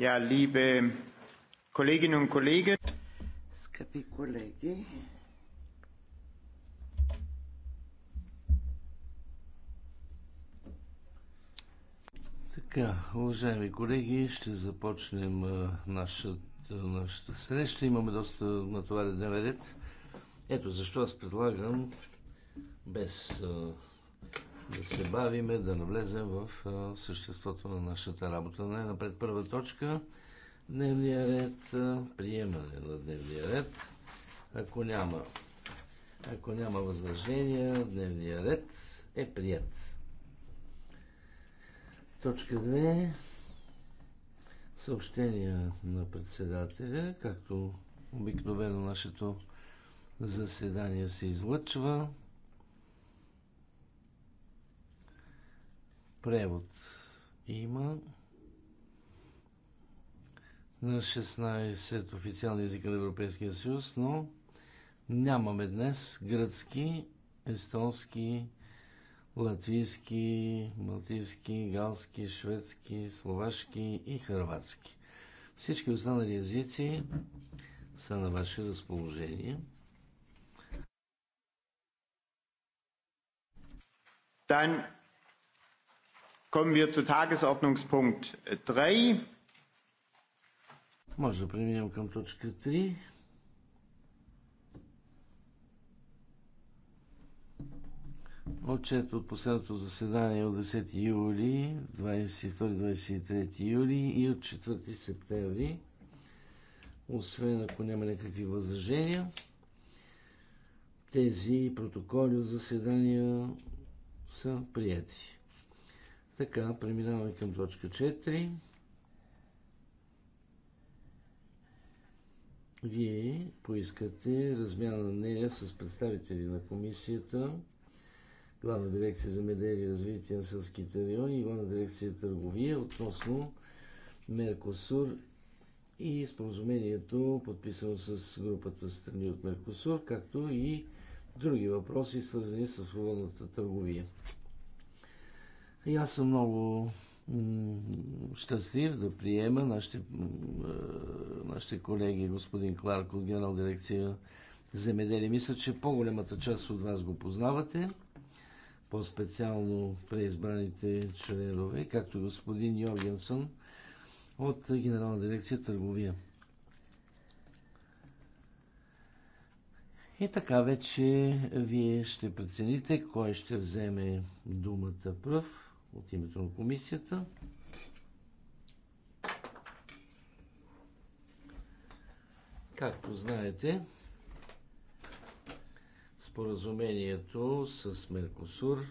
Ja, liebe Kolleginnen und Kollegen. Скъпи колеги, Така, уважаеми колеги, ще започнем нашата, нашата среща. Имаме доста натоварен дневен ред. Ето защо аз предлагам без да се бавиме, да навлезем в съществото на нашата работа. Най-напред първа точка дневния ред, приемане на дневния ред. Ако няма, ако няма възражения, дневния ред е прият. Точка 2. Съобщения на председателя, както обикновено нашето заседание се излъчва. Превод има на 16 официални езика на Европейския съюз, но нямаме днес гръцки, естонски, латвийски, малтийски, галски, шведски, словашки и хърватски. Всички останали езици са на ваше разположение. Dann Kommen wir zu Tagesordnungspunkt 3. Äh, Може да преминем към точка 3. Отчет от последното заседание от 10 юли, 22-23 юли и от 4 септември, освен ако няма някакви възражения, тези протоколи от заседания са прияти. Така, преминаваме към точка 4. Вие поискате размяна на нея с представители на комисията, Главна дирекция за медели и развитие на селските райони и Главна дирекция търговия относно Меркосур и споразумението, подписано с групата страни от Меркосур, както и други въпроси, свързани с свободната търговия. И аз съм много щастлив да приема нашите, е, нашите колеги, господин Кларк от Генерал дирекция Земеделие. Мисля, че по-голямата част от вас го познавате, по-специално преизбраните членове, както господин Йогенсън от Генерална дирекция Търговия. И така вече вие ще прецените кой ще вземе думата пръв от името на комисията. Както знаете, споразумението с Меркосур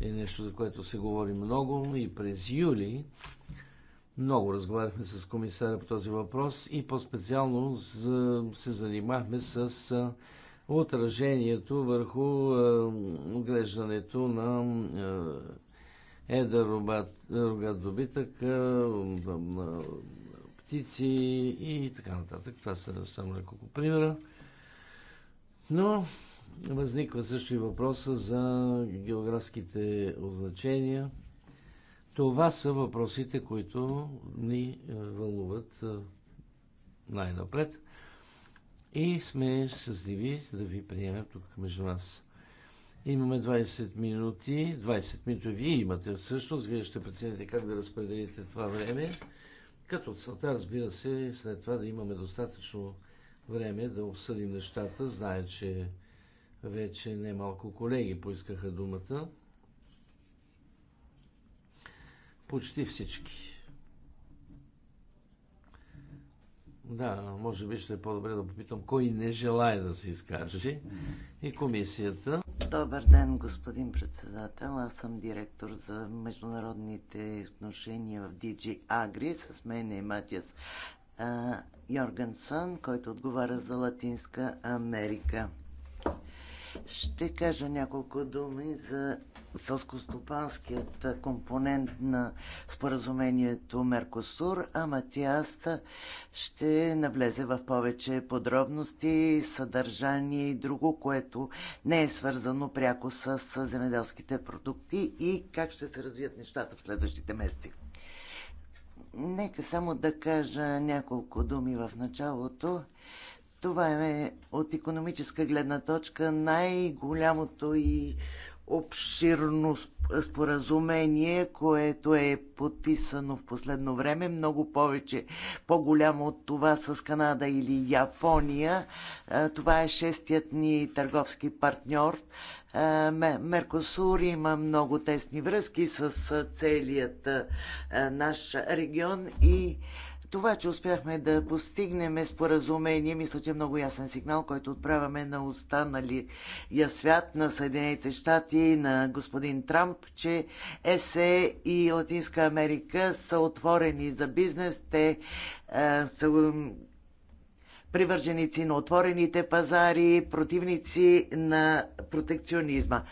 е нещо, за което се говори много и през юли много разговаряхме с комисаря по този въпрос и по-специално се занимахме с отражението върху отглеждането на е да рогат добитък, птици и така нататък. Това са само няколко примера. Но възниква също и въпроса за географските означения. Това са въпросите, които ни вълнуват най-напред. И сме щастливи да ви приемем тук между нас. Имаме 20 минути. 20 минути вие имате всъщност. Вие ще прецените как да разпределите това време. Като целта, разбира се, след това да имаме достатъчно време да обсъдим нещата. Знае, че вече немалко колеги поискаха думата. Почти всички. Да, може би ще е по-добре да попитам кой не желая да се изкаже и комисията. Добър ден, господин председател. Аз съм директор за международните отношения в DG Agri. С мен е Матиас Йоргансън, който отговаря за Латинска Америка. Ще кажа няколко думи за сълскостопанският компонент на споразумението Меркосур, а Матиас ще навлезе в повече подробности, съдържание и друго, което не е свързано пряко с земеделските продукти и как ще се развият нещата в следващите месеци. Нека само да кажа няколко думи в началото това е от економическа гледна точка най-голямото и обширно споразумение, което е подписано в последно време, много повече, по-голямо от това с Канада или Япония. Това е шестият ни търговски партньор. Меркосур има много тесни връзки с целият наш регион и това, че успяхме да постигнем споразумение, мисля, че е много ясен сигнал, който отправяме на останалия свят, на Съединените щати, на господин Трамп, че ЕСЕ и Латинска Америка са отворени за бизнес. Те е, са привърженици на отворените пазари, противници на протекционизма.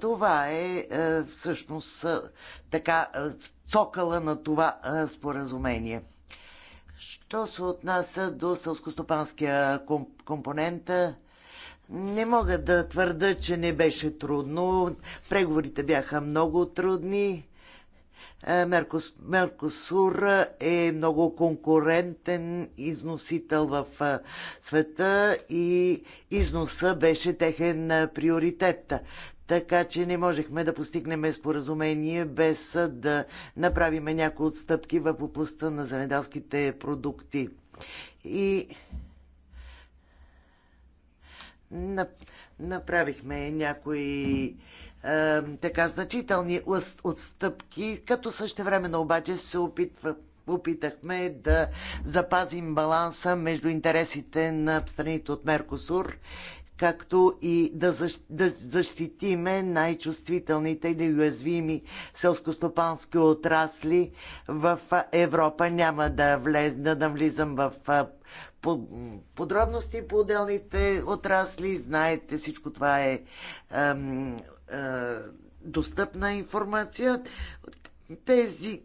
Това е, е всъщност е, така е, цокала на това споразумение. Що се отнася до сълскостопанския компонент, не мога да твърда, че не беше трудно. Преговорите бяха много трудни. Е, Меркос, Меркосур е много конкурентен износител в е, света и износа беше техен приоритет така че не можехме да постигнем споразумение без да направим някои отстъпки в областта на земеделските продукти. И направихме някои е, така значителни отстъпки, като същевременно обаче се опитва, опитахме да запазим баланса между интересите на страните от Меркосур както и да защитиме най-чувствителните или уязвими селскостопански отрасли в Европа. Няма да, влез, да навлизам в подробности по отделните отрасли. Знаете, всичко това е, ам, а, достъпна информация. Тези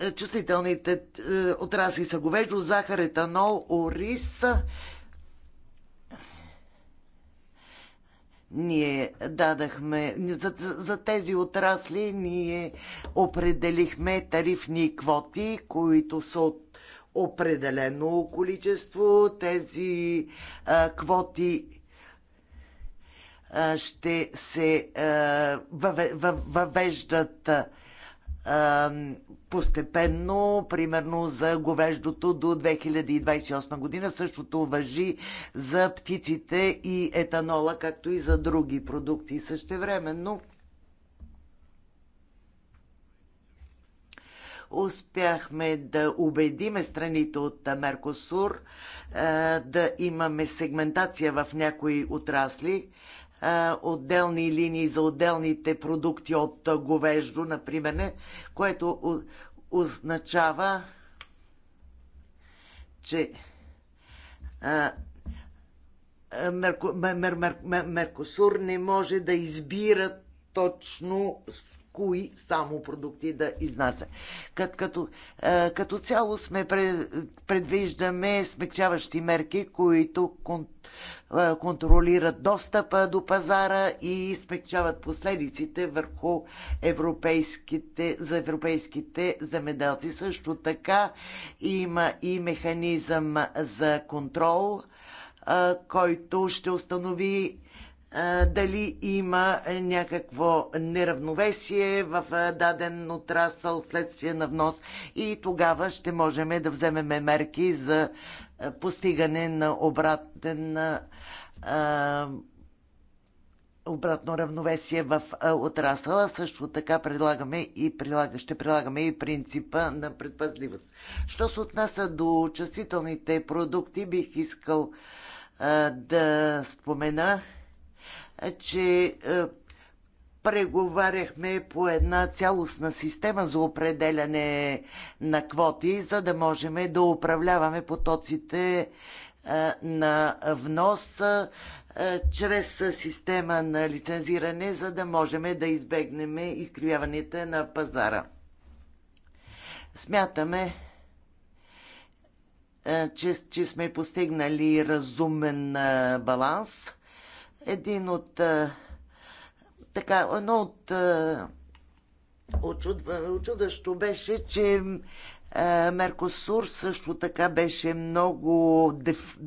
Е, чувствителните е, отрасли са говеждо, захар, етанол, ориз. Ние дадахме, за, за тези отрасли ние определихме тарифни квоти, които са от определено количество. Тези а, квоти ще се въвеждат постепенно, примерно за говеждото до 2028 година. Същото въжи за птиците и етанола, както и за други продукти. Същевременно успяхме да убедиме страните от Меркосур да имаме сегментация в някои отрасли, отделни линии за отделните продукти от говеждо, например, което означава, че Меркосур не може да избира точно с кои само продукти да изнася. Като, като, като цяло сме пред, предвиждаме смягчаващи мерки, които кон, е, контролират достъпа до пазара и смягчават последиците върху европейските, за европейските земеделци. Също така има и механизъм за контрол, е, който ще установи е, дали има някакво неравновесие в даден отрасъл следствие на внос и тогава ще можем да вземем мерки за е, постигане на обратен а, е, обратно равновесие в е, отрасъла. Също така предлагаме и прилага, ще прилагаме и принципа на предпазливост. Що се отнася до чувствителните продукти, бих искал а, да спомена, че а, преговаряхме по една цялостна система за определяне на квоти, за да можем да управляваме потоците е, на внос е, чрез система на лицензиране, за да можем да избегнем изкривяванията на пазара. Смятаме, е, че, че сме постигнали разумен баланс. Един от така, едно от е, очудващо беше, че е, Меркосур също така беше много деф...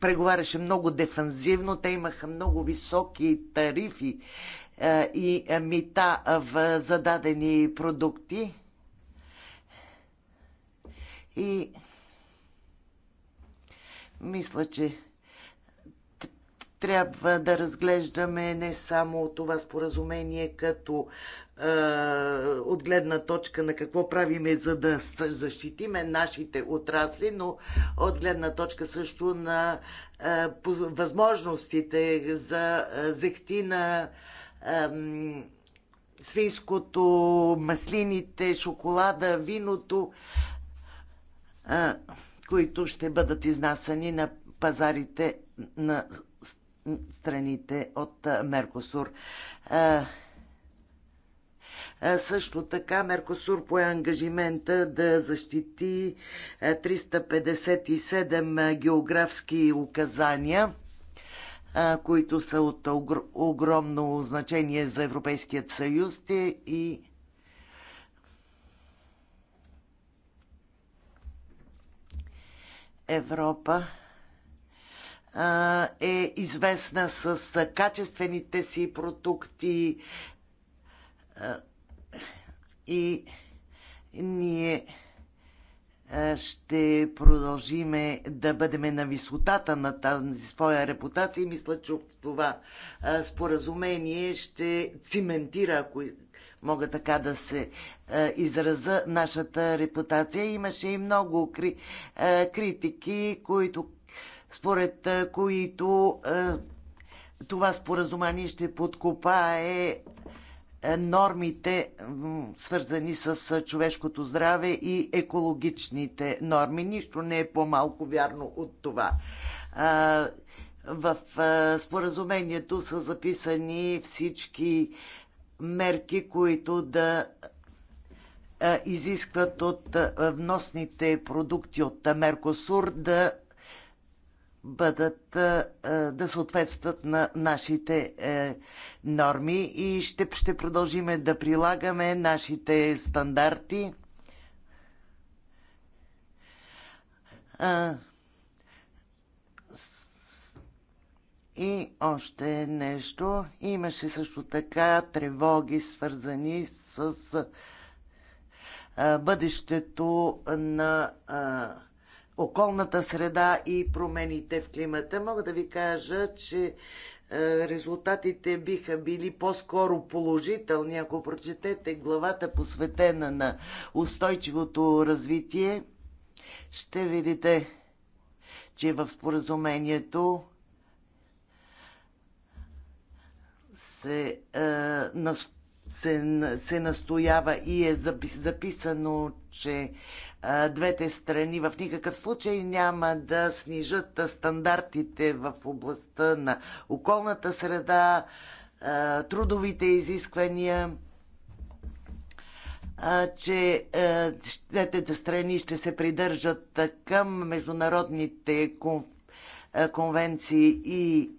преговаряше много дефанзивно. Те имаха много високи тарифи е, и мита в зададени продукти. И мисля, че трябва да разглеждаме не само това споразумение като е, от гледна точка на какво правиме, за да защитиме нашите отрасли, но от гледна точка също на е, възможностите за е, зехтина, е, свинското, маслините, шоколада, виното, е, които ще бъдат изнасани на пазарите на страните от Меркосур. Също така Меркосур пое ангажимента да защити 357 географски указания, които са от огромно значение за Европейският съюз и Европа е известна с качествените си продукти и ние ще продължиме да бъдеме на висотата на тази своя репутация и мисля, че това споразумение ще циментира, ако мога така да се израза, нашата репутация. Имаше и много критики, които според които това споразумение ще подкопае нормите, свързани с човешкото здраве и екологичните норми. Нищо не е по-малко вярно от това. В споразумението са записани всички мерки, които да изискват от вносните продукти от Меркосур да бъдат, да съответстват на нашите е, норми и ще, ще продължиме да прилагаме нашите стандарти. И още нещо. Имаше също така тревоги, свързани с бъдещето на околната среда и промените в климата. Мога да ви кажа, че е, резултатите биха били по-скоро положителни, ако прочетете главата посветена на устойчивото развитие, ще видите, че в споразумението се, е, се, се настоява и е записано, че двете страни в никакъв случай няма да снижат стандартите в областта на околната среда, трудовите изисквания, че двете страни ще се придържат към международните конвенции и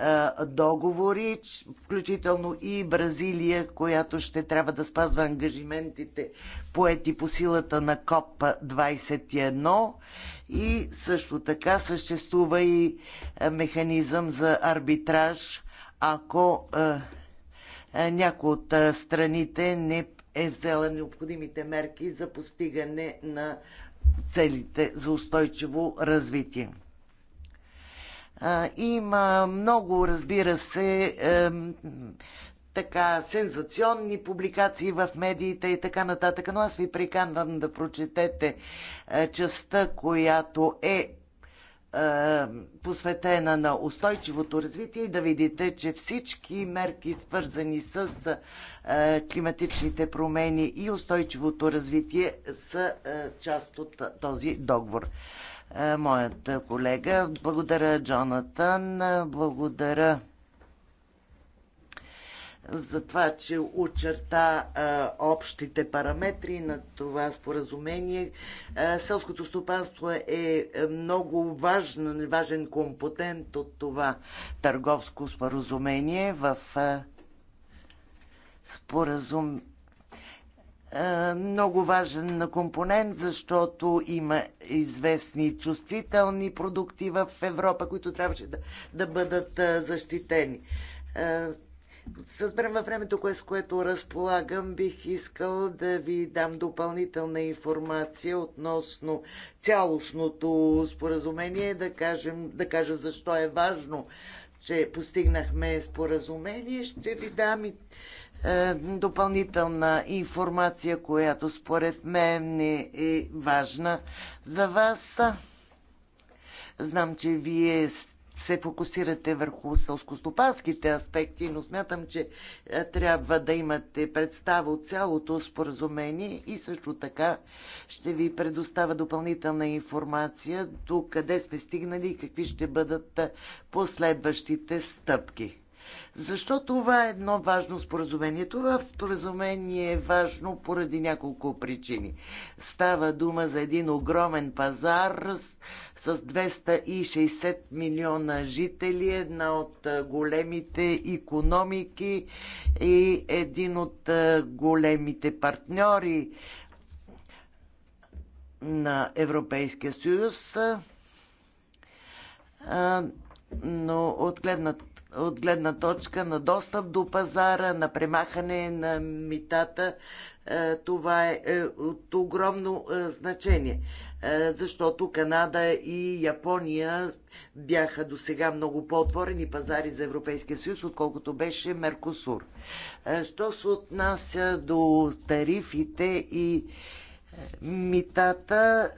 е, договори, включително и Бразилия, която ще трябва да спазва ангажиментите поети по силата на КОП 21 и също така съществува и е, механизъм за арбитраж, ако е, някои от страните не е взела необходимите мерки за постигане на целите за устойчиво развитие. Има много, разбира се, така сензационни публикации в медиите и така нататък, но аз ви приканвам да прочетете е, частта, която е, е посветена на устойчивото развитие и да видите, че всички мерки, свързани с е, климатичните промени и устойчивото развитие, са част от този договор. Е, моят колега. Благодаря, Джонатан. Благодаря за това, че очерта а, е, общите параметри на това споразумение. А, е, селското стопанство е много важен, важен компонент от това търговско споразумение в а, споразум е, много важен компонент, защото има известни чувствителни продукти в Европа, които трябваше да, да бъдат е, защитени. Е, Съзбрам във времето, кое, с което разполагам, бих искал да ви дам допълнителна информация относно цялостното споразумение, да, кажем, да кажа защо е важно, че постигнахме споразумение. Ще ви дам и е, допълнителна информация, която според мен е важна за вас. Знам, че вие се фокусирате върху сълскостопанските аспекти, но смятам, че е, трябва да имате представа от цялото споразумение и също така ще ви предоставя допълнителна информация до къде сме стигнали и какви ще бъдат е, последващите стъпки. Защо това е едно важно споразумение? Това споразумение е важно поради няколко причини. Става дума за един огромен пазар с 260 милиона жители, една от големите економики и един от големите партньори на Европейския съюз но от гледна от гледна точка на достъп до пазара, на премахане на митата. Е, това е, е от огромно е, значение, защото Канада и Япония бяха до сега много по-отворени пазари за Европейския съюз, отколкото беше Меркосур. Що се отнася до тарифите и митата,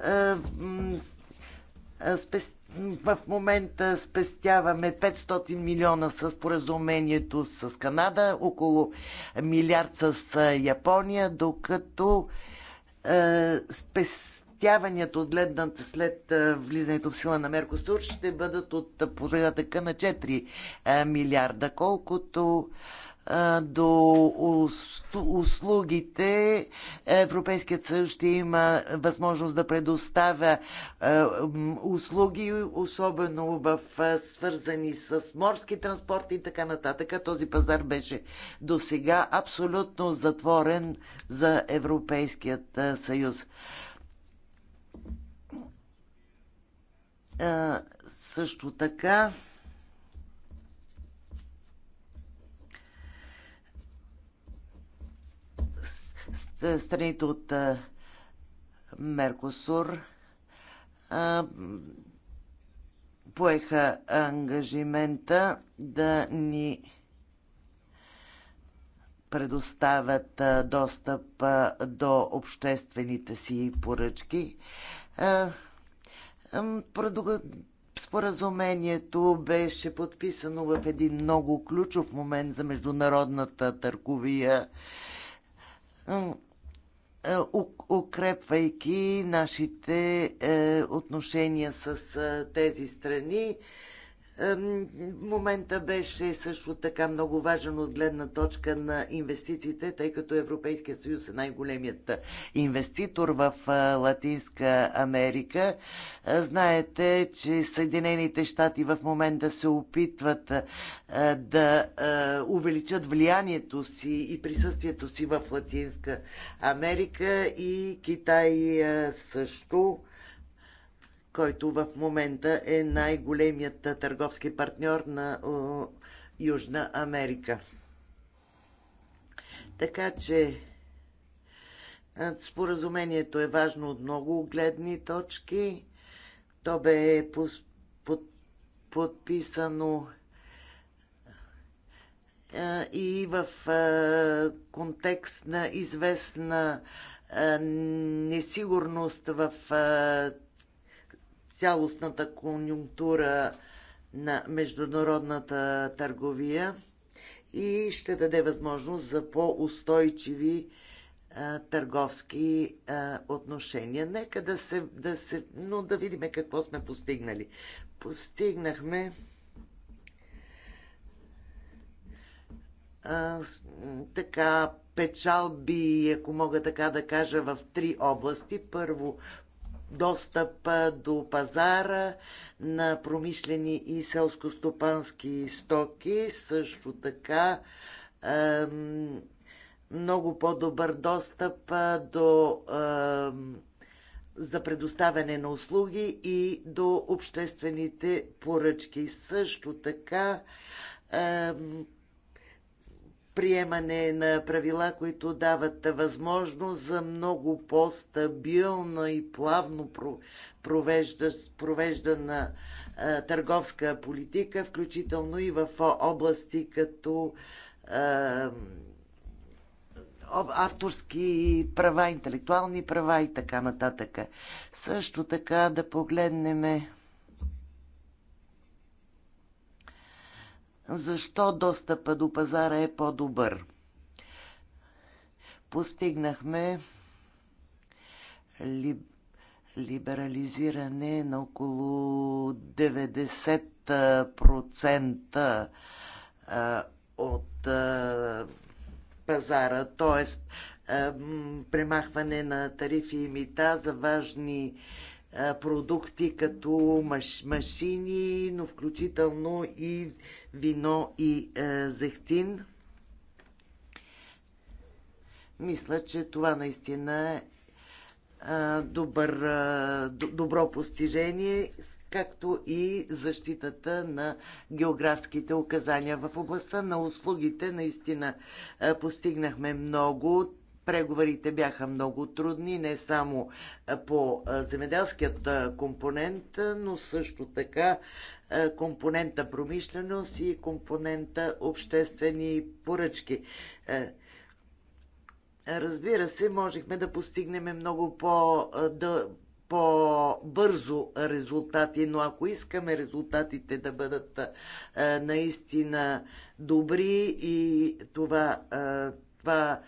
спест в момента спестяваме 500 милиона с споразумението с Канада, около милиард с Япония, докато е, спестяванията от гледната след влизането в сила на Меркосур ще бъдат от порядъка на 4 милиарда, колкото до услугите, Европейският съюз ще има възможност да предоставя услуги, особено в свързани с морски транспорт и така нататък. Този пазар беше до сега абсолютно затворен за Европейският съюз. Също така, Е, страните от е, Меркосур е, поеха ангажимента да ни предоставят достъп до обществените си поръчки. Споразумението беше подписано в един много ключов момент за международната търговия. Е, укрепвайки нашите е, отношения с е, тези страни момента беше също така много важен от гледна точка на инвестициите, тъй като Европейския съюз е най-големият инвеститор в е, Латинска Америка. Е, знаете, че Съединените щати в момента се опитват е, да увеличат влиянието си и присъствието си в Латинска Америка и Китай също който в момента е най-големият търговски партньор на е, Южна Америка. Така че е, споразумението е важно от много гледни точки. То бе подписано е, и в контекст на известна несигурност в цялостната конюнктура на международната търговия и ще даде възможност за по-устойчиви търговски а, отношения. Нека да се, да се... Но да видим какво сме постигнали. Постигнахме а, така печалби, ако мога така да кажа, в три области. Първо, достъп до пазара на промишлени и селско-стопански стоки, също така много по-добър достъп до за предоставяне на услуги и до обществените поръчки. Също така приемане на правила, които дават възможност за много по-стабилно и плавно провеждана търговска политика, включително и в области като авторски права, интелектуални права и така нататък. Също така да погледнем защо достъпа до пазара е по-добър. Постигнахме ли, либерализиране на около 90% от пазара, т.е. премахване на тарифи и мита за важни продукти като маш, машини, но включително и вино и е, зехтин. Мисля, че това наистина е добър, добро постижение, както и защитата на географските указания. В областта на услугите наистина постигнахме много. Преговорите бяха много трудни, не само по земеделският компонент, но също така компонента промишленост и компонента обществени поръчки. Разбира се, можехме да постигнем много по, да, по-бързо резултати, но ако искаме резултатите да бъдат наистина добри и това, това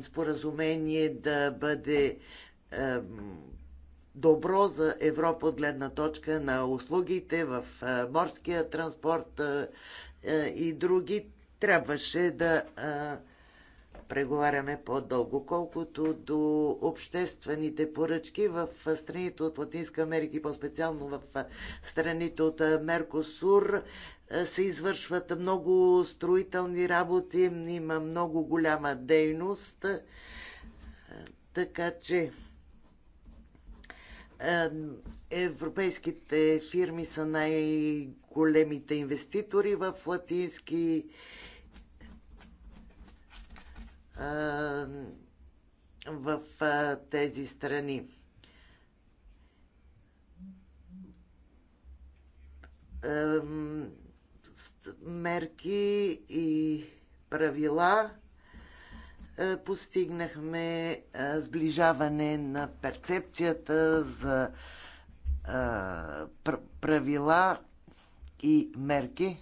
споразумение да бъде добро за Европа от гледна точка на услугите в морския транспорт и други. Трябваше да преговаряме по-дълго, колкото до обществените поръчки в страните от Латинска Америка и по-специално в страните от Меркосур. Е, се извършват много строителни работи, има много голяма дейност, е, така че е, европейските фирми са най-големите инвеститори в латински в тези страни мерки и правила е, постигнахме е, сближаване на перцепцията за е, правила и мерки.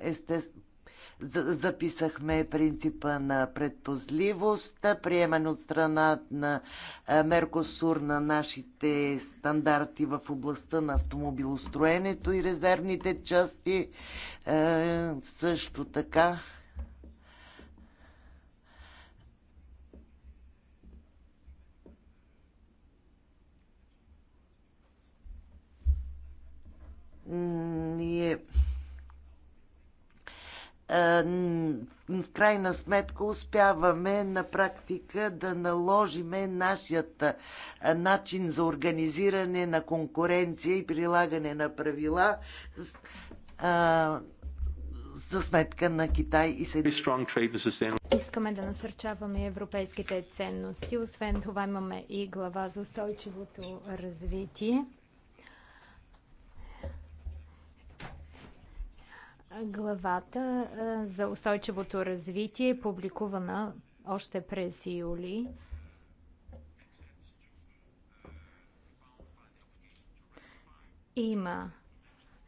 Естествено, записахме принципа на предпозливост, приемен от страна на е, Меркосур на нашите стандарти в областта на автомобилостроенето и резервните части. Е, също така ние в крайна сметка успяваме на практика да наложиме нашият начин за организиране на конкуренция и прилагане на правила за сметка на Китай и Съединените Искаме да насърчаваме европейските ценности. Освен това имаме и глава за устойчивото развитие. Главата за устойчивото развитие е публикувана още през юли. Има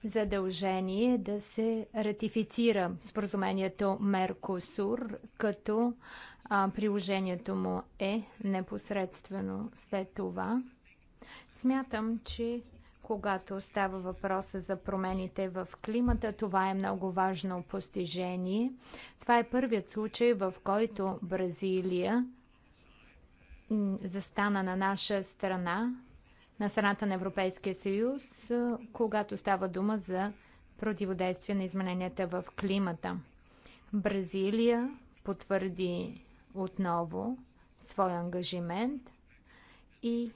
задължение да се ратифицира споразумението Меркосур, като а, приложението му е непосредствено след това. Смятам, че когато става въпроса за промените в климата, това е много важно постижение. Това е първият случай, в който Бразилия застана на наша страна, на страната на Европейския съюз, когато става дума за противодействие на измененията в климата. Бразилия потвърди отново своя ангажимент и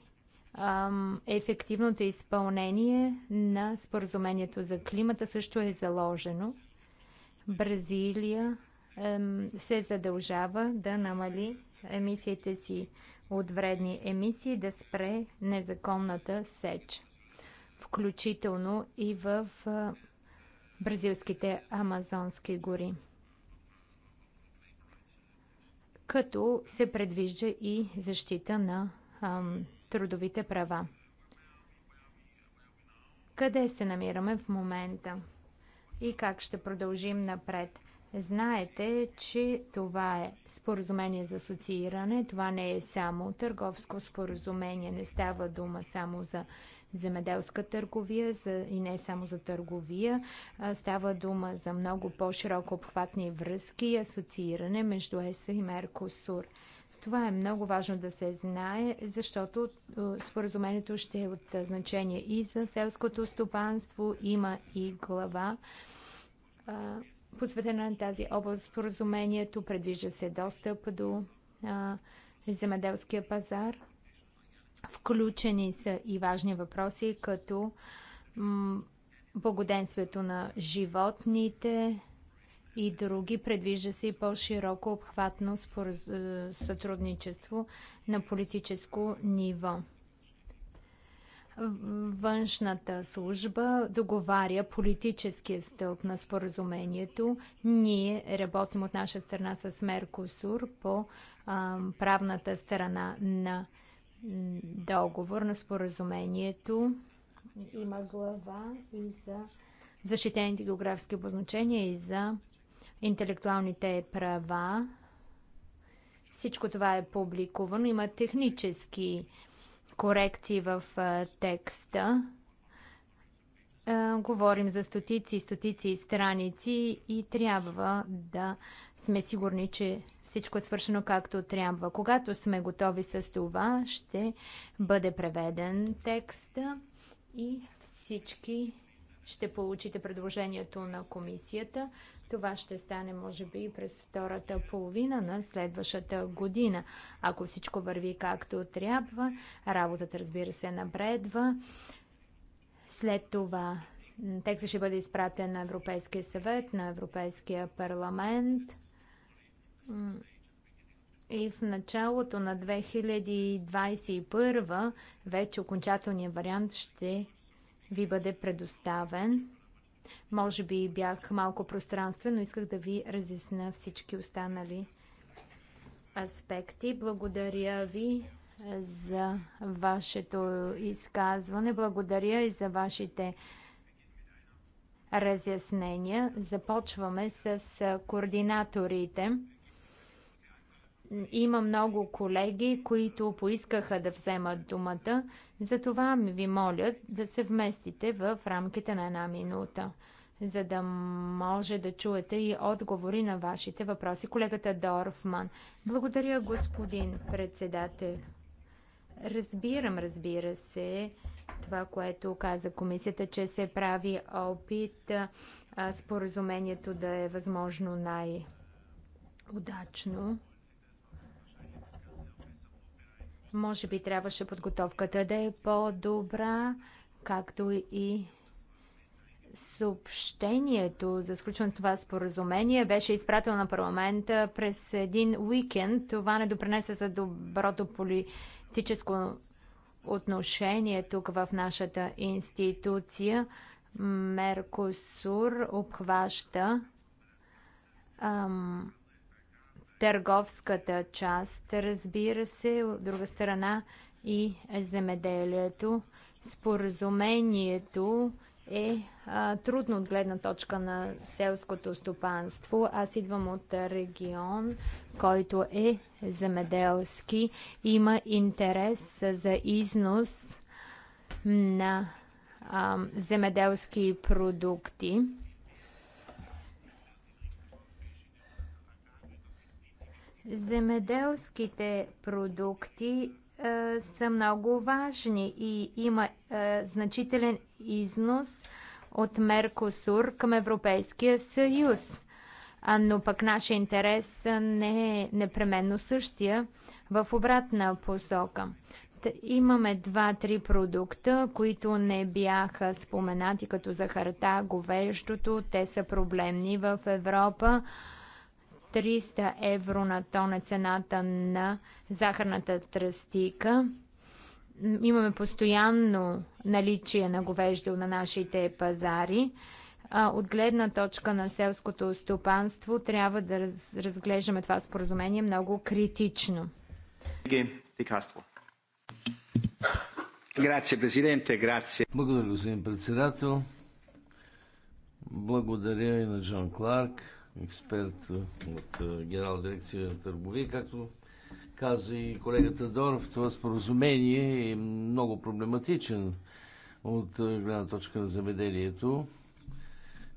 ефективното изпълнение на споразумението за климата също е заложено. Бразилия се задължава да намали емисиите си от вредни емисии, да спре незаконната сеч, включително и в бразилските амазонски гори. Като се предвижда и защита на трудовите права. Къде се намираме в момента и как ще продължим напред? Знаете, че това е споразумение за асоцииране. Това не е само търговско споразумение. Не става дума само за земеделска търговия за, и не е само за търговия. А, става дума за много по-широко обхватни връзки и асоцииране между ЕСА и Меркосур. Това е много важно да се знае, защото е, споразумението ще е от е, значение и за селското стопанство. Има и глава е, посветена на тази област споразумението. Предвижда се достъп до земеделския пазар. Включени са и важни въпроси, като благоденствието на животните, и други. Предвижда се и по-широко обхватно е, сътрудничество на политическо ниво. Външната служба договаря политическия стълб на споразумението. Ние работим от наша страна с Меркосур по а, правната страна на договор на споразумението. Има глава и за защитените географски обозначения и за интелектуалните права. Всичко това е публикувано. Има технически корекции в текста. Говорим за стотици и стотици страници и трябва да сме сигурни, че всичко е свършено както трябва. Когато сме готови с това, ще бъде преведен текста и всички ще получите предложението на комисията. Това ще стане, може би, през втората половина на следващата година. Ако всичко върви както трябва, работата, разбира се, напредва. След това текстът ще бъде изпратен на Европейския съвет, на Европейския парламент. И в началото на 2021 вече окончателният вариант ще ви бъде предоставен. Може би бях малко пространствен, но исках да ви разясна всички останали аспекти. Благодаря ви за вашето изказване. Благодаря и за вашите разяснения. Започваме с координаторите. Има много колеги, които поискаха да вземат думата, затова ви моля да се вместите в рамките на една минута, за да може да чуете и отговори на вашите въпроси. Колегата Дорфман. Благодаря, господин председател. Разбирам, разбира се, това, което каза комисията, че се прави опит споразумението да е възможно най-удачно. Може би трябваше подготовката да е по-добра, както и съобщението за сключване това споразумение беше изпратено на парламента през един уикенд. Това не допринесе за доброто политическо отношение тук в нашата институция. Меркосур обхваща ам, търговската част, разбира се, от друга страна и земеделието. Споразумението е а, трудно от гледна точка на селското стопанство. Аз идвам от регион, който е земеделски. Има интерес за износ на а, земеделски продукти. Земеделските продукти е, са много важни и има е, значителен износ от Меркосур към Европейския съюз. А, но пък нашия интерес е, не е непременно същия в обратна посока. Имаме два-три продукта, които не бяха споменати като захарта, говеждото. Те са проблемни в Европа. 300 евро на тона е цената на захарната тръстика. Имаме постоянно наличие на говеждо на нашите пазари. От гледна точка на селското стопанство трябва да разглеждаме това споразумение много критично. Благодаря, господин председател. Благодаря и на Джон Кларк експерт от Генерална дирекция Търговия. Както каза и колегата Доров, това споразумение е много проблематичен от гледна точка на замеделието.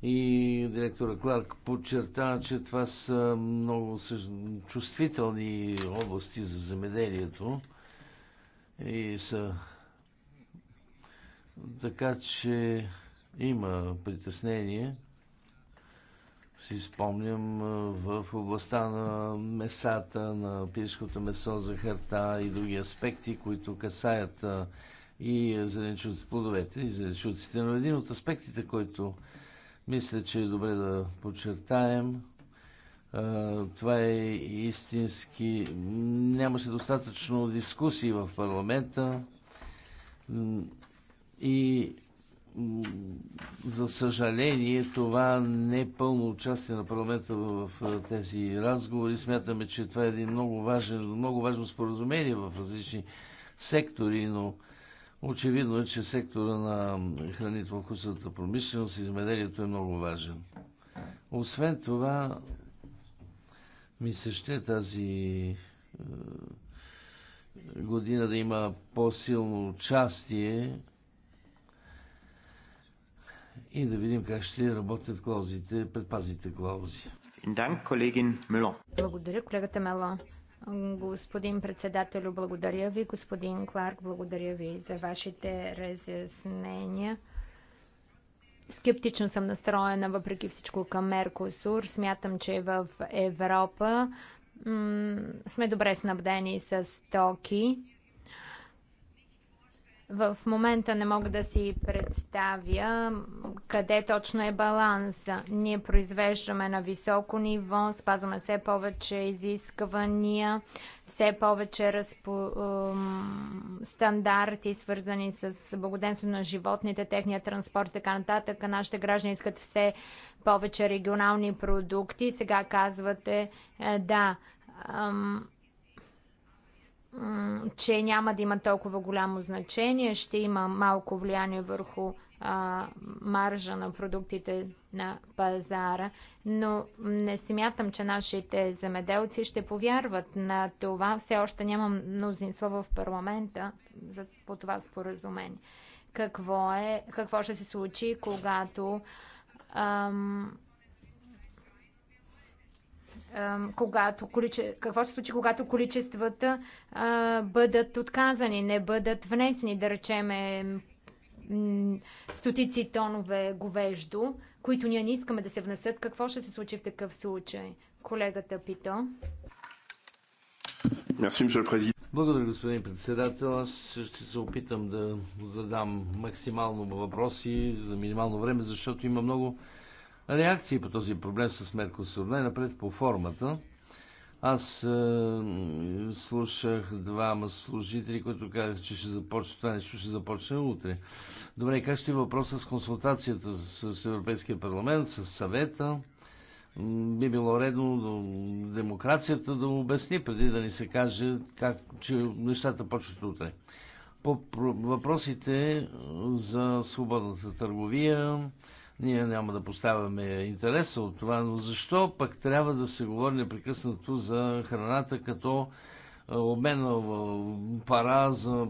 И директора Кларк подчерта, че това са много чувствителни области за земеделието и са така, че има притеснение си спомням в областта на месата, на пирското месо, за харта и други аспекти, които касаят и зеленчуци, плодовете и зеленчуците. Но един от аспектите, който мисля, че е добре да подчертаем, това е истински... Нямаше достатъчно дискусии в парламента и за съжаление, това не е пълно участие на парламента в тези разговори. Смятаме, че това е един много важен, много важно споразумение в различни сектори, но очевидно е, че сектора на хранително-вкусната промишленост и земеделието е много важен. Освен това, ми се ще тази година да има по-силно участие и да видим как ще работят клаузите, предпазните клаузи. Благодаря, колегата Мело. Господин председател, благодаря ви. Господин Кларк, благодаря ви за вашите разяснения. Скептично съм настроена въпреки всичко към Меркосур. Смятам, че в Европа сме добре снабдени с токи в момента не мога да си представя къде точно е баланса. Ние произвеждаме на високо ниво, спазваме все повече изисквания, все повече разпо... стандарти, свързани с благоденство на животните, техния транспорт и така нататък. нашите граждани искат все повече регионални продукти. Сега казвате, е, да, че няма да има толкова голямо значение, ще има малко влияние върху а, маржа на продуктите на пазара, но не смятам, че нашите земеделци ще повярват на това. Все още няма мнозинство в парламента за, по това споразумение. Какво, е, какво ще се случи, когато ам, когато, какво ще случи, когато количествата а, бъдат отказани, не бъдат внесени, да речеме, стотици тонове говеждо, които ние не искаме да се внесат. Какво ще се случи в такъв случай? Колегата Пито. Благодаря, господин председател. Аз ще се опитам да задам максимално въпроси за минимално време, защото има много реакции по този проблем с Меркосур. Най-напред по формата. Аз е, слушах двама служители, които казаха, че ще започне, това нещо ще започне утре. Добре, как ще въпроса с консултацията с Европейския парламент, с съвета? Би било редно демокрацията да обясни, преди да ни се каже, как, че нещата почват утре. По въпросите е, за свободната търговия, ние няма да поставяме интереса от това, но защо пък трябва да се говори непрекъснато за храната като е, обмен на пара за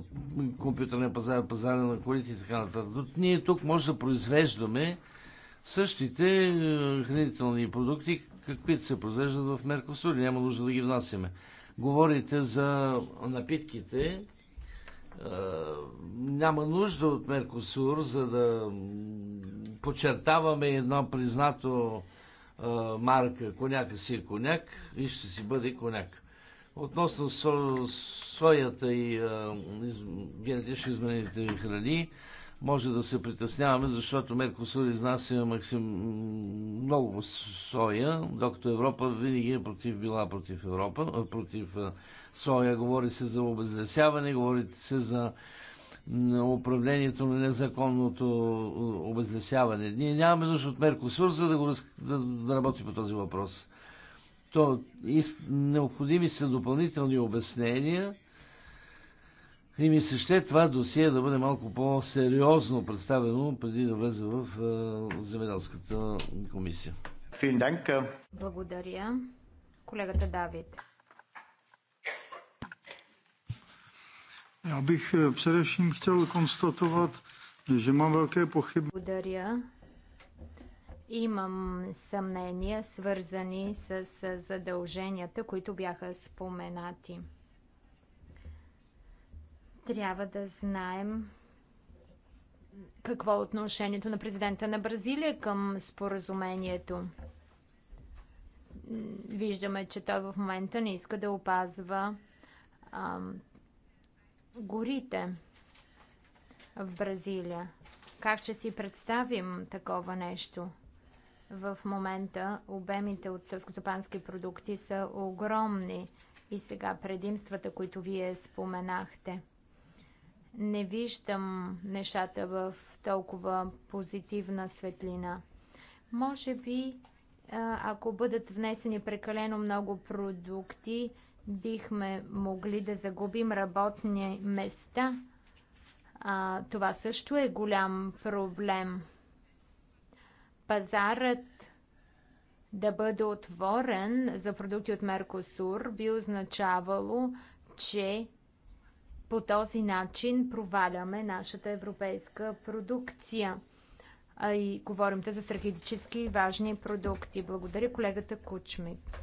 компютърния пазар, пазара на колите и така нататък. Ние тук може да произвеждаме същите е, хранителни продукти, каквито се произвеждат в Меркосур. Няма нужда да ги внасяме. Говорите за напитките, е, няма нужда от Меркосур, за да подчертаваме едно признато е, марка коняка си е коняк и ще си бъде коняк. Относно своята и е, генетично изменените храни, може да се притесняваме, защото Меркосур изнася максим... много соя, докато Европа винаги е против, била против Европа, против слоя. Говори се за обезлесяване, говори се за управлението на незаконното обезлесяване. Ние нямаме нужда от Меркосур, за да, го, да, да работи по този въпрос. То, из, необходими са допълнителни обяснения и ми се ще това досие да бъде малко по-сериозно представено преди да влезе в е, земеделската комисия. Благодаря. Колегата Давид. Já bych eh, především chtěl konstatovat, že mám velké pochyby. Благодаря. Имам съмнения, свързани с задълженията, които бяха споменати. Трябва да знаем какво е отношението на президента на Бразилия към споразумението. Виждаме, че той в момента не иска да опазва горите в Бразилия. Как ще си представим такова нещо? В момента обемите от селскотопански продукти са огромни и сега предимствата, които вие споменахте. Не виждам нещата в толкова позитивна светлина. Може би, ако бъдат внесени прекалено много продукти, бихме могли да загубим работни места. А, това също е голям проблем. Пазарът да бъде отворен за продукти от Меркосур би означавало, че по този начин проваляме нашата европейска продукция. А и говорим за стратегически важни продукти. Благодаря колегата Кучмит.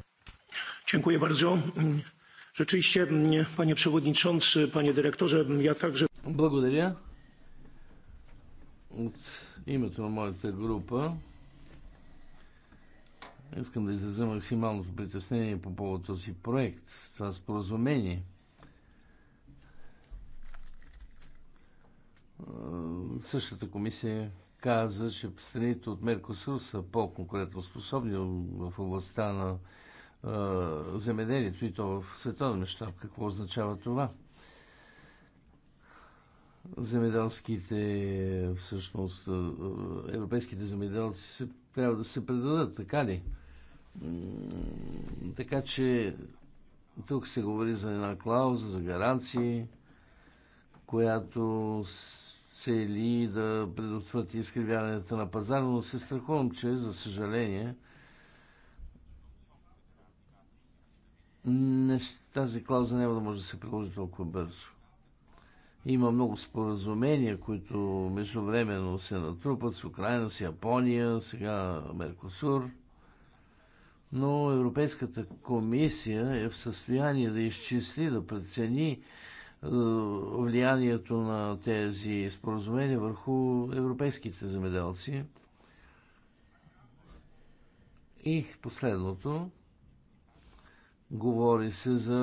Rzeczywiście, panie przewodniczący, panie dyrektorze, ja także... Благодаря. От името на моята група искам да изразя максималното притеснение по повод този проект, това споразумение. Същата комисия каза, че страните от Меркосур са по конкурентоспособни в областта на земеделието и то в световен мащаб. Какво означава това? Земеделските, всъщност, европейските земеделци се, трябва да се предадат, така ли? Така че тук се говори за една клауза, за гаранции, която цели да предотврати изкривяването на пазара, но се страхувам, че, за съжаление, не, тази клауза няма да може да се приложи толкова бързо. Има много споразумения, които междувременно се натрупат с Украина, с Япония, сега Меркосур. Но Европейската комисия е в състояние да изчисли, да прецени е, влиянието на тези споразумения върху европейските земеделци. И последното, Говори се за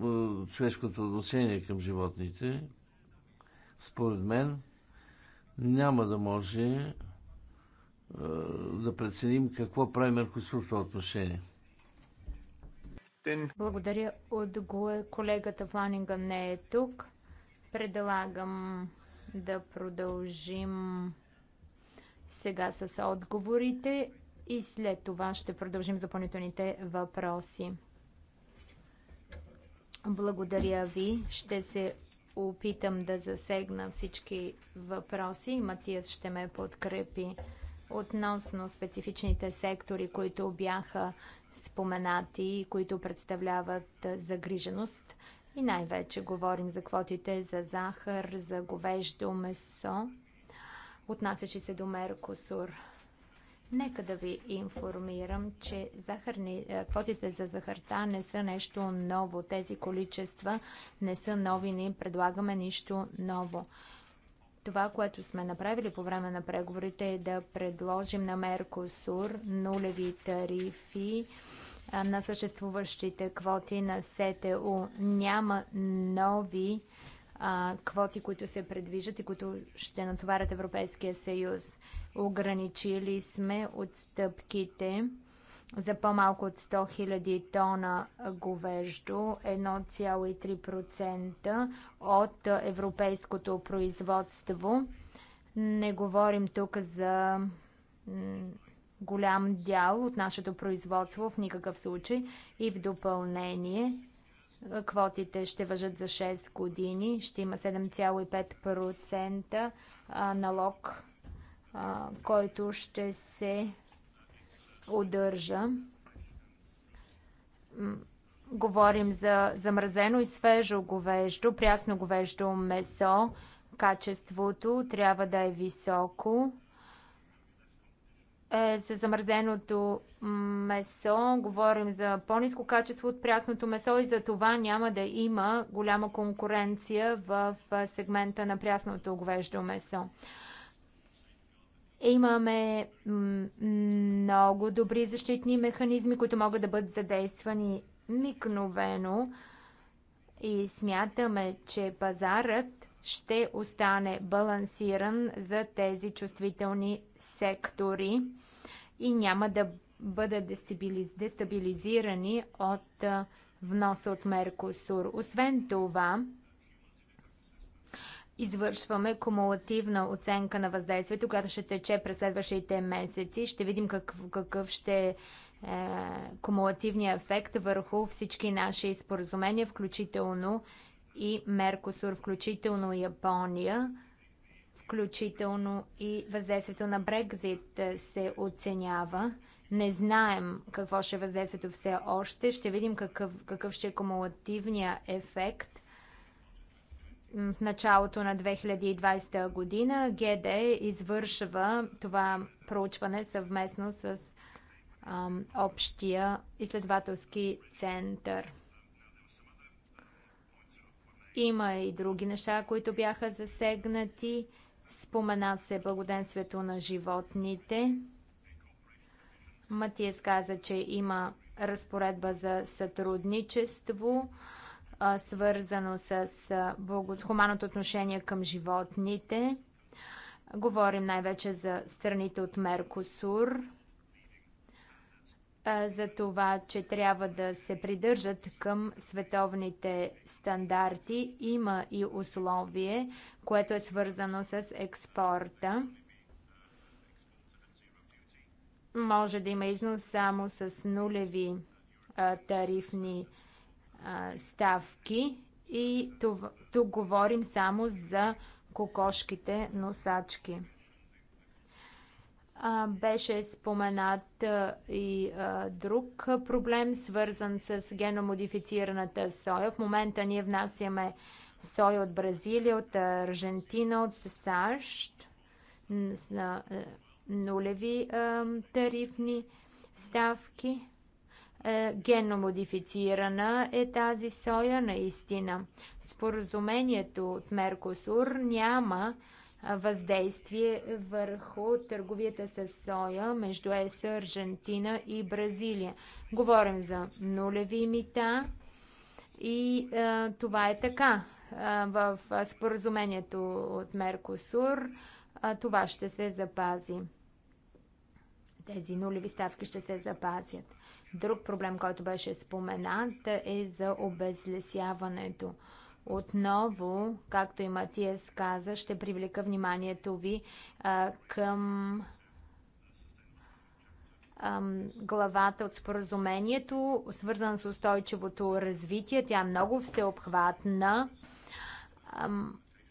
е, човешкото отношение към животните. Според мен няма да може е, да преценим какво прави Меркосур отношение. Благодаря от колегата Фланинга не е тук. Предлагам да продължим сега с отговорите и след това ще продължим допълнителните въпроси. Благодаря ви. Ще се опитам да засегна всички въпроси. Матиас ще ме подкрепи относно специфичните сектори, които бяха споменати и които представляват загриженост. И най-вече говорим за квотите за захар, за говеждо месо, отнасящи се до Меркосур. Нека да ви информирам, че захарни, е, квотите за захарта не са нещо ново. Тези количества не са нови, не им предлагаме нищо ново. Това, което сме направили по време на преговорите е да предложим на Меркосур нулеви тарифи е, на съществуващите квоти на СТУ. Няма нови а, квоти, които се предвижат и които ще натоварят Европейския съюз. Ограничили сме отстъпките за по-малко от 100 000 тона говеждо, 1,3% от европейското производство. Не говорим тук за голям дял от нашето производство в никакъв случай. И в допълнение Квотите ще въжат за 6 години. Ще има 7,5% налог, който ще се удържа. Говорим за замразено и свежо говеждо, прясно говеждо месо. Качеството трябва да е високо е, с замързеното месо, говорим за по-низко качество от прясното месо и за това няма да има голяма конкуренция в е, сегмента на прясното говеждо месо. Имаме много добри защитни механизми, които могат да бъдат задействани микновено и смятаме, че пазарът ще остане балансиран за тези чувствителни сектори и няма да бъдат дестабилизирани от вноса от Меркосур. Освен това, извършваме кумулативна оценка на въздействието, която ще тече през следващите месеци. Ще видим какъв, какъв ще е кумулативният ефект върху всички наши споразумения, включително и Меркосур, включително Япония включително и въздействието на Брекзит е, се оценява. Не знаем какво ще е въздействието все още. Ще видим какъв, какъв ще е кумулативния ефект. В началото на 2020 година ГД извършва това проучване съвместно с ам, Общия изследователски център. Има и други неща, които бяха засегнати. Спомена се благоденствието на животните. Матиес каза, че има разпоредба за сътрудничество, свързано с хуманното отношение към животните. Говорим най-вече за страните от Меркосур – за това, че трябва да се придържат към световните стандарти. Има и условие, което е свързано с експорта. Може да има износ само с нулеви а, тарифни а, ставки. И тук говорим само за кокошките носачки. Беше споменат и друг проблем, свързан с геномодифицираната соя. В момента ние внасяме соя от Бразилия, от Аржентина, от САЩ на е, нулеви тарифни ставки. Е, геномодифицирана е тази соя наистина. Споразумението от Меркосур няма въздействие върху търговията с соя между ЕС, Аржентина и Бразилия. Говорим за нулеви мита и а, това е така. А, в споразумението от Меркосур а, това ще се запази. Тези нулеви ставки ще се запазят. Друг проблем, който беше споменат е за обезлесяването. Отново, както и Матиес каза, ще привлека вниманието ви а, към главата от споразумението, свързана с устойчивото развитие. Тя е много всеобхватна.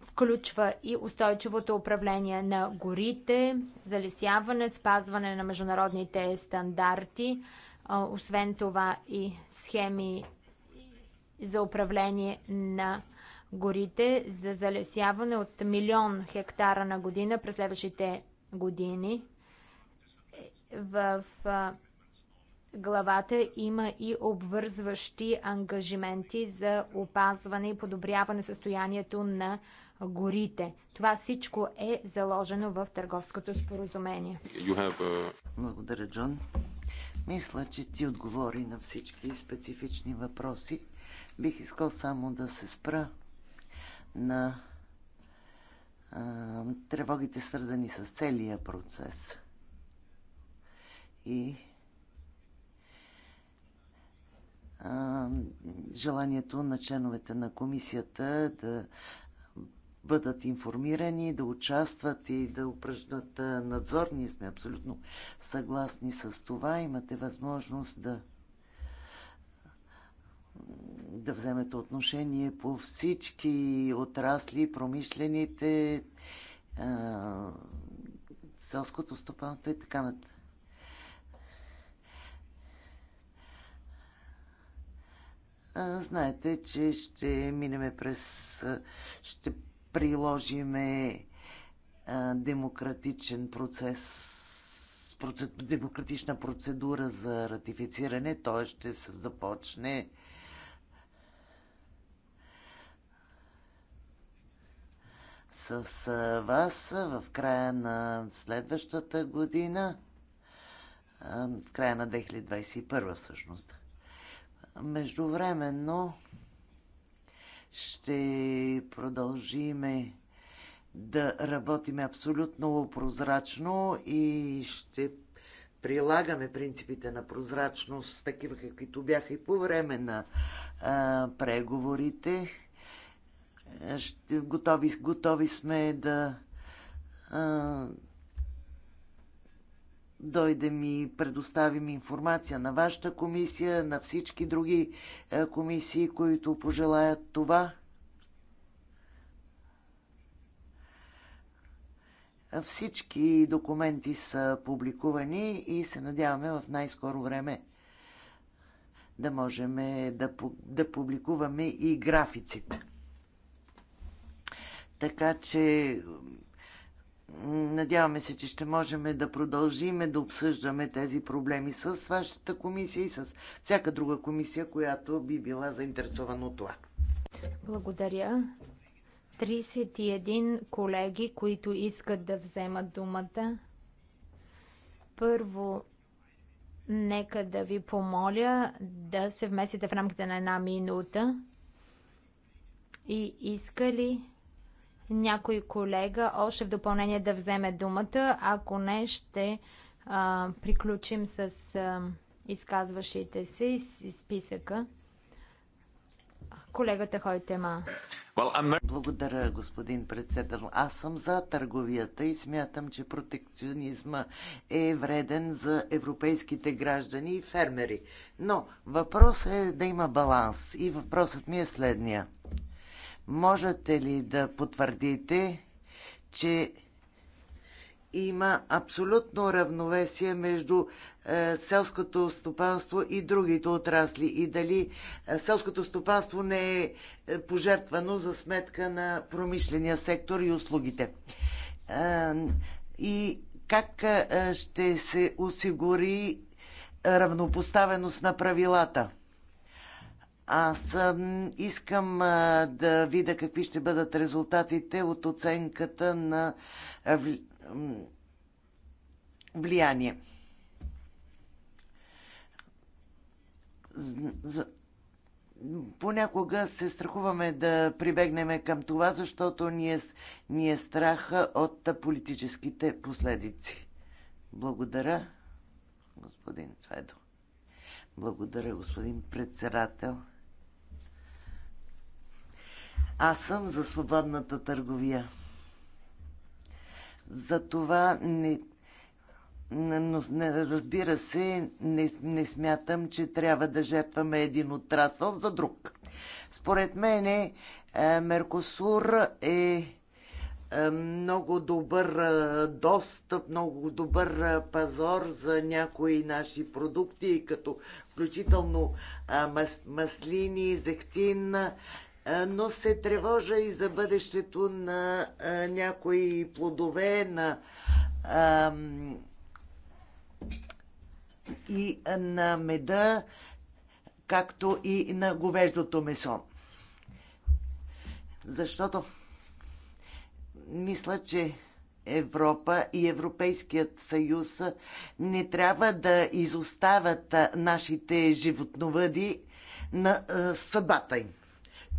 Включва и устойчивото управление на горите, залесяване, спазване на международните стандарти, освен това и схеми за управление на горите за залесяване от милион хектара на година през следващите години. В главата има и обвързващи ангажименти за опазване и подобряване състоянието на горите. Това всичко е заложено в търговското споразумение. A... Uh, Благодаря, Джон. Мисля, че ти отговори на всички специфични въпроси. Бих искал само да се спра на а, тревогите, свързани с целия процес. И а, желанието на членовете на комисията да бъдат информирани, да участват и да упражнат надзор. Ние сме абсолютно съгласни с това. Имате възможност да да вземете отношение по всички отрасли, промишлените, а, селското стопанство и така нататък. Знаете, че ще минеме през... ще приложиме демократичен процес демократична процедура за ратифициране, Той ще се започне с вас в края на следващата година, в края на 2021 всъщност. Междувременно ще продължиме да работим абсолютно прозрачно и ще прилагаме принципите на прозрачност, такива каквито бяха и по време на а, преговорите е, ще, готови, готови сме да а, дойдем и предоставим информация на вашата комисия, на всички други а, е, комисии, които пожелаят това. Всички документи са публикувани и се надяваме в най-скоро време да можем да, да публикуваме и графиците. Така че надяваме се, че ще можем да продължиме да обсъждаме тези проблеми с вашата комисия и с всяка друга комисия, която би била заинтересована от това. Благодаря. 31 колеги, които искат да вземат думата. Първо, нека да ви помоля да се вмесите в рамките на една минута. И иска ли някой колега още в допълнение да вземе думата. Ако не, ще а, приключим с а, изказващите се и списъка. Колегата Хойтема. Благодаря, господин председател. Аз съм за търговията и смятам, че протекционизма е вреден за европейските граждани и фермери. Но въпросът е да има баланс и въпросът ми е следния. Можете ли да потвърдите, че има абсолютно равновесие между е, селското стопанство и другите отрасли и дали е, селското стопанство не е, е пожертвано за сметка на промишления сектор и услугите. Е, и как е, ще се осигури равнопоставеност на правилата? Аз искам да видя какви ще бъдат резултатите от оценката на влияние. Понякога се страхуваме да прибегнем към това, защото ни е, ни е страха от политическите последици. Благодаря, господин Цведо. Благодаря, господин председател. Аз съм за свободната търговия. Затова не, но не, разбира се, не, не смятам, че трябва да жертваме един отрасъл за друг. Според мен е, Меркосур е, е много добър е, достъп, много добър пазор за някои наши продукти, като включително маслини, зехтин, но се тревожа и за бъдещето на някои плодове на и на меда, както и на говеждото месо. Защото мисля, че Европа и Европейският съюз не трябва да изоставят нашите животновъди на съдбата им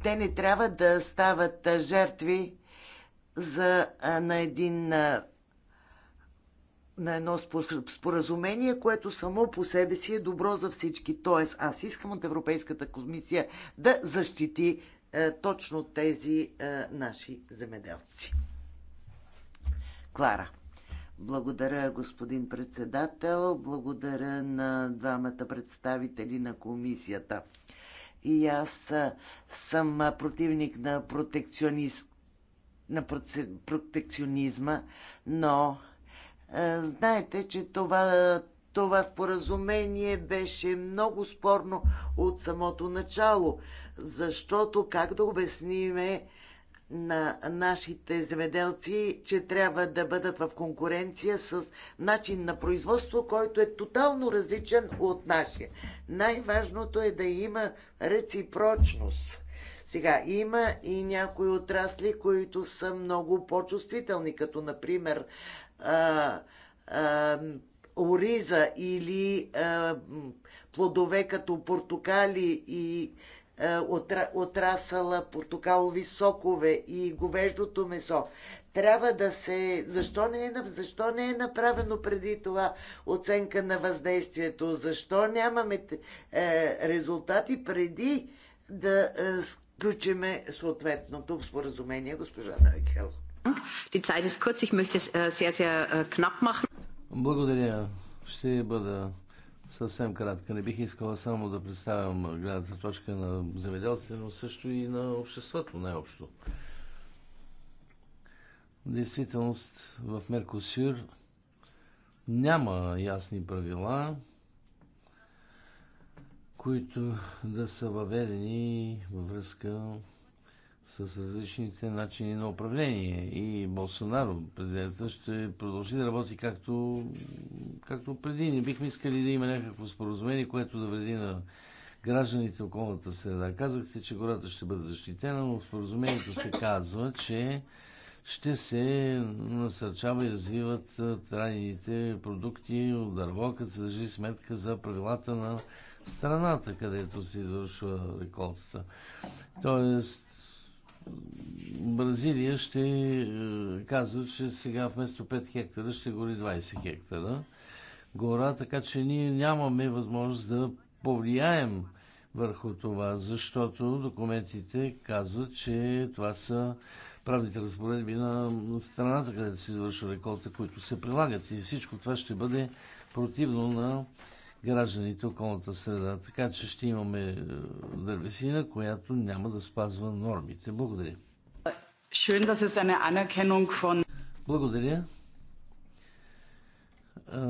те не трябва да стават жертви за, на един на едно споразумение, което само по себе си е добро за всички. Тоест, аз искам от Европейската комисия да защити е, точно тези е, наши земеделци. Клара. Благодаря, господин председател. Благодаря на двамата представители на комисията и аз съм противник на, протекционис... на проце... протекционизма, но а, знаете, че това, това споразумение беше много спорно от самото начало, защото как да обясниме на нашите земеделци, че трябва да бъдат в конкуренция с начин на производство, който е тотално различен от нашия. Най-важното е да има реципрочност. Сега, има и някои отрасли, които са много по-чувствителни, като например а, а, ориза или а, плодове като портокали и е, отра, отрасъла, портокалови сокове и говеждото месо. Трябва да се... Защо не, е, защо не е направено преди това оценка на въздействието? Защо нямаме е, резултати преди да е, сключиме съответното споразумение, госпожа Дайкел? ich möchte es е, sehr, sehr е, knapp machen. Благодаря. Ще бъда съвсем кратка. Не бих искала само да представям гледната точка на земеделците, но също и на обществото най-общо. В действителност в Меркосюр няма ясни правила, които да са въведени във връзка с различните начини на управление. И Болсонаро, президента, ще продължи да работи както, както преди. Не бихме искали да има някакво споразумение, което да вреди на гражданите околната среда. Казахте, че гората ще бъде защитена, но в споразумението се казва, че ще се насърчава и развиват трайните продукти от дърво, като се държи сметка за правилата на страната, където се извършва реколтата. Тоест, Бразилия ще е, казва, че сега вместо 5 хектара ще гори 20 хектара гора, така че ние нямаме възможност да повлияем върху това, защото документите казват, че това са правните разпоредби на страната, където се извършва реколта, които се прилагат. И всичко това ще бъде противно на гражданите околната среда. Така че ще имаме е, дървесина, която няма да спазва нормите. Благодаря. Благодаря. Е,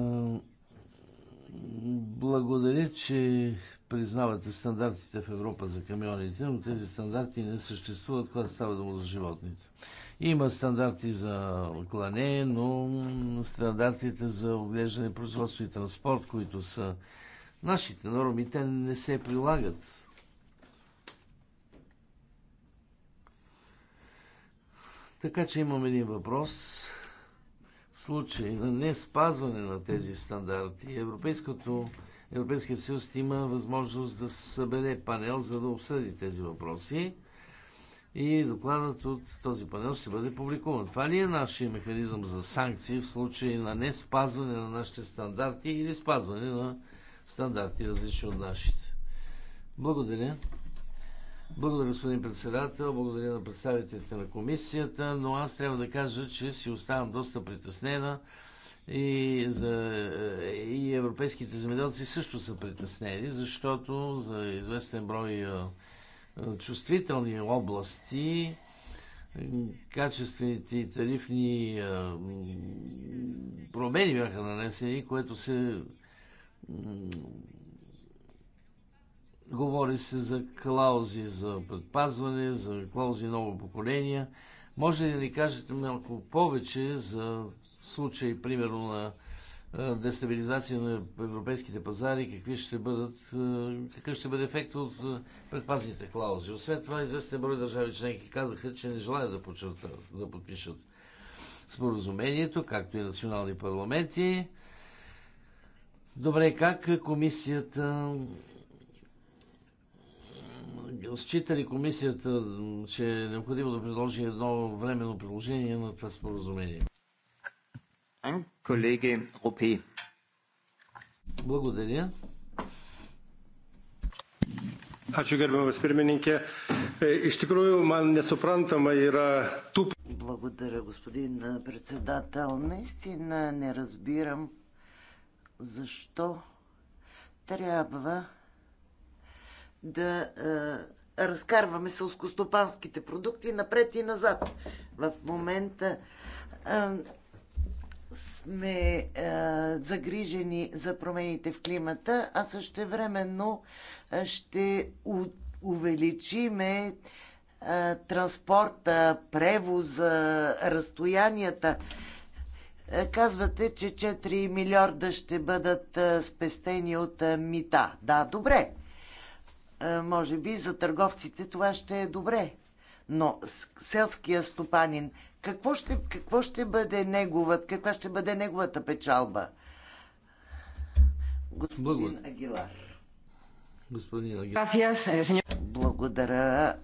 благодаря, че признавате стандартите в Европа за камионите, но тези стандарти не съществуват, когато става дума за животните. Има стандарти за клане, но стандартите за отглеждане, производство и транспорт, които са нашите норми, те не се прилагат. Така че имам един въпрос. В случай на не спазване на тези стандарти, Европейското, Европейския съюз има възможност да събере панел, за да обсъди тези въпроси и докладът от този панел ще бъде публикуван. Това ли е нашия механизъм за санкции в случай на не спазване на нашите стандарти или спазване на стандарти различни от нашите? Благодаря. Благодаря, господин председател, благодаря на представителите на комисията, но аз трябва да кажа, че си оставам доста притеснена и, за, и европейските земеделци също са притеснени, защото за известен брой чувствителни области, качествените и тарифни промени бяха нанесени, което се говори се за клаузи за предпазване, за клаузи ново поколение. Може ли да ни кажете малко повече за случай, примерно, на е, дестабилизация на европейските пазари, какви ще бъдат, е, какъв ще бъде ефект от е, предпазните клаузи. Освен това, известен брой държави членки казаха, че не желаят да, почертат, да подпишат споразумението, както и национални парламенти. Добре, как комисията Счита ли комисията, че е необходимо да предложи едно временно приложение на това споразумение? Колеги Ропе. Благодаря. Ačiū gerbiamas pirmininkė. Е, iš tikrųjų, man nesuprantama yra tų. Благодаря, господин председател. Наистина не разбирам защо трябва да е, разкарваме селскостопанските продукти напред и назад. В момента е, сме а, е, загрижени за промените в климата, а също времено е, ще у, увеличиме а, е, транспорта, превоза, разстоянията. Казвате, че 4 милиарда ще бъдат спестени от мита. Да, добре. Може би за търговците това ще е добре. Но селския стопанин какво ще, какво ще бъде неговът, каква ще бъде неговата печалба? Господин Агилар. Господин Агилар. Eh, Благодаря.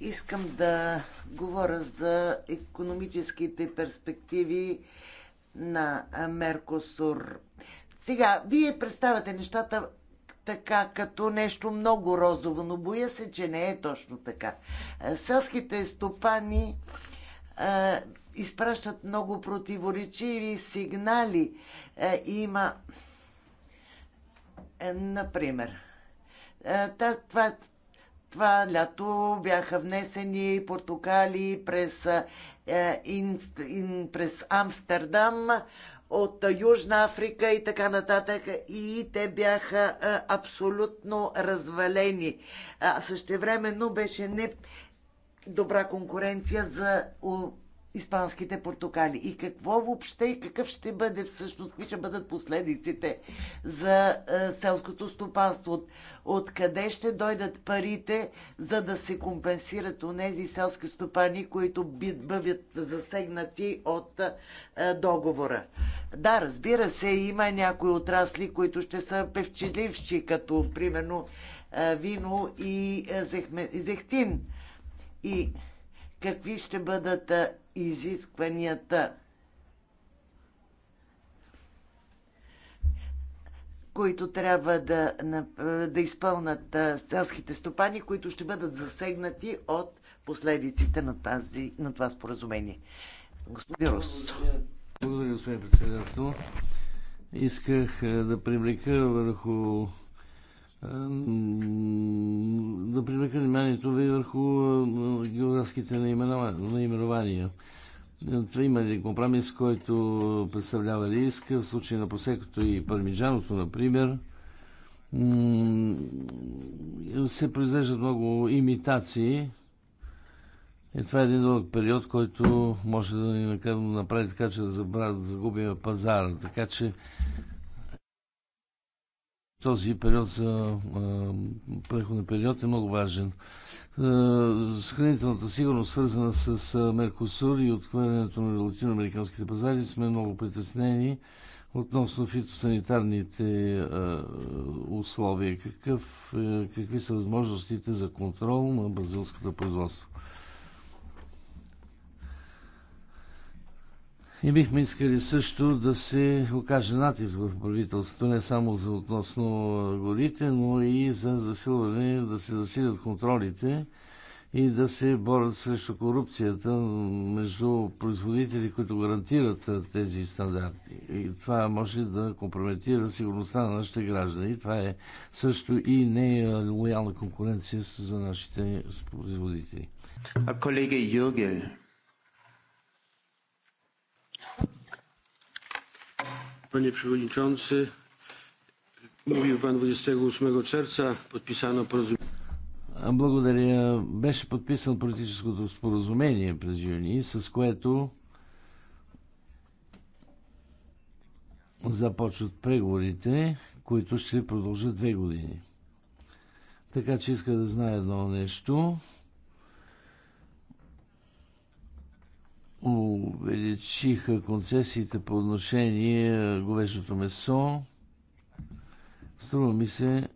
Искам да говоря за економическите перспективи на Меркосур. Сега, вие представяте нещата така като нещо много розово, но боя се, че не е точно така. Е, селските стопани а, е, изпращат много противоречиви сигнали. А, е, има, а, например, а, това, това лято бяха внесени портокали през, а, ин, ин, през Амстердам, от Южна Африка и така нататък. И те бяха абсолютно развалени. Същевременно беше не добра конкуренция за испанските портокали. И какво въобще и какъв ще бъде всъщност, какви ще бъдат последиците за е, селското стопанство? От, откъде ще дойдат парите, за да се компенсират у нези селски стопани, които бъдат засегнати от е, договора? Да, разбира се, има някои отрасли, които ще са певчеливши, като примерно е, вино и, е, зехме, и зехтин. И какви ще бъдат е, изискванията, които трябва да, да изпълнат селските стопани, които ще бъдат засегнати от последиците на, тази, на това споразумение. Господин Рус. Благодаря, господин председател. Исках да привлека върху да привлека вниманието ви върху географските наименования. Това има един компромис, който представлява риск в случай на посекото и пармиджаното, например. Се произвеждат много имитации. И е, това е един дълъг период, който може да ни направи така, че да загубим пазара. Така че този период за преходен период е много важен. С хранителната сигурност, свързана с Меркосур и отхвърлянето на латиноамериканските пазари, сме много притеснени относно фитосанитарните условия. Какъв, какви са възможностите за контрол на бразилското производство? И бихме искали също да се окаже натиск в правителството, не само за относно горите, но и за засилване, да се засилят контролите и да се борят срещу корупцията между производители, които гарантират тези стандарти. И това може да компрометира сигурността на нашите граждани. Това е също и не лоялна конкуренция за нашите производители. А колега Йогер, Panie Przewodniczący, mówił Pan 28 czerwca, podpisano porozumienie. Благодаря. Беше подписано политическото споразумение през юни, с което започват преговорите, които ще продължат две години. Така че иска да знае едно нещо. увеличиха концесиите по отношение говеждото месо. Струва ми се,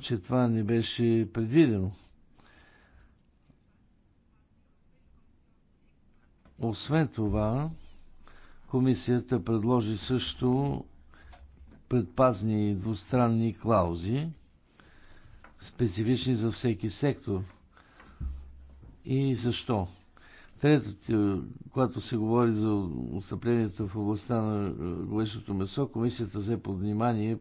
че това не беше предвидено. Освен това, комисията предложи също предпазни двустранни клаузи, специфични за всеки сектор. И защо? Трето, е, когато се говори за отстъплението в областта на говещото месо, комисията взе под внимание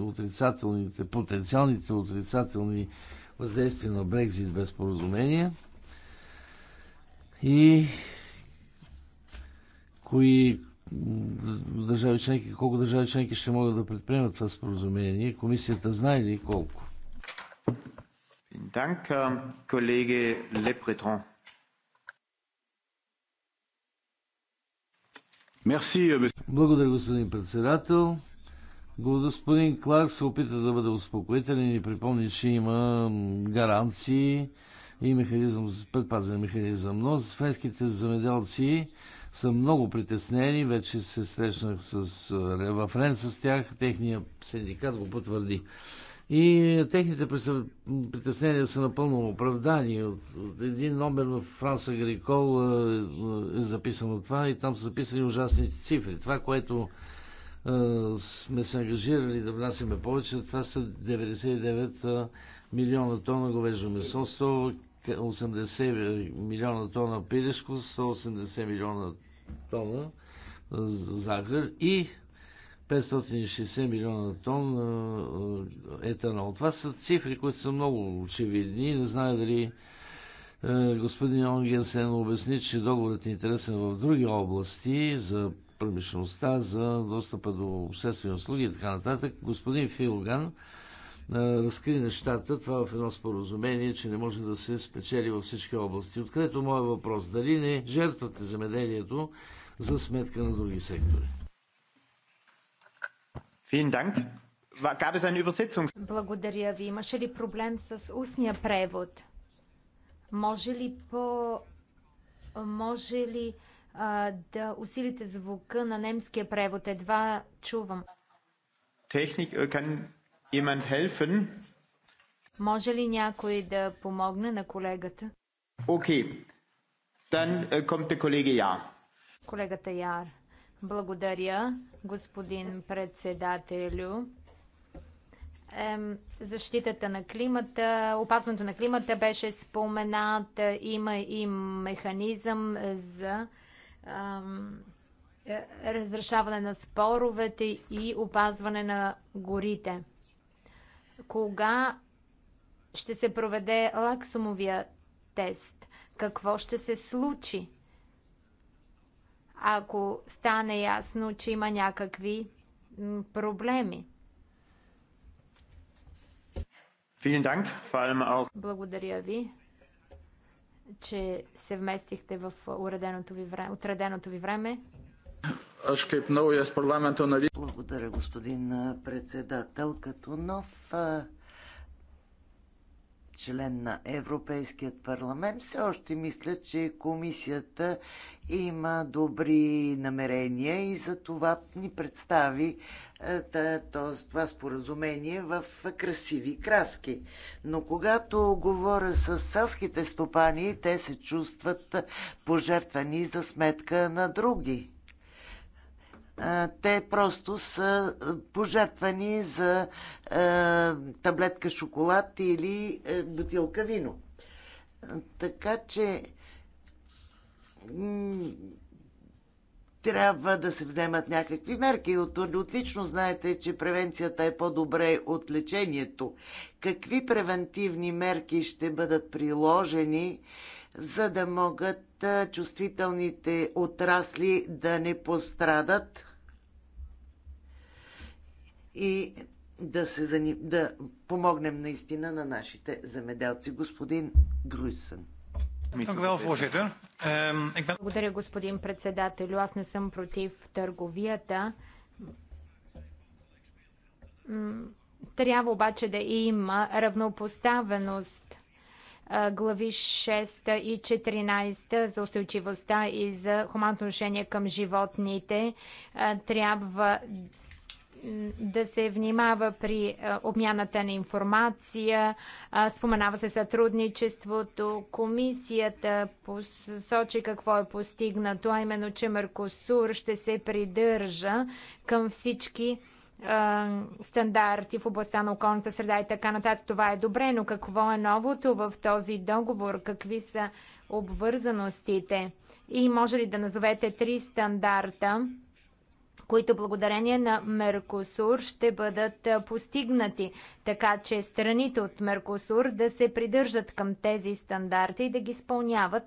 отрицателните, потенциалните отрицателни въздействия на Брекзит без поразумение и кои държави членки, колко държави членки ще могат да предприемат това споразумение. Комисията знае ли колко? Благодаря, колеги Лепретон. Euh, Благодаря, господин председател. Господин Кларк се опита да бъде успокоителен и припомни, че има гаранции и механизъм, предпазен механизъм. Но френските замеделци са много притеснени. Вече се срещнах с, е, във Френ с тях. Техният синдикат го потвърди. И техните притеснения са напълно оправдани. От един номер в Франса Грикол е, е, е записано това и там са записани ужасни цифри. Това, което е, сме се ангажирали да внасяме повече, това са 99 милиона тона говеждо месо, 180 милиона тона пилешко, 180 милиона тона захар и 560 милиона тон етанол. Това са цифри, които са много очевидни. Не знае дали господин Онгенсен обясни, че договорът е интересен в други области за промишлеността, за достъпа до обществени услуги и така нататък. Господин Филган разкри нещата, това е в едно споразумение, че не може да се спечели във всички области. Откъдето моят въпрос, дали не жертвате земеделието за сметка на други сектори? Vielen Dank. Gab es eine Übersetzung? Благодаря ви. Имаше ли проблем с устния превод? Може ли по... Може ли а, да усилите звука на немския превод? Едва чувам. Техник, кан иманд хелфен? Може ли някой да помогне на колегата? Окей. Okay. Dann äh, kommt der Колегата Яр. Благодаря, господин председателю. Защитата на климата, опазването на климата беше споменат. Има и механизъм за е, разрешаване на споровете и опазване на горите. Кога ще се проведе лаксумовия тест? Какво ще се случи? ако стане ясно, че има някакви проблеми. Благодаря ви, че се вместихте в отреденото ви време. Благодаря, господин председател. Като нов член на Европейският парламент, все още мисля, че комисията има добри намерения и за това ни представи е, това споразумение в красиви краски. Но когато говоря с селските стопани, те се чувстват пожертвани за сметка на други те просто са пожертвани за таблетка шоколад или бутилка вино. Така че трябва да се вземат някакви мерки. отлично знаете, че превенцията е по-добре от лечението. Какви превентивни мерки ще бъдат приложени, за да могат чувствителните отрасли да не пострадат? и да, се заним, да помогнем наистина на нашите земеделци. Господин Груйсън. Благодаря, господин председател. Аз не съм против търговията. Трябва обаче да има равнопоставеност глави 6 и 14 за устойчивостта и за хуманно отношение към животните трябва да се внимава при обмяната на информация. Споменава се сътрудничеството. Комисията посочи какво е постигнато, а именно, че Меркосур ще се придържа към всички стандарти в областта на околната среда и така нататък. Това е добре, но какво е новото в този договор? Какви са обвързаностите? И може ли да назовете три стандарта? които благодарение на Меркосур ще бъдат постигнати, така че страните от Меркосур да се придържат към тези стандарти и да ги изпълняват,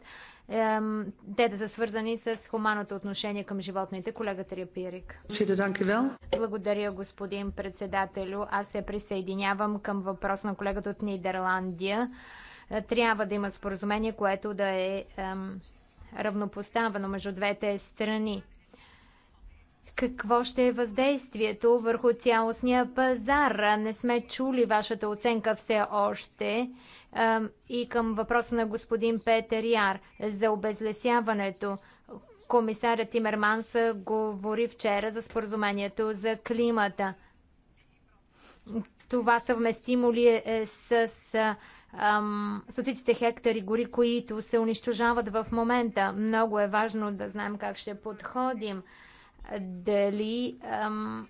те да са свързани с хуманото отношение към животните. Колегата Репирик. Благодаря, господин председателю. Аз се присъединявам към въпрос на колегата от Нидерландия. Е, трябва да има споразумение, което да е равнопоставено между двете страни какво ще е въздействието върху цялостния пазар? Не сме чули вашата оценка все още. И към въпроса на господин Петър Яр за обезлесяването. Комисарът Тимерманс говори вчера за споразумението за климата. Това съвместимо ли е, е с стотиците хектари гори, които се унищожават в момента? Много е важно да знаем как ще подходим дали ам,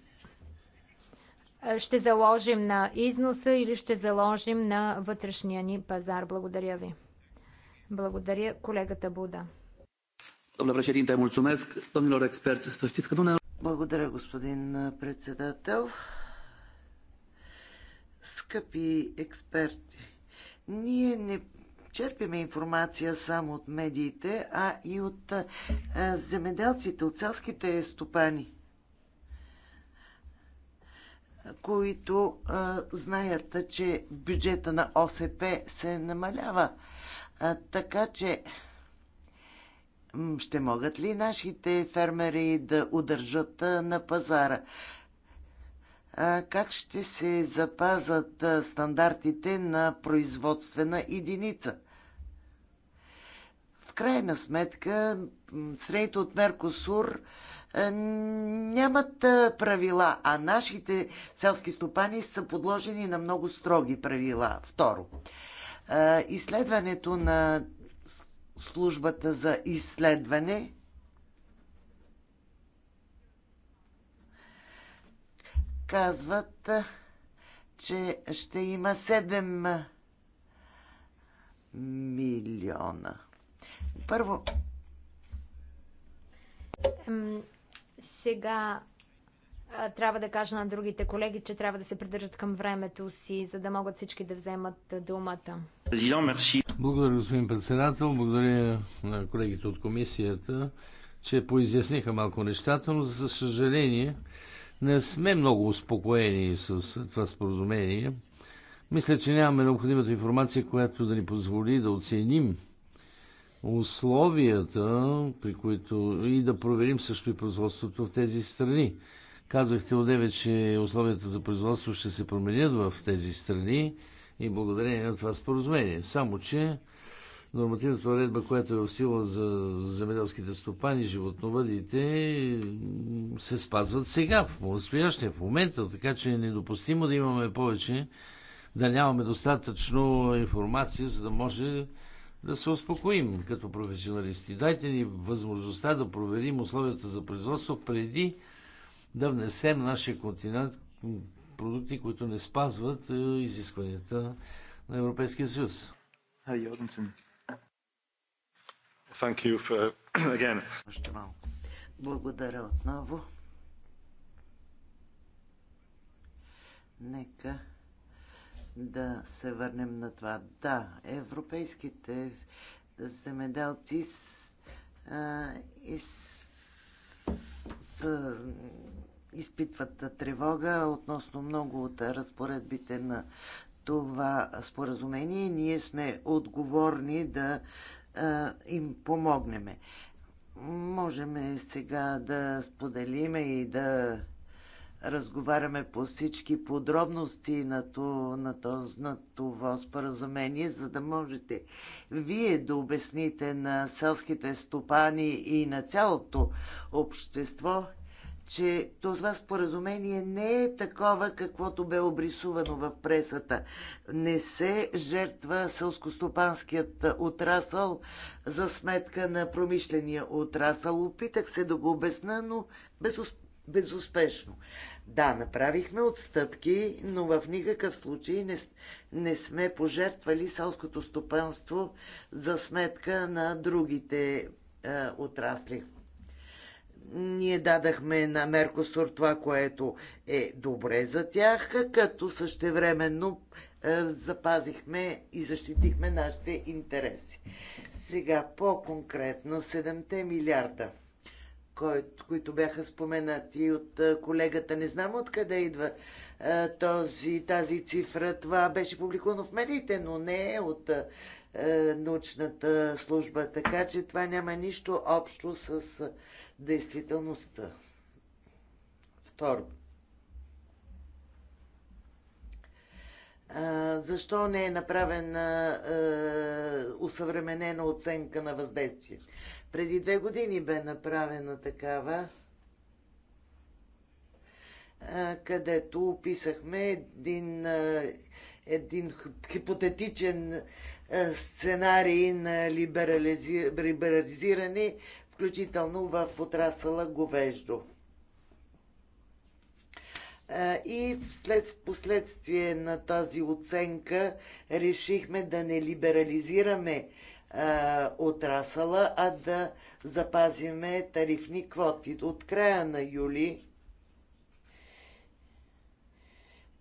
ще заложим на износа или ще заложим на вътрешния ни пазар. Благодаря ви. Благодаря колегата Буда. Благодаря, господин председател. Скъпи експерти, ние не черпиме информация само от медиите, а и от земеделците, от селските стопани, които знаят, че бюджета на ОСП се намалява. така че ще могат ли нашите фермери да удържат на пазара? Как ще се запазат стандартите на производствена единица? в крайна сметка страните от Меркосур е, нямат е, правила, а нашите селски стопани са подложени на много строги правила. Второ, е, изследването на службата за изследване казват, че ще има 7 милиона. Първо. Сега трябва да кажа на другите колеги, че трябва да се придържат към времето си, за да могат всички да вземат думата. Благодаря, господин председател. Благодаря на колегите от комисията, че поизясниха малко нещата, но за съжаление не сме много успокоени с това споразумение. Мисля, че нямаме необходимата информация, която да ни позволи да оценим условията, при които и да проверим също и производството в тези страни. Казахте одеве, че условията за производство ще се променят в тези страни и благодарение на това споразумение. Само, че нормативната уредба, която е в сила за земеделските стопани, животновъдите, се спазват сега, в настоящия, в момента, така че е недопустимо да имаме повече, да нямаме достатъчно информация, за да може да се успокоим като професионалисти. Дайте ни възможността да проверим условията за производство преди да внесем нашия континент продукти, които не спазват е, изискванията на Европейския съюз. Благодаря отново. Нека да се върнем на това. Да, европейските земеделци с, а, с, изпитват тревога относно много от разпоредбите на това споразумение. Ние сме отговорни да а, им помогнеме. Можем сега да споделиме и да разговаряме по всички подробности на, то, на, то, на това споразумение, за да можете вие да обясните на селските стопани и на цялото общество, че това споразумение не е такова, каквото бе обрисувано в пресата. Не се жертва селскостопанският отрасъл за сметка на промишления отрасъл. Опитах се да го обясна, но безуспешно безуспешно. Да, направихме отстъпки, но в никакъв случай не, не сме пожертвали селското стопанство за сметка на другите е, отрасли. Ние дадахме на Меркосур това, което е добре за тях, като същевременно е, запазихме и защитихме нашите интереси. Сега по-конкретно 7 милиарда – които бяха споменати от колегата. Не знам откъде идва този, тази цифра. Това беше публикувано в медиите, но не е от научната служба. Така че това няма нищо общо с действителността. Второ. защо не е направена усъвременена оценка на въздействие. Преди две години бе направена такава, където описахме един, един хипотетичен сценарий на либерализи... либерализиране, включително в отрасъла говеждо. И след последствие на тази оценка решихме да не либерализираме е, отрасъла, а да запазиме тарифни квоти. От края на юли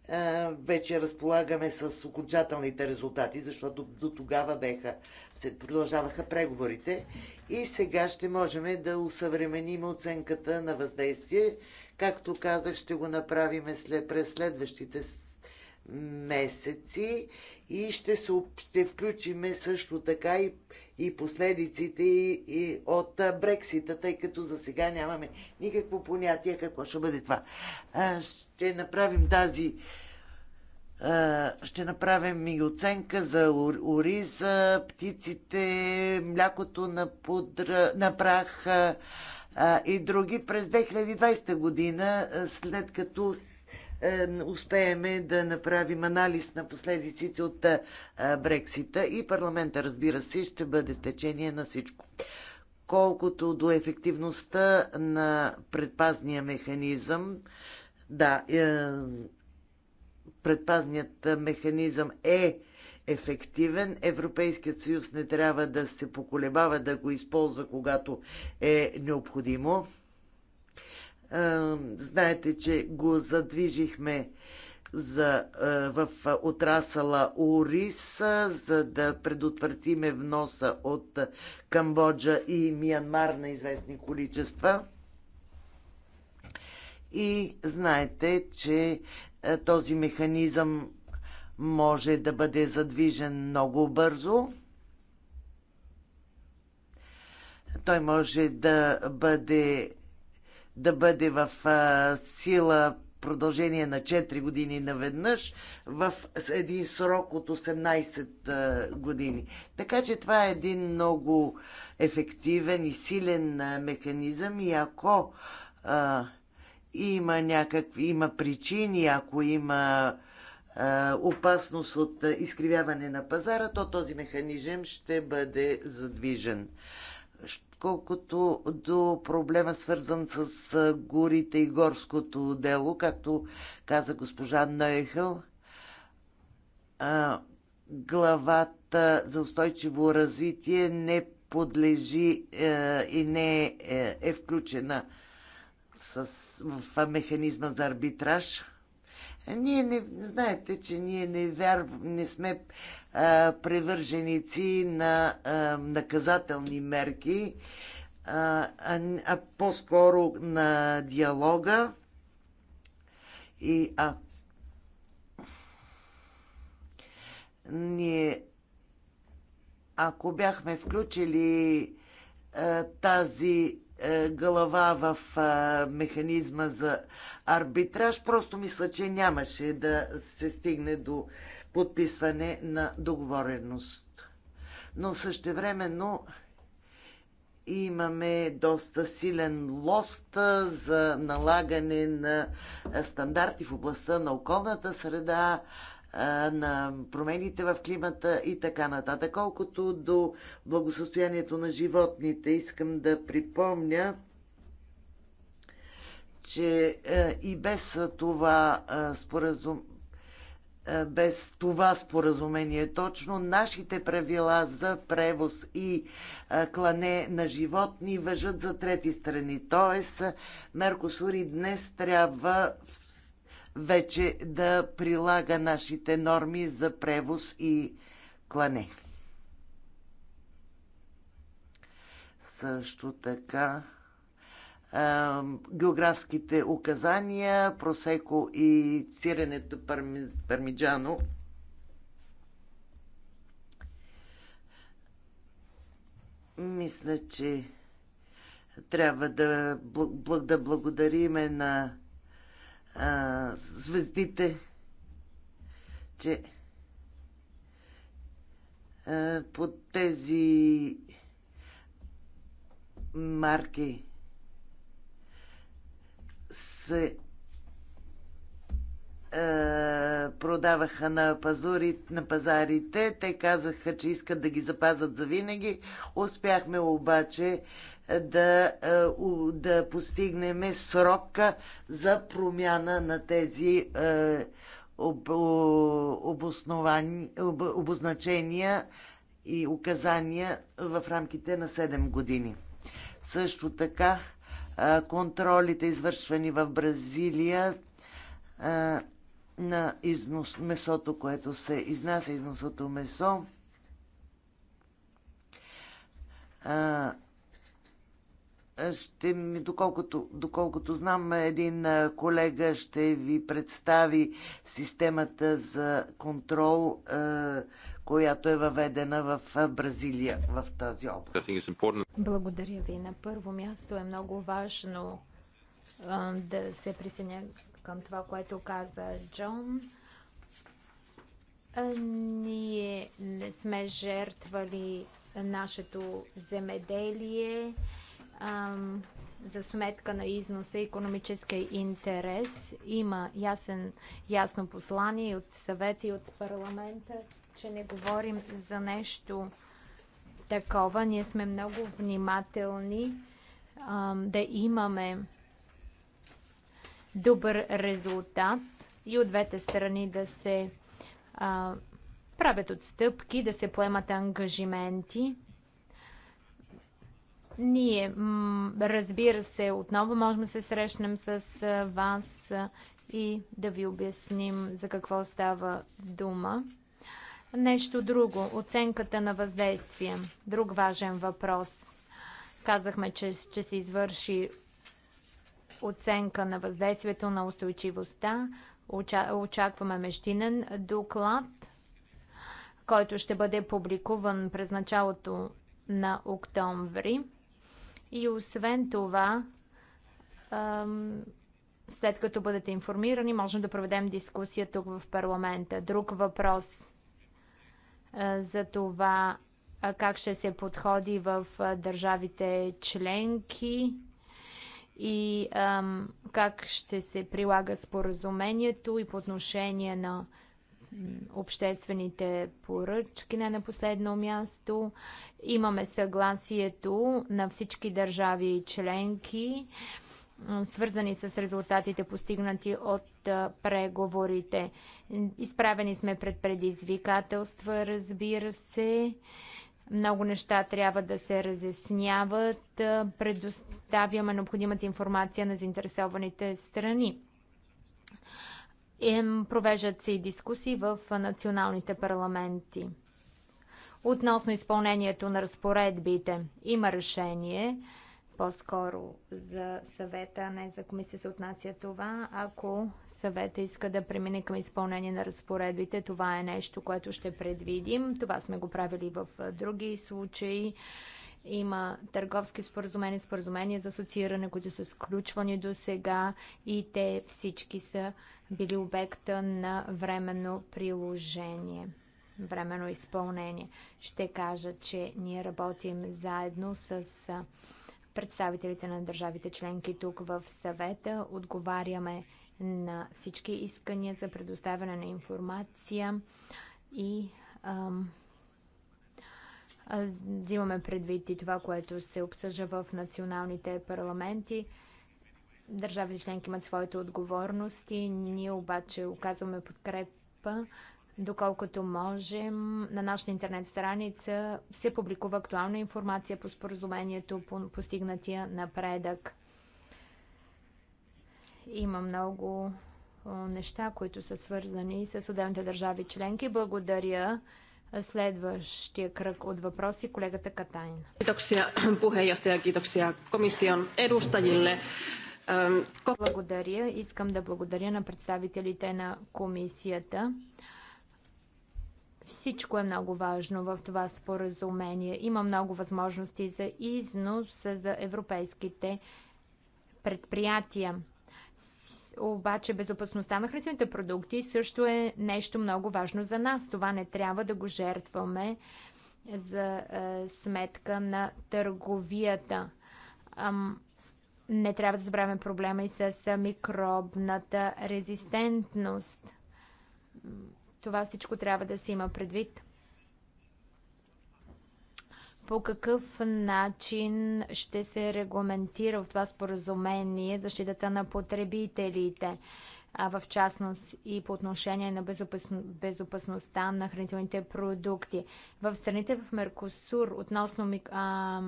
е, вече разполагаме с окончателните резултати, защото до тогава беха, се продължаваха преговорите и сега ще можем да усъвременим оценката на въздействие. Както казах, ще го направим след, през следващите месеци и ще, се, ще включиме също така и, и последиците и, и от Брексита, тъй като за сега нямаме никакво понятие какво ще бъде това. А, ще направим тази ще направим и оценка за ориза, птиците, млякото на, пудра, на прах и други през 2020 година, след като е, успееме да направим анализ на последиците от е, е, Брексита и парламента, разбира се, ще бъде течение на всичко. Колкото до ефективността на предпазния механизъм, да, предпазният механизъм е ефективен. Европейският съюз не трябва да се поколебава да го използва, когато е необходимо. Е, знаете, че го задвижихме за, е, в отрасала Орис, за да предотвратиме вноса от Камбоджа и Миянмар на известни количества. И знаете, че е, този механизъм може да бъде задвижен много бързо. Той може да бъде да бъде в сила продължение на 4 години наведнъж в един срок от 18 години. Така че това е един много ефективен и силен механизъм и ако а, има някакви, има причини, ако има а, опасност от изкривяване на пазара, то този механизъм ще бъде задвижен. Колкото до проблема свързан с горите и горското дело, както каза госпожа Нойхъл. главата за устойчиво развитие не подлежи е, и не е, е, включена с, в механизма за арбитраж. Ние не знаете, че ние не, вяр, не сме а, привърженици на а, наказателни мерки, а, а, а по-скоро на диалога. И а, ние, ако бяхме включили а, тази е, глава в е, механизма за арбитраж. Просто мисля, че нямаше да се стигне до подписване на договореност. Но същевременно имаме доста силен лост е, за налагане на стандарти в областта на околната среда, на промените в климата и така нататък. Колкото до благосъстоянието на животните, искам да припомня, че и без това споразум... без това споразумение е точно нашите правила за превоз и клане на животни въжат за трети страни. Тоест, Меркосури днес трябва в вече да прилага нашите норми за превоз и клане. Също така географските указания, просеко и сиренето пармиджано. Мисля, че трябва да, да благодариме на а, звездите, че а, под тези марки се продаваха на, пазури, на пазарите. Те казаха, че искат да ги запазат за винаги. Успяхме обаче да, е, да постигнем срока за промяна на тези е, об, об, обозначения и указания в рамките на 7 години. Също така, е, контролите, извършвани в Бразилия на износ, месото, което се изнася, износото месо, ще ми, доколкото, доколкото знам, един колега ще ви представи системата за контрол, която е въведена в Бразилия в тази област. Благодаря ви. На първо място е много важно да се присъединя към това, което каза Джон. Ние не сме жертвали нашето земеделие ам, за сметка на износа и економическия интерес. Има ясен, ясно послание от съвета и от парламента, че не говорим за нещо такова. Ние сме много внимателни ам, да имаме добър резултат и от двете страни да се а, правят отстъпки, да се поемат ангажименти. Ние, разбира се, отново можем да се срещнем с вас и да ви обясним за какво става дума. Нещо друго. Оценката на въздействие. Друг важен въпрос. Казахме, че ще се извърши оценка на въздействието на устойчивостта. Очакваме мещинен доклад, който ще бъде публикуван през началото на октомври. И освен това, след като бъдете информирани, можем да проведем дискусия тук в парламента. Друг въпрос за това как ще се подходи в държавите членки и как ще се прилага споразумението и по отношение на обществените поръчки. Не на последно място имаме съгласието на всички държави и членки, свързани с резултатите постигнати от преговорите. Изправени сме пред предизвикателства, разбира се. Много неща трябва да се разясняват. Предоставяме необходимата информация на заинтересованите страни. Провеждат се и дискусии в националните парламенти. Относно изпълнението на разпоредбите, има решение, по-скоро за съвета, а не за комисия се отнася това. Ако съвета иска да премине към изпълнение на разпоредбите, това е нещо, което ще предвидим. Това сме го правили в други случаи. Има търговски споразумения, споразумения за асоцииране, които са сключвани до сега и те всички са били обекта на временно приложение, временно изпълнение. Ще кажа, че ние работим заедно с представителите на държавите членки тук в съвета. Отговаряме на всички искания за предоставяне на информация и ам, взимаме предвид и това, което се обсъжда в националните парламенти. Държавите членки имат своите отговорности, ние обаче оказваме подкрепа доколкото можем. На нашата интернет страница се публикува актуална информация по споразумението, по постигнатия напредък. Има много неща, които са свързани с отделните държави членки. Благодаря. Следващия кръг от въпроси колегата Катайн. Kiitoksia puheenjohtaja, kiitoksia komission edustajille. Благодаря. Искам да благодаря на представителите на комисията. Всичко е много важно в това споразумение. Има много възможности за износ за европейските предприятия. Обаче безопасността на хранителните продукти също е нещо много важно за нас. Това не трябва да го жертваме за е, сметка на търговията. Ам, не трябва да забравяме проблема и с микробната резистентност. Това всичко трябва да се има предвид. По какъв начин ще се регламентира в това споразумение защитата на потребителите, а в частност и по отношение на безопасно, безопасността на хранителните продукти? В страните в Меркосур относно а,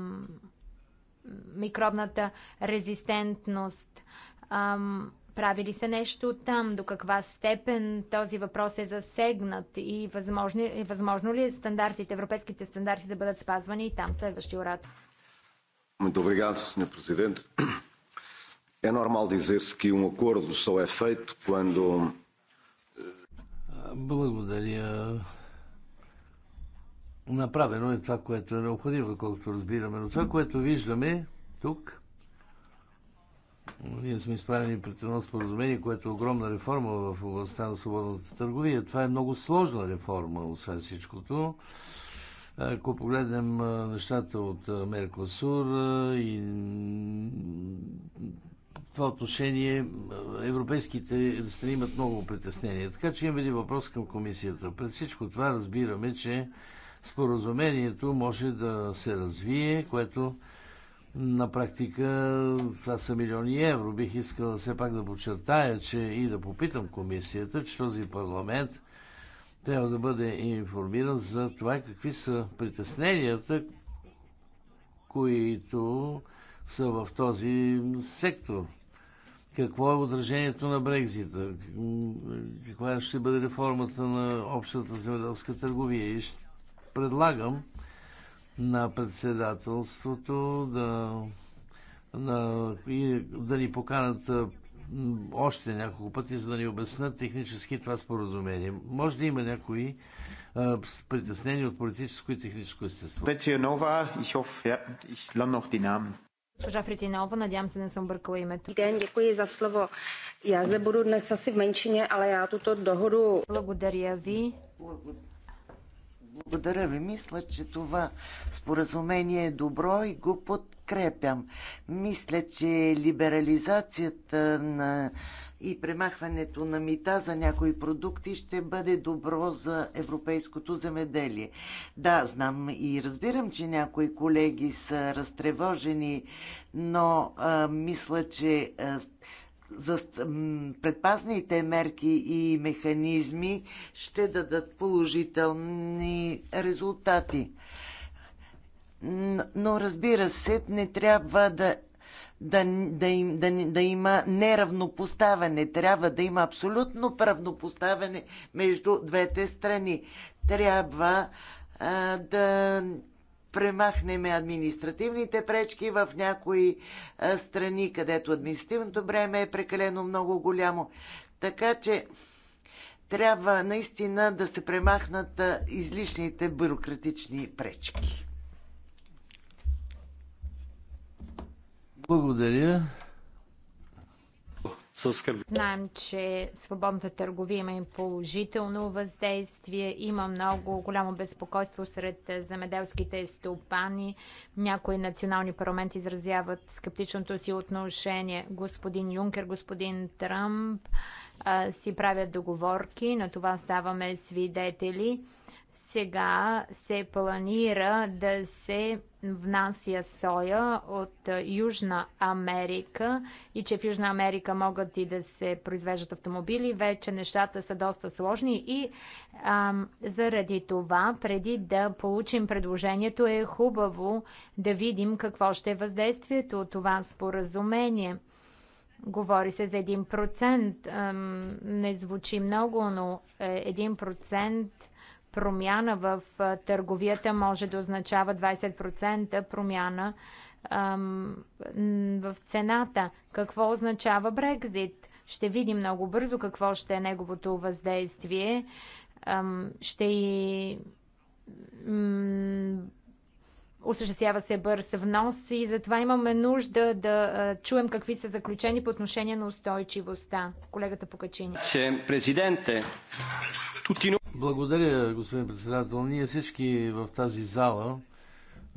микробната резистентност. Ам, прави ли се нещо там? До каква степен този въпрос е засегнат? И възможно, и възможно ли е стандартите, европейските стандарти да бъдат спазвани и там? Следващия оратор. Ами, добре, господин президент. Е É да dizer-se que um е só é Благодаря, Направено е това, което е необходимо, доколкото разбираме. Но това, което виждаме тук, ние сме изправени пред едно споразумение, което е огромна реформа в областта на свободната търговия. Това е много сложна реформа, освен всичкото. Ако погледнем нещата от Меркосур и това отношение европейските страни имат много притеснения. Така че имаме един въпрос към комисията. Пред всичко това разбираме, че споразумението може да се развие, което на практика това са милиони евро. Бих искал все пак да подчертая, че и да попитам комисията, че този парламент трябва да бъде информиран за това какви са притесненията, които са в този сектор. Какво е отражението на Брекзита? Каква ще бъде реформата на общата земеделска търговия? И ще предлагам на председателството да, на, и да ни поканат още няколко пъти, за да ни обяснат технически това споразумение. Може да има някои а, притеснения от политическо и техническо естество. Петинова, ich hoffe, Динам. Госпожа Фритинова, надявам се, не съм бъркала името. Ден, děkuji за слово. Я зde budu dnes asi v menšině, ale já tuto dohodu... Благодаря ви. Благодаря. Благодаря ви. Мисля, че това споразумение е добро и го подкрепям. Мисля, че либерализацията на и премахването на мита за някои продукти ще бъде добро за европейското земеделие. Да, знам и разбирам, че някои колеги са разтревожени, но а, мисля, че а, за предпазните мерки и механизми ще дадат положителни резултати. Но разбира се, не трябва да, да, да, им, да, да има неравнопоставяне. Трябва да има абсолютно равнопоставяне между двете страни. Трябва а, да премахнем административните пречки в някои страни, където административното бреме е прекалено много голямо. Така че трябва наистина да се премахнат излишните бюрократични пречки. Благодаря с Знаем, че свободната търговия има и положително въздействие. Има много голямо безпокойство сред замеделските стопани. Някои национални парламенти изразяват скептичното си отношение. Господин Юнкер, господин Тръмп а, си правят договорки. На това ставаме свидетели. Сега се планира да се внася соя от е, Южна Америка и че в Южна Америка могат и да се произвеждат автомобили, вече нещата са доста сложни и а, заради това, преди да получим предложението, е хубаво да видим какво ще е въздействието от това споразумение. Говори се за 1%. Ам, не звучи много, но 1% е, промяна в търговията може да означава 20% промяна в цената. Какво означава Брекзит? Ще видим много бързо какво ще е неговото въздействие. ще и осъществява се бърз внос и затова имаме нужда да чуем какви са заключени по отношение на устойчивостта. Колегата Покачини. Президенте, тутино. Благодаря, господин председател. Ние всички в тази зала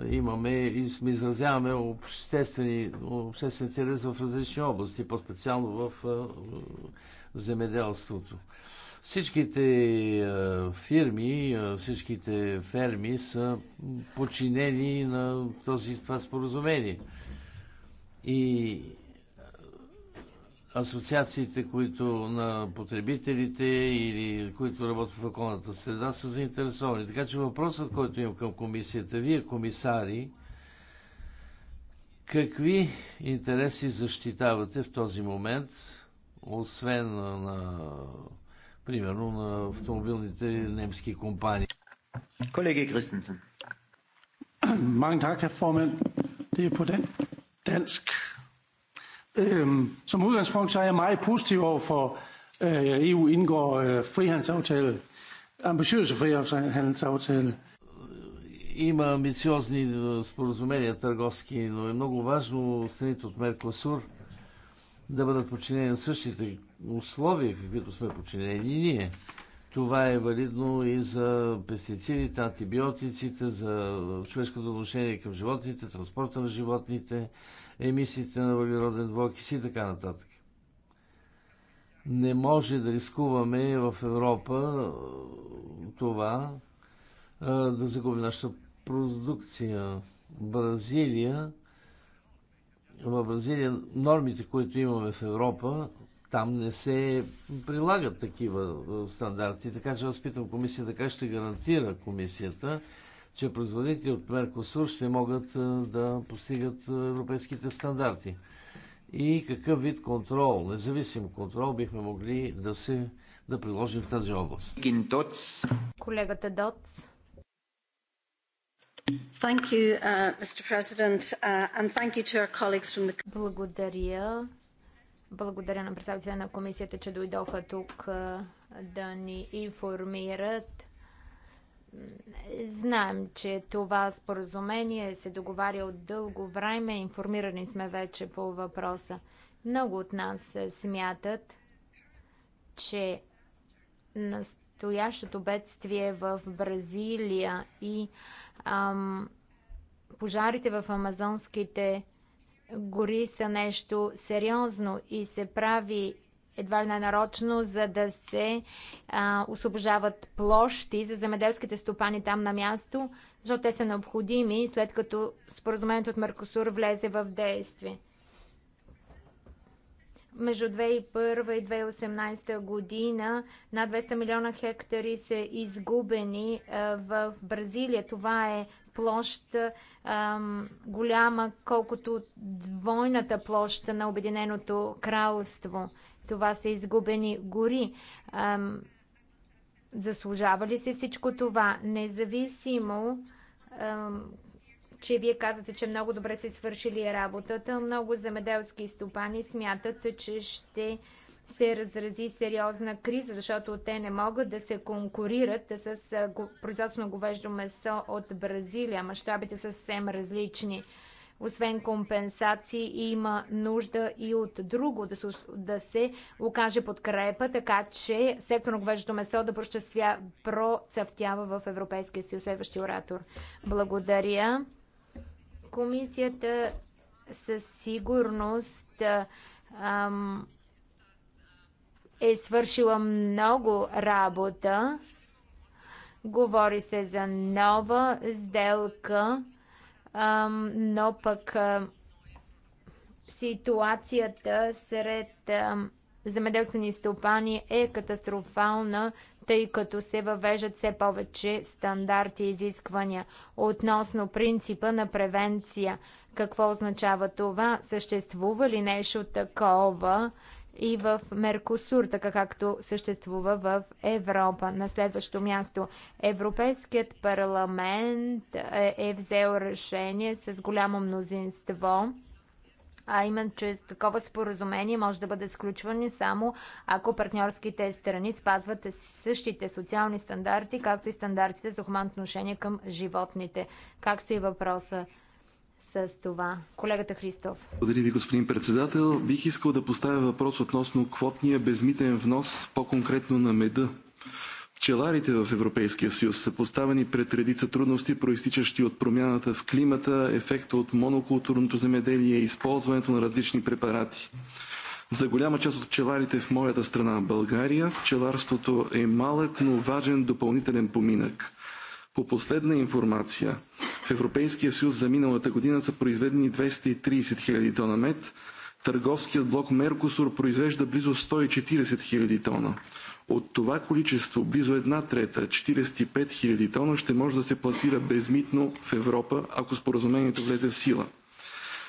имаме и сме изразяваме обществени, обществен интерес в различни области, по-специално в земеделството. Всичките фирми, всичките ферми са подчинени на този, това споразумение. И асоциациите, които на потребителите или които работят в околната среда са заинтересовани. Така че въпросът, който имам към комисията, вие комисари, какви интереси защитавате в този момент, освен на, на примерно на автомобилните немски компании? Колеги Кристенсен. Mange е herr formand. Det er på den dansk Øhm, som udgangspunkt så er jeg meget positiv over for, at øh, EU indgår øh, frihandelsaftale, ambitiøse frihandelsaftale. Има амбициозни е, споразумения търговски, но е много важно страните от Меркосур да бъдат подчинени на същите условия, каквито сме подчинени ние. Това е валидно и за пестицидите, антибиотиците, за човешкото отношение към животните, транспорта на животните, емисиите на въглероден двокис и така нататък. Не може да рискуваме в Европа това да загуби нашата продукция. Бразилия, в Бразилия нормите, които имаме в Европа, там не се прилагат такива стандарти. Така че аз питам комисията как ще гарантира комисията, че производители от Меркосур ще могат да постигат европейските стандарти. И какъв вид контрол, независим контрол, бихме могли да се да приложим в тази област. Колегата Доц. You, uh, uh, the... Благодаря благодаря на представителя на комисията, че дойдоха тук да ни информират. Знаем, че това споразумение се договаря от дълго време. Информирани сме вече по въпроса. Много от нас смятат, че настоящото бедствие в Бразилия и ам, пожарите в амазонските гори са нещо сериозно и се прави едва ли нарочно, за да се а, освобождават площи за земеделските стопани там на място, защото те са необходими след като споразумението от Меркосур влезе в действие. Между 2001 и 2018 година над 200 милиона хектари са изгубени в Бразилия. Това е площ голяма, колкото двойната площ на Обединеното кралство. Това са изгубени гори. заслужава ли се всичко това? Независимо че вие казвате, че много добре са свършили работата. Много земеделски стопани смятат, че ще се разрази сериозна криза, защото те не могат да се конкурират с производство на говеждо месо от Бразилия. Мащабите са съвсем различни. Освен компенсации, има нужда и от друго да се, да се окаже подкрепа, така че сектор на говеждо месо да прочъсвя, процъфтява в Европейския съюз. Следващи оратор. Благодаря. Комисията със сигурност ам, е свършила много работа. Говори се за нова сделка, ам, но пък ам, ситуацията сред ам, земеделствени стопани е катастрофална тъй като се въвеждат все повече стандарти и изисквания относно принципа на превенция. Какво означава това? Съществува ли нещо такова и в Меркосур, така както съществува в Европа? На следващо място, Европейският парламент е, е взел решение с голямо мнозинство а именно, че такова споразумение може да бъде сключвано само ако партньорските страни спазват същите социални стандарти, както и стандартите за хуманно отношение към животните. Как стои въпроса с това? Колегата Христов. Благодаря ви, господин председател. Бих искал да поставя въпрос относно квотния безмитен внос, по-конкретно на меда Пчеларите в Европейския съюз са поставени пред редица трудности, проистичащи от промяната в климата, ефекта от монокултурното земеделие и използването на различни препарати. За голяма част от пчеларите в моята страна България, пчеларството е малък, но важен допълнителен поминък. По последна информация, в Европейския съюз за миналата година са произведени 230 000 тона мед, Търговският блок Меркосур произвежда близо 140 000 тона. От това количество близо една трета, 45 000 тона, ще може да се пласира безмитно в Европа, ако споразумението влезе в сила.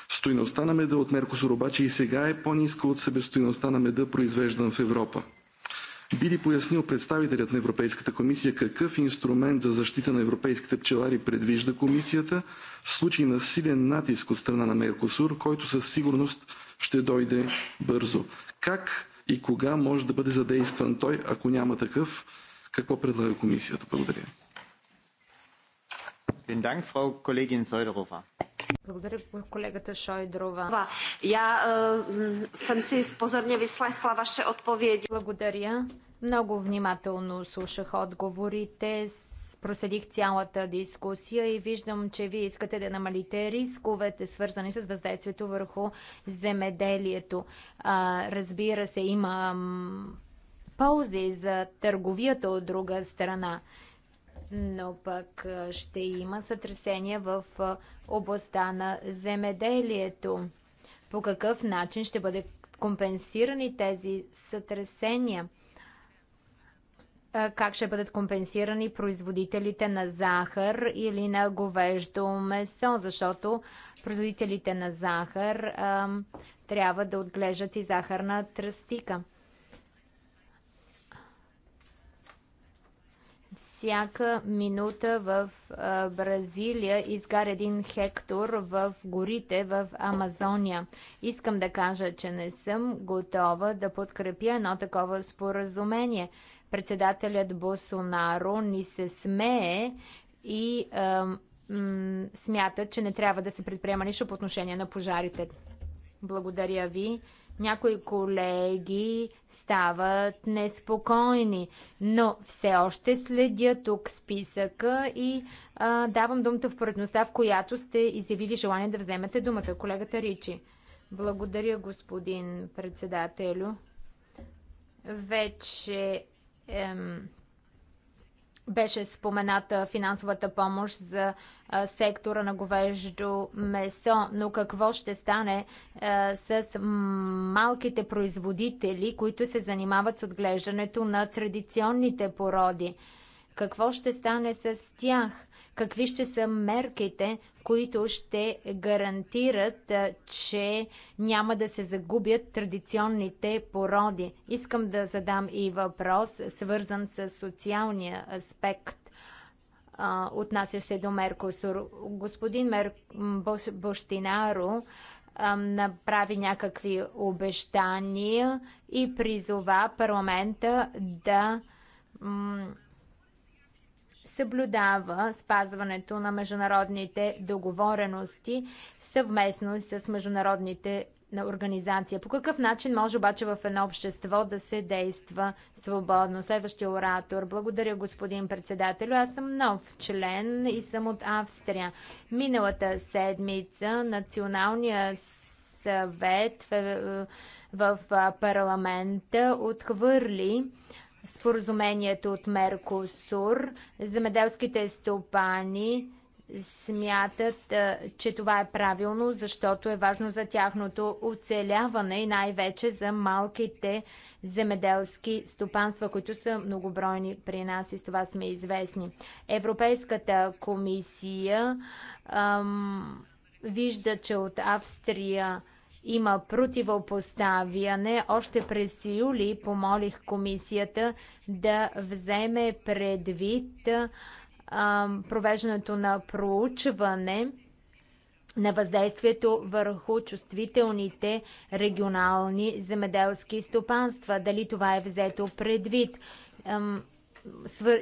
Стойността на меда от Меркосур обаче и сега е по-ниска от себестойността на меда, произвеждан в Европа. Би ли пояснил представителят на Европейската комисия какъв инструмент за защита на европейските пчелари предвижда комисията в случай на силен натиск от страна на Меркосур, който със сигурност ще дойде бързо. Как и кога може да бъде задействан той, ако няма такъв? Какво предлага комисията? Благодаря. Благодаря, колегата Шойдрова. Я е, съм си позорně vyslechla ваше отповеди. Благодаря. Много внимателно слушах отговорите проследих цялата дискусия и виждам, че вие искате да намалите рисковете, свързани с въздействието върху земеделието. А, разбира се, има ползи за търговията от друга страна, но пък ще има сътресения в областта на земеделието. По какъв начин ще бъде компенсирани тези сътресения? Е, как ще бъдат компенсирани производителите на захар или на говеждо месо, защото производителите на захар а, трябва да отглеждат и захарна тръстика. Всяка минута в а, Бразилия изгаря един хектор в горите в Амазония. Искам да кажа, че не съм готова да подкрепя едно такова споразумение – Председателят Босонаро ни се смее и смята, че не трябва да се предприема нищо по отношение на пожарите. Благодаря ви. Някои колеги стават неспокойни, но все още следя тук списъка и а, давам думата в поредността, в която сте изявили желание да вземете думата. Колегата Ричи. Благодаря, господин председателю. Вече беше спомената финансовата помощ за сектора на говеждо месо, но какво ще стане а, с малките производители, които се занимават с отглеждането на традиционните породи? Какво ще стане с тях? Какви ще са мерките, които ще гарантират, че няма да се загубят традиционните породи? Искам да задам и въпрос, свързан с социалния аспект Отнася се до Меркосур. Господин Мер... Бощинаро направи някакви обещания и призова парламента да съблюдава спазването на международните договорености съвместно с международните на организация. По какъв начин може обаче в едно общество да се действа свободно? Следващия оратор. Благодаря, господин председател. Аз съм нов член и съм от Австрия. Миналата седмица Националния съвет в, в парламента отхвърли споразумението от Меркосур. Земеделските стопани смятат, че това е правилно, защото е важно за тяхното оцеляване и най-вече за малките земеделски стопанства, които са многобройни при нас и с това сме известни. Европейската комисия ам, вижда, че от Австрия има противопоставяне. Още през юли помолих комисията да вземе предвид провеждането на проучване на въздействието върху чувствителните регионални земеделски стопанства. Дали това е взето предвид?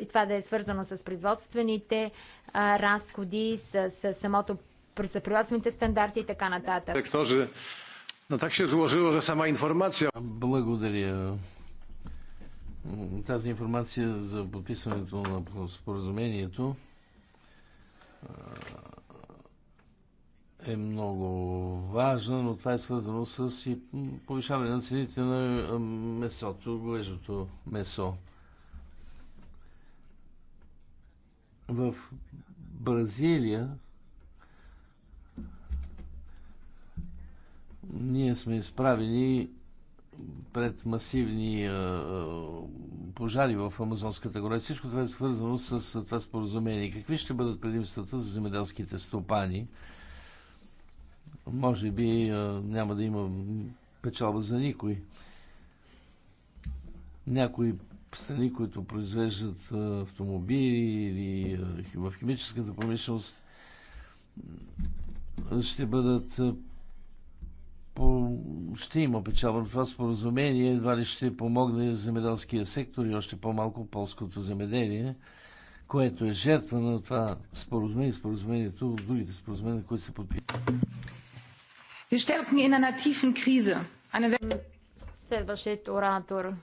Това да е свързано с производствените разходи, с, самото при стандарти и така нататък. Но так се сложило, че сама информация... Благодаря. Тази информация за подписването на споразумението е много важна, но това е свързано с и повишаване на цените на месото, говеждото месо. В Бразилия ние сме изправени пред масивни пожари в Амазонската гора. Всичко това е свързано с това споразумение. Какви ще бъдат предимствата за земеделските стопани? Може би няма да има печалба за никой. Някои страни, които произвеждат автомобили или в химическата промишленост, ще бъдат по... ще има печалба. Това споразумение едва ли ще помогне земеделския сектор и още по-малко полското земеделие, което е жертва на това споразумение, споразумението от другите споразумения, които се подписват. Следващият оратор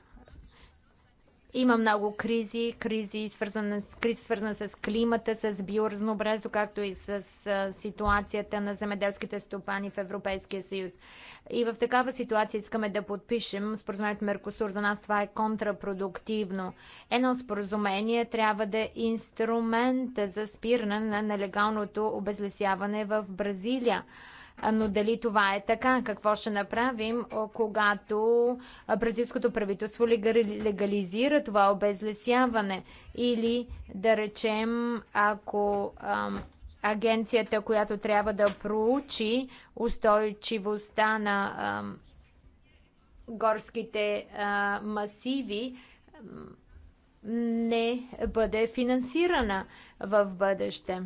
има много кризи, кризи свързана, криз свързана с климата, с биоразнообразието, както и с ситуацията на земеделските стопани в Европейския съюз. И в такава ситуация искаме да подпишем споразумението Меркосур. За нас това е контрапродуктивно. Едно споразумение трябва да е инструмент за спиране на нелегалното обезлесяване в Бразилия. Но дали това е така? Какво ще направим, когато бразилското правителство легализира това обезлесяване? Или, да речем, ако агенцията, която трябва да проучи устойчивостта на горските масиви, не бъде финансирана в бъдеще.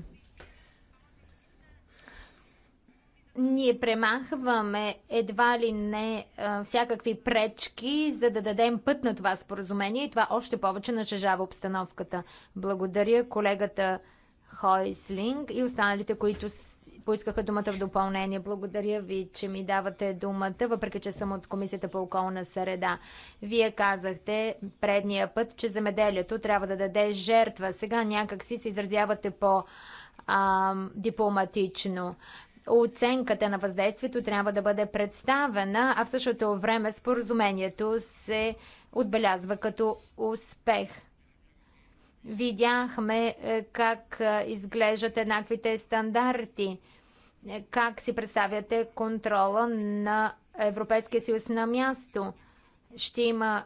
ние премахваме едва ли не а, всякакви пречки, за да дадем път на това споразумение и това още повече нажежава обстановката. Благодаря колегата Хойслинг и останалите, които поискаха думата в допълнение. Благодаря ви, че ми давате думата, въпреки че съм от Комисията по околна среда. Вие казахте предния път, че земеделието трябва да даде жертва. Сега някак си се изразявате по дипломатично. Оценката на въздействието трябва да бъде представена, а в същото време споразумението се отбелязва като успех. Видяхме е, как е, изглеждат еднаквите стандарти, е, как си представяте контрола на Европейския съюз на място. Ще има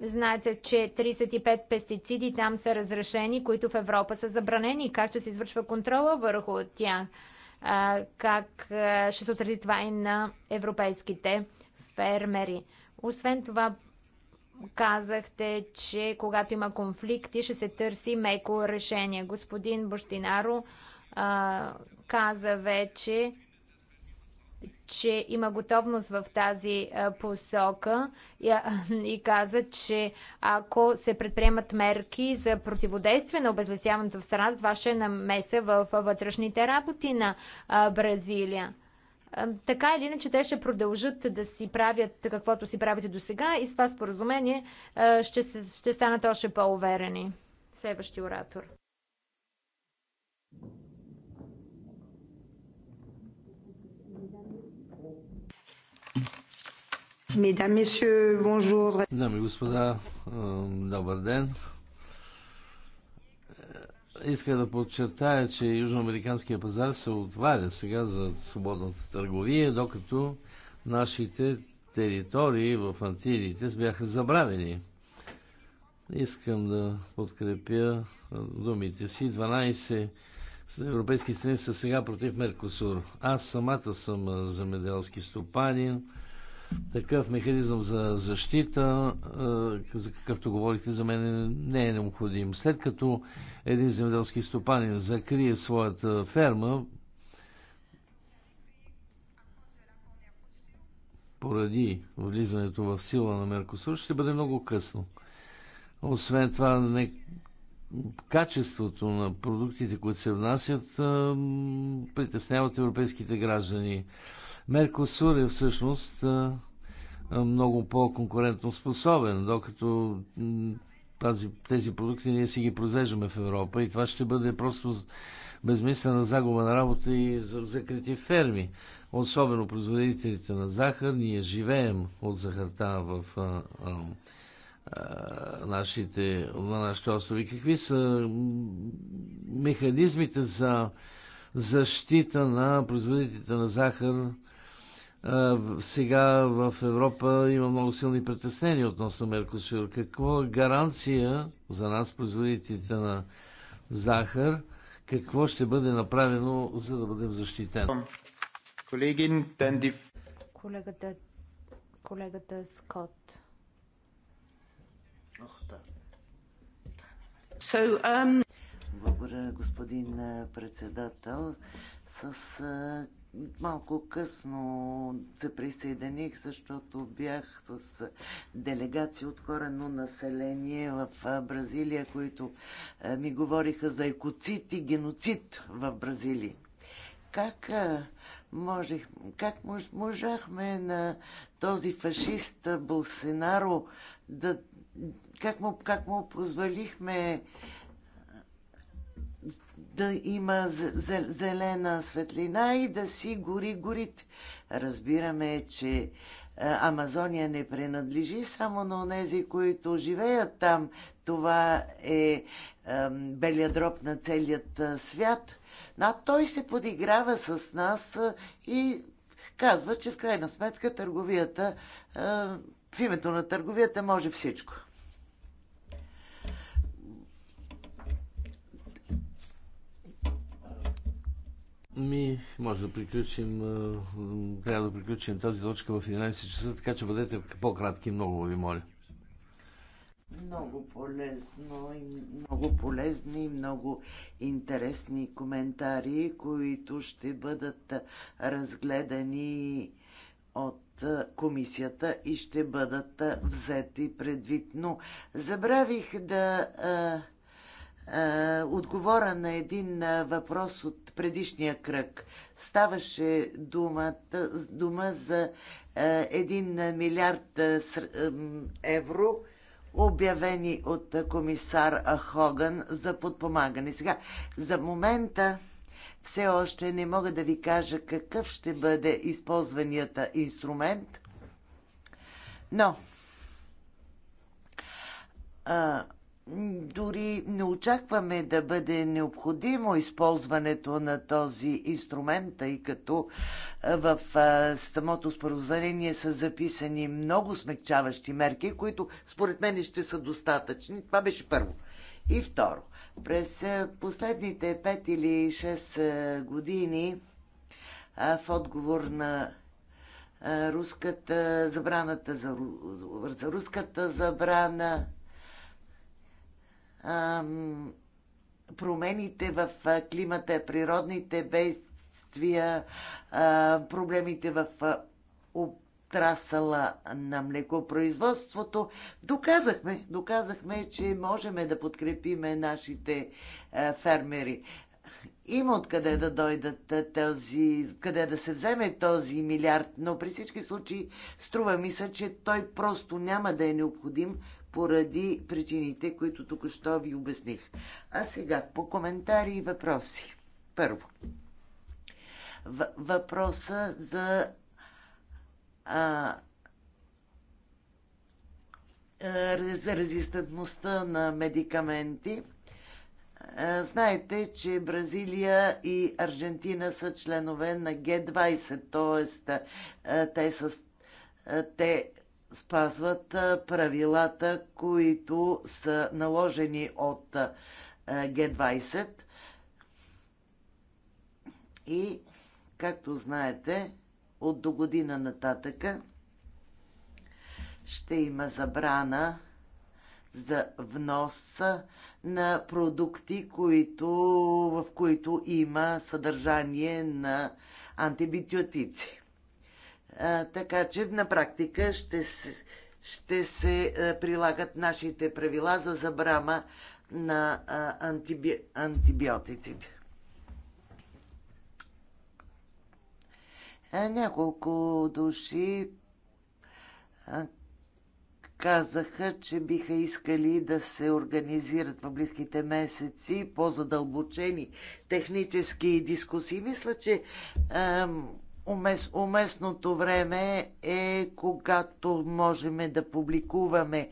Знаете, че 35 пестициди там са разрешени, които в Европа са забранени. Как ще се извършва контрола върху тях? Как ще се отрази това и на европейските фермери? Освен това, казахте, че когато има конфликти, ще се търси меко решение. Господин Бощинаро каза вече, че има готовност в тази посока и каза, че ако се предприемат мерки за противодействие на обезлесяването в страната, това ще е намеса в вътрешните работи на Бразилия. Така или иначе, те ще продължат да си правят каквото си правите до сега и с това споразумение ще, ще станат още по-уверени. Следващи оратор. Mesdames, Messieurs, Дами и господа, добър ден. Е, Иска да подчертая, че южноамериканския пазар се отваря сега за свободната търговия, докато нашите територии в Антилиите бяха забравени. Искам да подкрепя думите си. 12 европейски страни са сега против Меркосур. Аз самата съм земеделски стопанин такъв механизъм за защита, е, за какъвто говорите, за мен не е необходим. След като един земеделски стопанин закрие своята ферма, поради влизането в сила на Меркосур, ще бъде много късно. Освен това, не... качеството на продуктите, които се внасят, е, притесняват европейските граждани. Меркосур е всъщност много по-конкурентно способен, докато тази, тези продукти ние си ги произвеждаме в Европа и това ще бъде просто безмислена загуба на работа и за закрити ферми. Особено производителите на захар, ние живеем от захарта в а, а, а, нашите, на нашите острови. Какви са механизмите за защита на производителите на захар сега в Европа има много силни притеснения относно Меркосур. Какво е гаранция за нас, производителите на захар, какво ще бъде направено, за да бъдем защитени? Колегата, колегата Скот. Ох, да. So, um... Благодаря, господин председател. С малко късно се присъединих, защото бях с делегация от корено население в Бразилия, които ми говориха за екоцит и геноцид в Бразилия. Как, можех, как можахме на този фашист Болсенаро да как му, как му позволихме да има зелена светлина и да си гори горите. Разбираме, че е, Амазония не принадлежи само на тези, които живеят там. Това е белия дроб на целият е, свят. Но той се подиграва с нас е, и казва, че в крайна сметка търговията, в името на търговията може всичко. Ми, може да приключим, трябва да приключим тази точка в 11 часа, така че бъдете по-кратки, много ви моля. Много полезно и много полезни, и много интересни коментари, които ще бъдат разгледани от комисията и ще бъдат взети предвид. Но забравих да отговора на един въпрос от предишния кръг. Ставаше дума, дума за 1 милиард евро, обявени от комисар Хоган за подпомагане. Сега, за момента все още не мога да ви кажа какъв ще бъде използваният инструмент, но а, дори не очакваме да бъде необходимо използването на този инструмент, тъй като в самото споразумение са записани много смягчаващи мерки, които според мен ще са достатъчни. Това беше първо. И второ, през последните 5 или 6 години в отговор на руската забраната за, за руската забрана промените в климата, природните бедствия, проблемите в отрасъла на млекопроизводството. Доказахме, доказахме, че можем да подкрепиме нашите фермери. Има откъде да дойдат този, къде да се вземе този милиард, но при всички случаи струва ми се, че той просто няма да е необходим, поради причините, които току-що ви обясних. А сега по коментари и въпроси. Първо. Въпроса за а, за резистентността на медикаменти. Знаете, че Бразилия и Аржентина са членове на Г-20, т.е. те, са, те спазват правилата, които са наложени от Г20. И, както знаете, от до година нататъка ще има забрана за внос на продукти, които, в които има съдържание на антибиотици. А, така че на практика ще се, ще се а, прилагат нашите правила за забрама на а, антиби, антибиотиците. А, няколко души а, казаха, че биха искали да се организират в близките месеци по-задълбочени технически дискусии. Мисля, че А, умес, уместното време е когато можем да публикуваме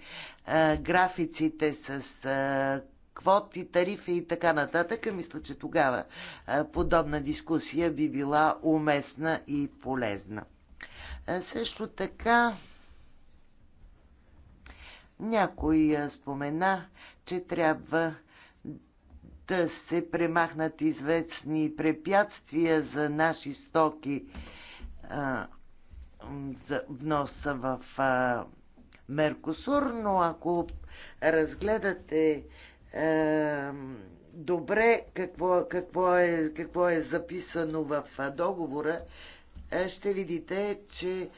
а, е, графиците с а, е, квоти, тарифи и така нататък. Мисля, че тогава а, е, подобна дискусия би била уместна и полезна. А, също така някой а, спомена, че трябва да се премахнат известни препятствия за наши стоки а, за вноса в а, Меркосур, но ако разгледате а, добре какво, какво, е, какво е записано в договора, ще видите, че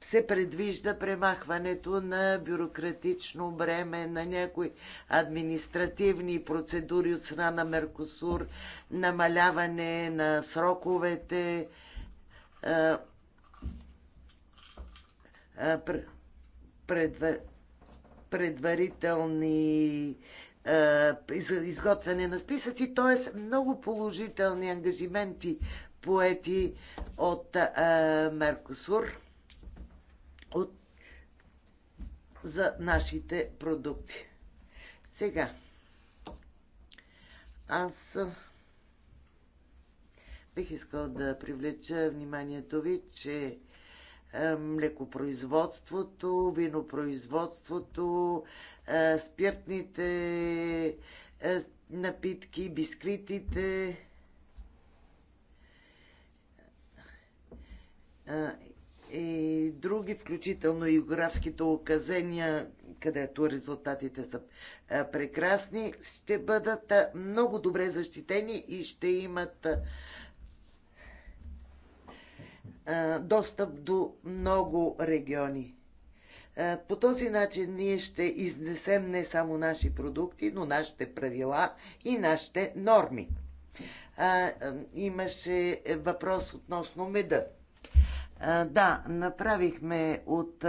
се предвижда премахването на бюрократично бреме на някои административни процедури от страна на Меркосур, намаляване на сроковете, предварителни изготвяне на списъци, т.е. много положителни ангажименти поети от Меркосур от, за нашите продукти. Сега, аз бих искал да привлеча вниманието ви, че млекопроизводството, винопроизводството, спиртните напитки, бисквитите и други, включително и графските указания, където резултатите са прекрасни, ще бъдат много добре защитени и ще имат достъп до много региони. По този начин ние ще изнесем не само наши продукти, но нашите правила и нашите норми. Имаше въпрос относно меда. Да, направихме от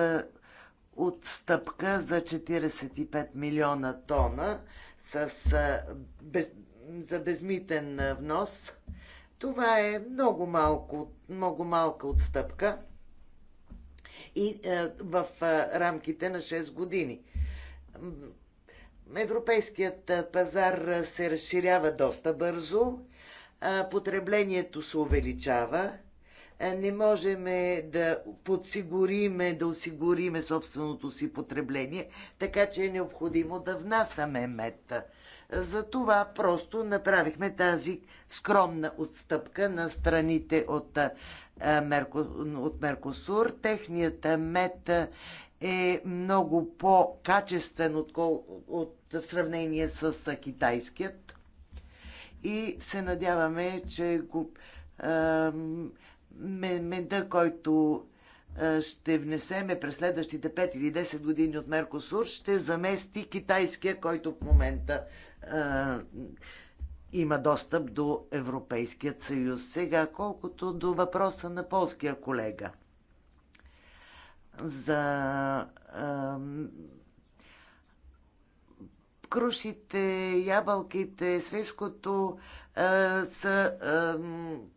отстъпка за 45 милиона тона с, без, за безмитен внос. Това е много, малко, много малка отстъпка и е, в е, рамките на 6 години. Европейският пазар се разширява доста бързо, е, потреблението се увеличава, е, не можем да подсигуриме, да осигуриме собственото си потребление, така че е необходимо да внасяме мед. Затова просто направихме тази скромна отстъпка на страните от, е, от Меркосур. Техният мед е много по-качествен от, от, в сравнение с е, китайският. И се надяваме, че го, меда, който ще внесеме през следващите 5 или 10 години от Меркосур, ще замести китайския, който в момента а, има достъп до Европейският съюз. Сега, колкото до въпроса на полския колега за а, крушите, ябълките, свиското а, са а,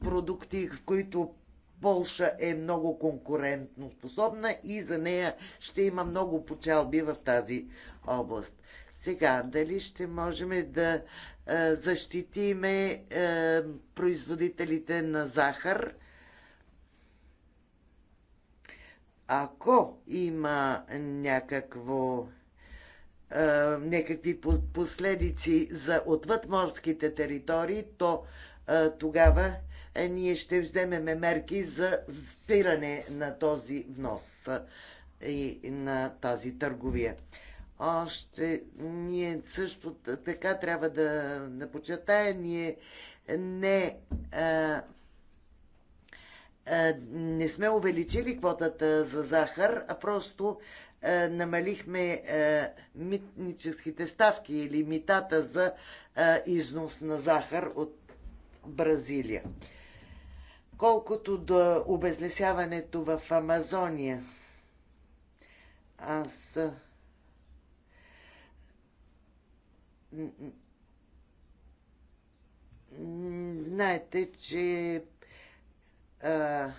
продукти, в които Полша е много конкурентно способна и за нея ще има много почалби в тази област. Сега, дали ще можем да е, защитиме е, производителите на захар? Ако има някакво е, някакви последици за отвъдморските територии, то тогава е, ние ще вземеме мерки за спиране на този внос и на тази търговия. Още ние също така трябва да, да почертая, ние не, а, а, не сме увеличили квотата за захар, а просто а, намалихме а, митническите ставки или митата за а, износ на захар от Бразилия. Колкото до обезлесяването в Амазония, аз знаете, че а,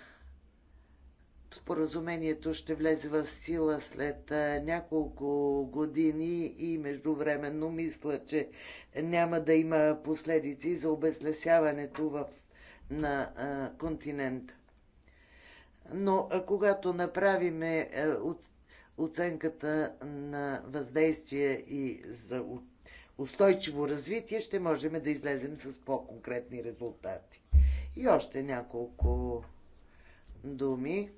споразумението ще влезе в сила след а, няколко години и междувременно мисля, че няма да има последици за обезлесяването в на континента. Но когато направиме оценката на въздействие и за устойчиво развитие, ще можем да излезем с по-конкретни резултати. И още няколко думи.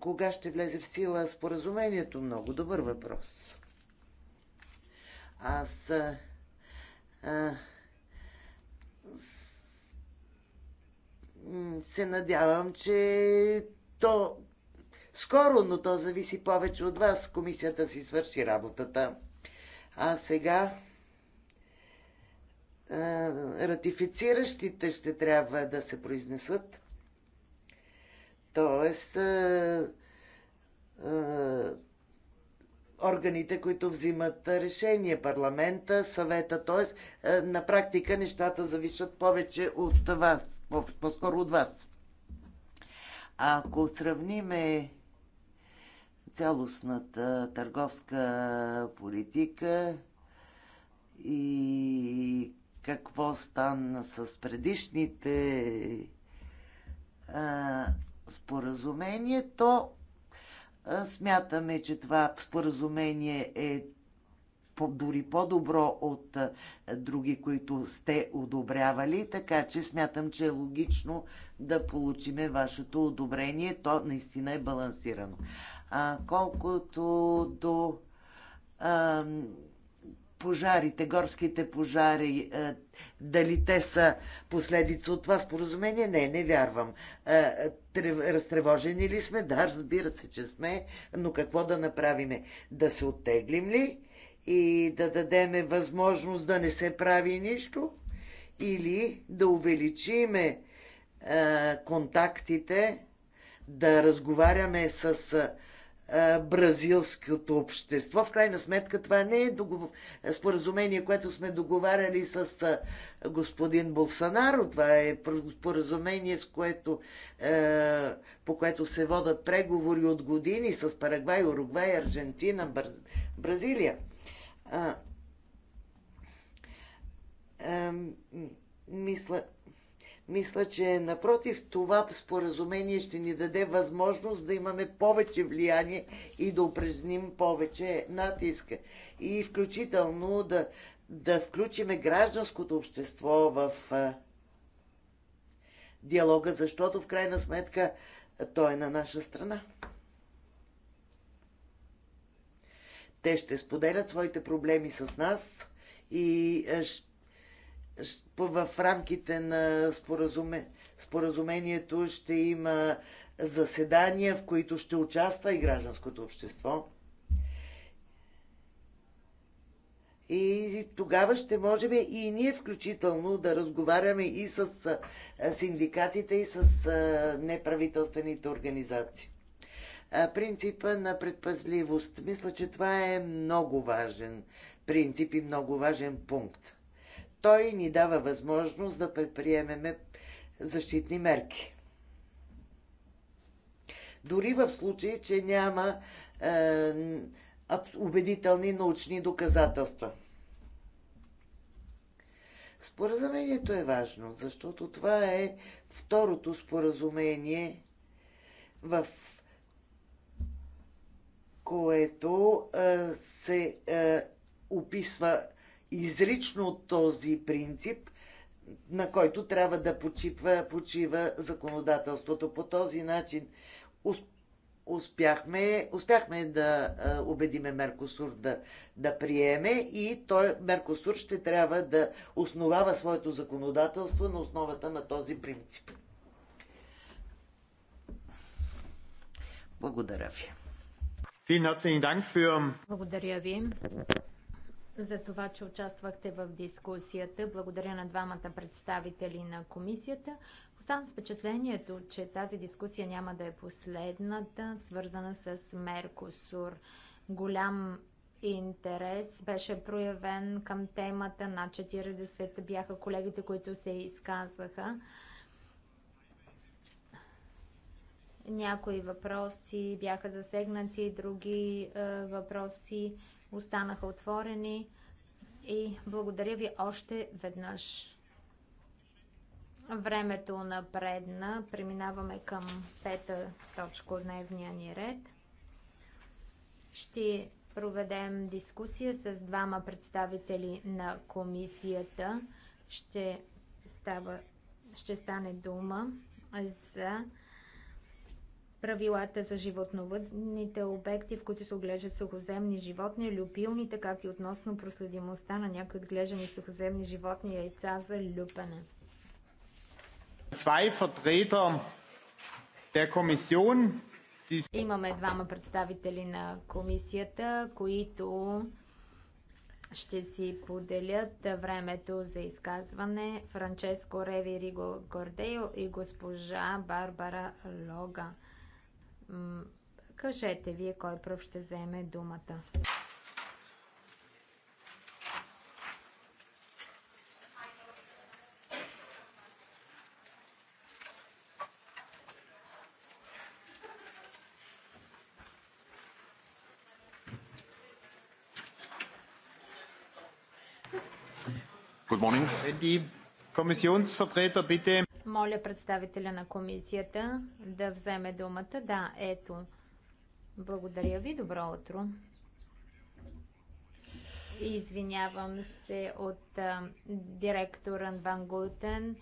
Кога ще влезе в сила споразумението? Много добър въпрос. Аз а, се надявам, че то скоро, но то зависи повече от вас. Комисията си свърши работата. А сега ратифициращите ще трябва да се произнесат. Тоест, органите, които взимат решение, парламента, съвета, т.е. на практика нещата зависят повече от вас, по-скоро от вас. Ако сравниме цялостната търговска политика и какво стана с предишните а, споразумения, то Смятаме, че това споразумение е по, дори по-добро от а, други, които сте одобрявали, така че смятам, че е логично да получиме вашето одобрение. То наистина е балансирано. А, колкото до а, пожарите, горските пожари, е, дали те са последица от това споразумение? Не, не вярвам. Е, е, разтревожени ли сме? Да, разбира се, че сме, но какво да направиме? Да се оттеглим ли и да дадеме възможност да не се прави нищо? Или да увеличиме контактите, да разговаряме с бразилското общество. В крайна сметка това не е договор... споразумение, което сме договаряли с господин Болсонаро. Това е споразумение, с което, по което се водат преговори от години с Парагвай, Уругвай, Аржентина, Браз... Бразилия. А... А... Мисля, мисля, че напротив това споразумение ще ни даде възможност да имаме повече влияние и да упражним повече натиска. И включително да, да включиме гражданското общество в а, диалога, защото в крайна сметка той е на наша страна. Те ще споделят своите проблеми с нас и ще в рамките на споразуме, споразумението ще има заседания, в които ще участва и гражданското общество. И тогава ще можем и ние включително да разговаряме и с синдикатите, и с неправителствените организации. Принципа на предпазливост. Мисля, че това е много важен принцип и много важен пункт той ни дава възможност да предприемеме защитни мерки. Дори в случай, че няма е, убедителни научни доказателства. Споразумението е важно, защото това е второто споразумение, в което е, се е, описва изрично от този принцип, на който трябва да почива, почива законодателството. По този начин успяхме, успяхме да убедиме Меркосур да, да приеме и той, Меркосур ще трябва да основава своето законодателство на основата на този принцип. Благодаря ви. Благодаря ви за това, че участвахте в дискусията. Благодаря на двамата представители на комисията. Оставам с впечатлението, че тази дискусия няма да е последната, свързана с Меркосур. Голям интерес беше проявен към темата. На 40 бяха колегите, които се изказаха. Някои въпроси бяха засегнати, други е, въпроси останаха отворени и благодаря ви още веднъж. Времето напредна. Преминаваме към пета точка от дневния ни ред. Ще проведем дискусия с двама представители на комисията. Ще, става, ще стане дума за правилата за животновъдните обекти, в които се отглеждат сухоземни животни, любилните, както и относно проследимостта на някои отглеждани сухоземни животни яйца за люпене. Имаме двама представители на комисията, които ще си поделят времето за изказване Франческо Реви Риго Гордео и госпожа Барбара Лога. Кажете вие кой пръв ще вземе думата. Good morning. Die Kommissionsvertreter bitte моля представителя на комисията да вземе думата. Да, ето. Благодаря ви. Добро утро. Извинявам се от а, директора Ван Гутен.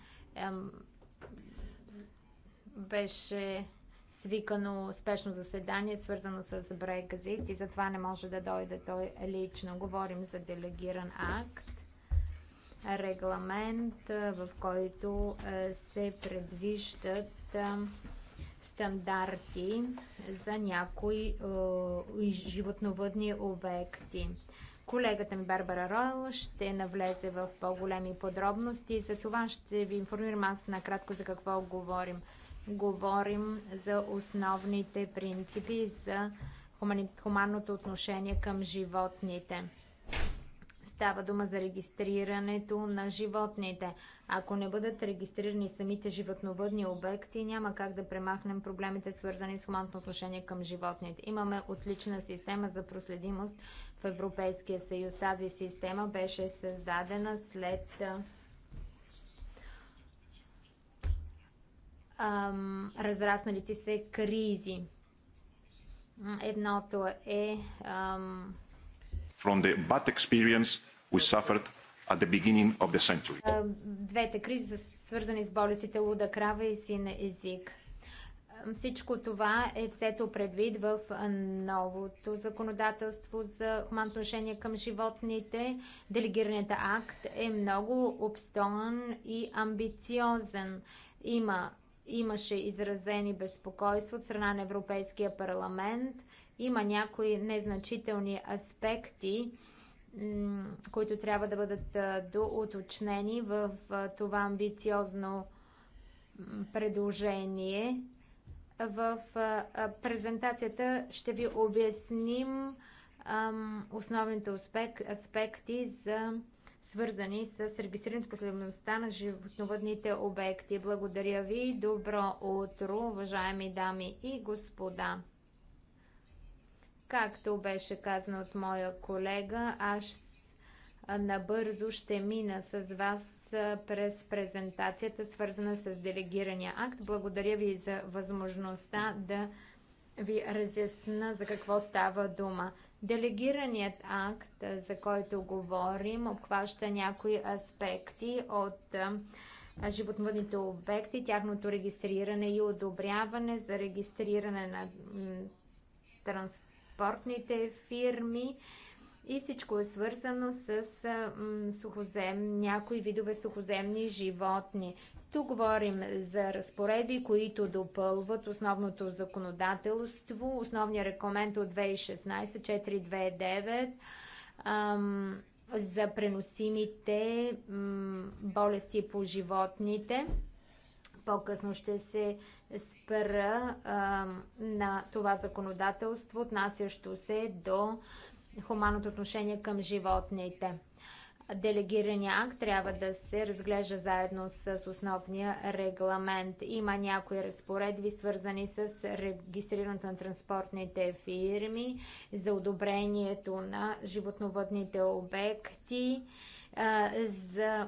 беше свикано спешно заседание, свързано с Брекзит и затова не може да дойде той лично. Говорим за делегиран акт регламент, в който се предвиждат стандарти за някои животновъдни обекти. Колегата ми Барбара Ройл ще навлезе в по-големи подробности. За това ще ви информирам аз накратко за какво говорим. Говорим за основните принципи за хуманното отношение към животните. Става дума за регистрирането на животните. Ако не бъдат регистрирани самите животновъдни обекти, няма как да премахнем проблемите, свързани с хуманното отношение към животните. Имаме отлична система за проследимост в Европейския съюз. Тази система беше създадена след разрасналите се кризи. Едното е Um... from the bad experience we suffered at the beginning of the century. Е, двете кризи са свързани с болестите луда крава и син език. Е, всичко това е взето предвид в новото законодателство за хуманно отношение към животните. Делегираният акт е много обстоен и амбициозен. Има, имаше изразени безпокойство от страна на Европейския парламент. Има някои незначителни аспекти, които трябва да бъдат доуточнени в това амбициозно предложение. В презентацията ще ви обясним основните аспекти за свързани с регистрирането последователността на животновъдните обекти. Благодаря ви. Добро утро, уважаеми дами и господа. Както беше казано от моя колега, аз набързо ще мина с вас през презентацията, свързана с делегирания акт. Благодаря ви за възможността да ви разясна за какво става дума. Делегираният акт, за който говорим, обхваща някои аспекти от животновъдните обекти, тяхното регистриране и одобряване за регистриране на транспорт транспортните фирми и всичко е свързано с сухозем, някои видове сухоземни животни. Тук говорим за разпореди, които допълват основното законодателство, основния рекламент от 2016-429 за преносимите болести по животните. По-късно ще се спра а, на това законодателство, отнасящо се до хуманното отношение към животните. Делегирания акт трябва да се разглежда заедно с основния регламент. Има някои разпоредби, свързани с регистрирането на транспортните фирми, за одобрението на животновъдните обекти, за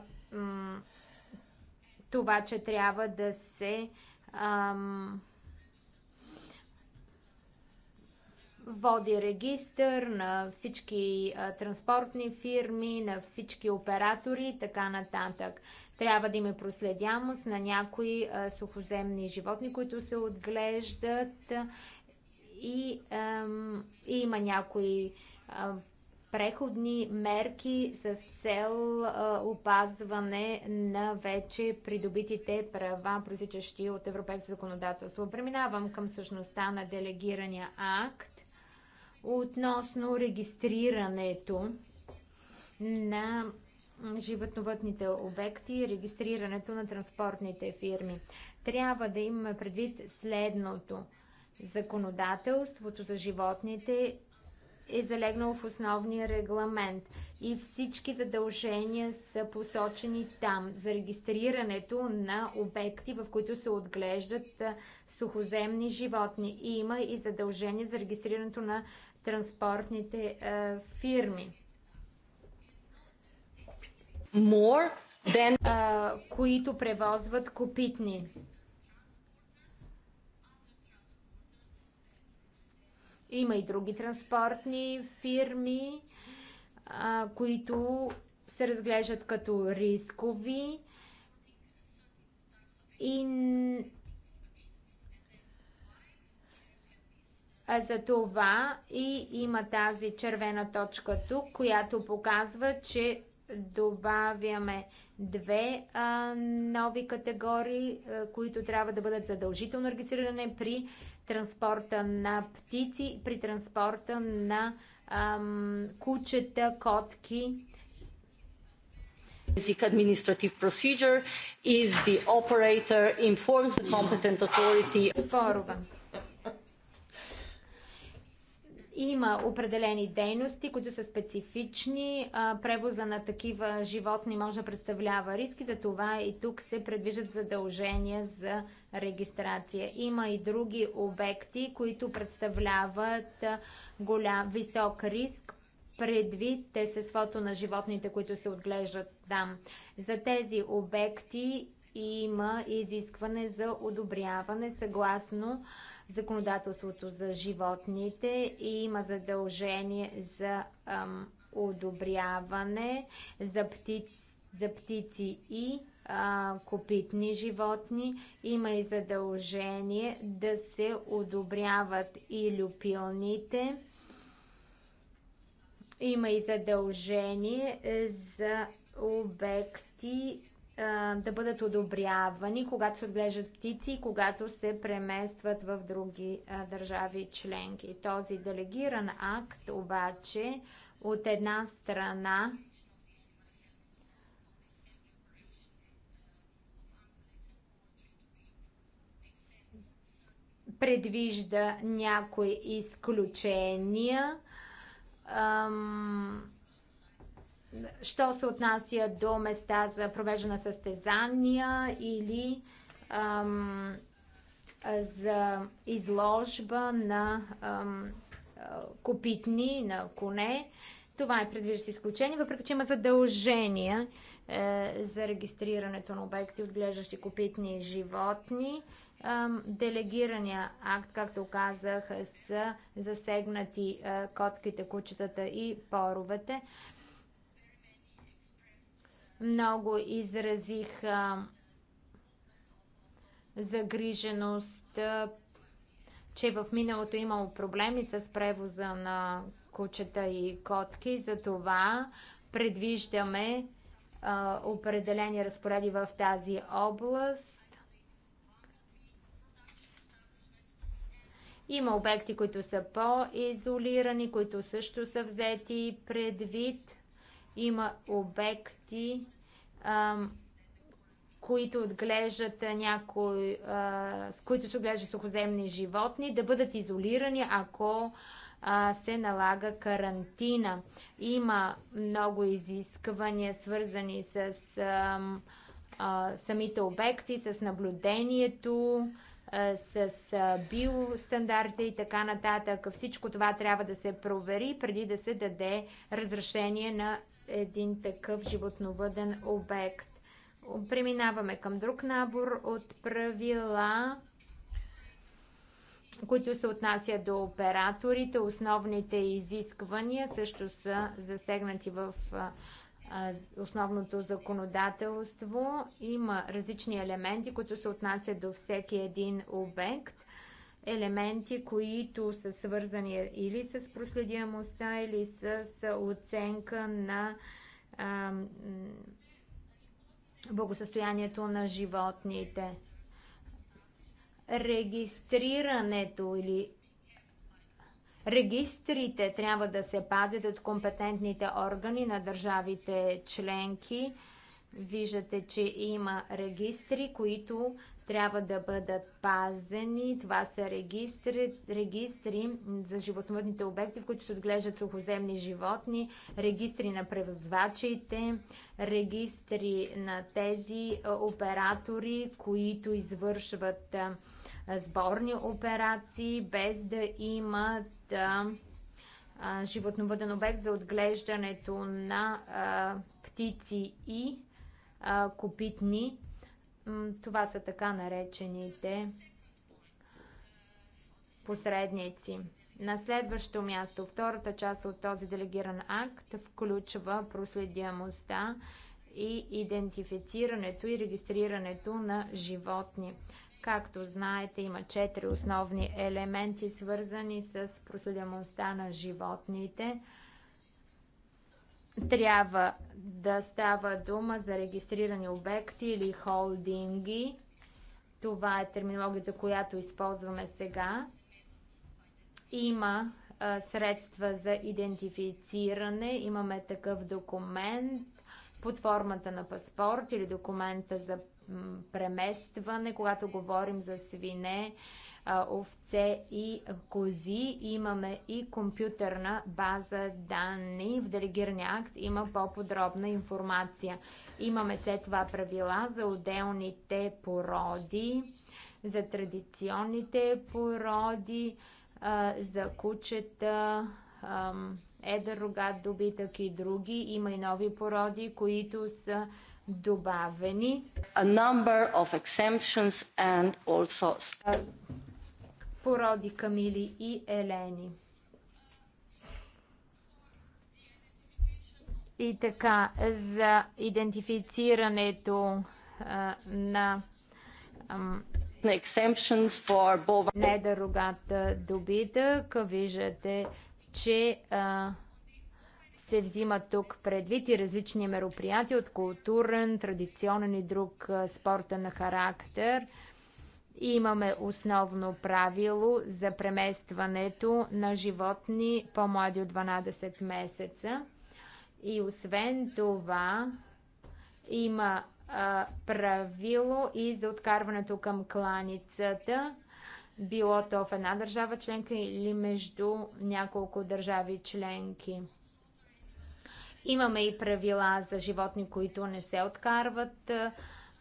това, че трябва да се ам, води регистър на всички а, транспортни фирми, на всички оператори и така нататък. Трябва да има проследямост на някои а, сухоземни животни, които се отглеждат и, ам, и има някои а, преходни мерки с цел опазване на вече придобитите права, произичащи от европейско законодателство. Преминавам към същността на делегирания акт относно регистрирането на животновътните обекти и регистрирането на транспортните фирми. Трябва да имаме предвид следното. Законодателството за животните е залегнал в основния регламент и всички задължения са посочени там за регистрирането на обекти, в които се отглеждат сухоземни животни. И има и задължение за регистрирането на транспортните е, фирми. More than... които превозват копитни. Има и други транспортни фирми, а, които се разглеждат като рискови и а за това и има тази червена точка тук, която показва, че добавяме две а, нови категории, а, които трябва да бъдат задължително регистрирани при транспорта на птици, при транспорта на ам, кучета, котки. Basic administrative procedure is the operator informs the competent authority. Форума. Има определени дейности, които са специфични. Превоза на такива животни може да представлява риски, затова и тук се предвиждат задължения за регистрация. Има и други обекти, които представляват голям, висок риск предвид естеството на животните, които се отглеждат там. За тези обекти има изискване за одобряване съгласно законодателството за животните и има задължение за ам, одобряване за, птици, за птици и а, копитни животни. Има и задължение да се одобряват и люпилните. Има и задължение е, за обекти да бъдат одобрявани, когато се отглеждат птици и когато се преместват в други държави членки. Този делегиран акт обаче от една страна предвижда някои изключения. Ам Що се отнася до места за провеждане състезания или ам, за изложба на ам, копитни, на коне, това е предвиждащо изключение, въпреки че има задължения е, за регистрирането на обекти, отглеждащи копитни животни. Е, делегирания акт, както казах, са засегнати е, котките, кучетата и поровете. Много изразиха загриженост, че в миналото е имало проблеми с превоза на кучета и котки. Затова предвиждаме а, определени разпореди в тази област. Има обекти, които са по-изолирани, които също са взети предвид. Има обекти, които отглеждат някои, с които се отглеждат сухоземни животни, да бъдат изолирани, ако се налага карантина. Има много изисквания, свързани с самите обекти, с наблюдението, с биостандарти и така нататък. Всичко това трябва да се провери преди да се даде разрешение на един такъв животновъден обект. Преминаваме към друг набор от правила, които се отнасят до операторите. Основните изисквания също са засегнати в основното законодателство. Има различни елементи, които се отнасят до всеки един обект елементи, които са свързани или с проследимостта, или с оценка на благосъстоянието на животните. Регистрирането или регистрите трябва да се пазят от компетентните органи на държавите членки – Виждате, че има регистри, които трябва да бъдат пазени. Това са регистри, регистри за животновъдните обекти, в които се отглеждат сухоземни животни, регистри на превозвачите, регистри на тези оператори, които извършват сборни операции, без да имат животновъден обект за отглеждането на птици и а, копитни. Това са така наречените посредници. На следващо място, втората част от този делегиран акт включва проследяемостта и идентифицирането и регистрирането на животни. Както знаете, има четири основни елементи, свързани с проследяемостта на животните – трябва да става дума за регистрирани обекти или холдинги. Това е терминологията, която използваме сега. Има а, средства за идентифициране. Имаме такъв документ под формата на паспорт или документа за преместване, когато говорим за свине овце и кози. Имаме и компютърна база данни. В делегирния акт има по-подробна информация. Имаме след това правила за отделните породи, за традиционните породи, за кучета, едър рогат добитък и други. Има и нови породи, които са добавени. A number of exemptions and also породи Камили и Елени. И така, за идентифицирането а, на ам, добитък, виждате, че а, се взимат тук предвид и различни мероприятия от културен, традиционен и друг а, спорта на характер – Имаме основно правило за преместването на животни по-млади от 12 месеца. И освен това, има а, правило и за откарването към кланицата, било то в една държава членка или между няколко държави членки. Имаме и правила за животни, които не се откарват. А,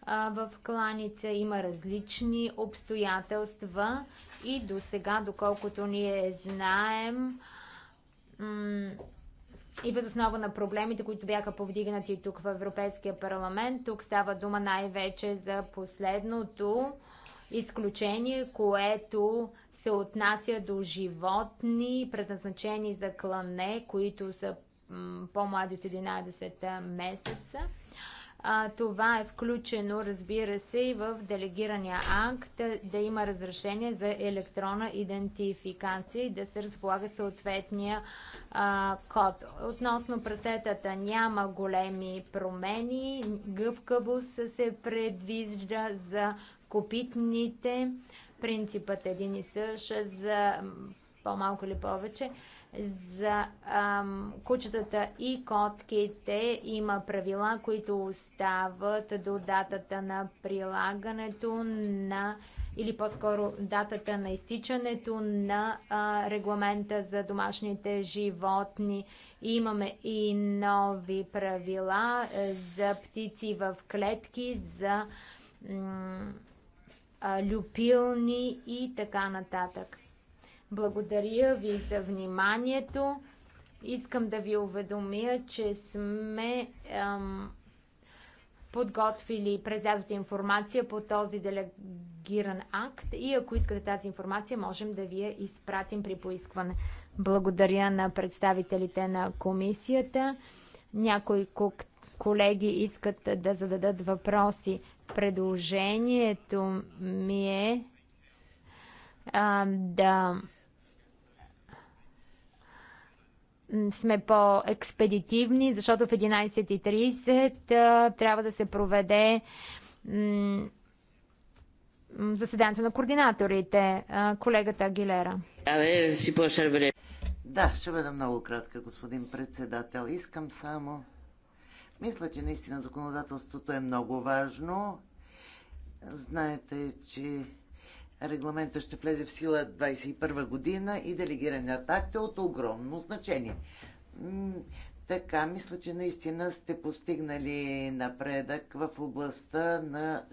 в кланица. Има различни обстоятелства и до сега, доколкото ние знаем, и въз основа на проблемите, които бяха повдигнати тук в Европейския парламент, тук става дума най-вече за последното изключение, което се отнася до животни, предназначени за клане, които са по-млади от 11 месеца. А, това е включено, разбира се, и в делегирания акт е, да има разрешение за електронна идентификация и да се разполага съответния а, код. Относно прасетата няма големи промени. Гъвкавост се предвижда за копитните. Принципът е един и същ за по-малко или повече. За ам, кучетата и котките има правила, които остават до датата на прилагането на или по-скоро датата на изтичането на а, регламента за домашните животни. Имаме и нови правила а, е, за птици в клетки, за а, люпилни и така нататък. Благодаря ви за вниманието. Искам да ви уведомя, че сме ем, подготвили и презадота информация по този делегиран акт и ако искате тази информация, можем да ви я изпратим при поискване. Благодаря на представителите на комисията. Някои колеги искат да зададат въпроси. Предложението ми е а, да сме по-експедитивни, защото в 11.30 трябва да се проведе заседанието на координаторите. Колегата Агилера. Да, ще бъда много кратка, господин председател. Искам само. Мисля, че наистина законодателството е много важно. Знаете, че регламента ще влезе в сила 2021 година и делегираният акт е от огромно значение. Така, мисля, че наистина сте постигнали напредък в областта на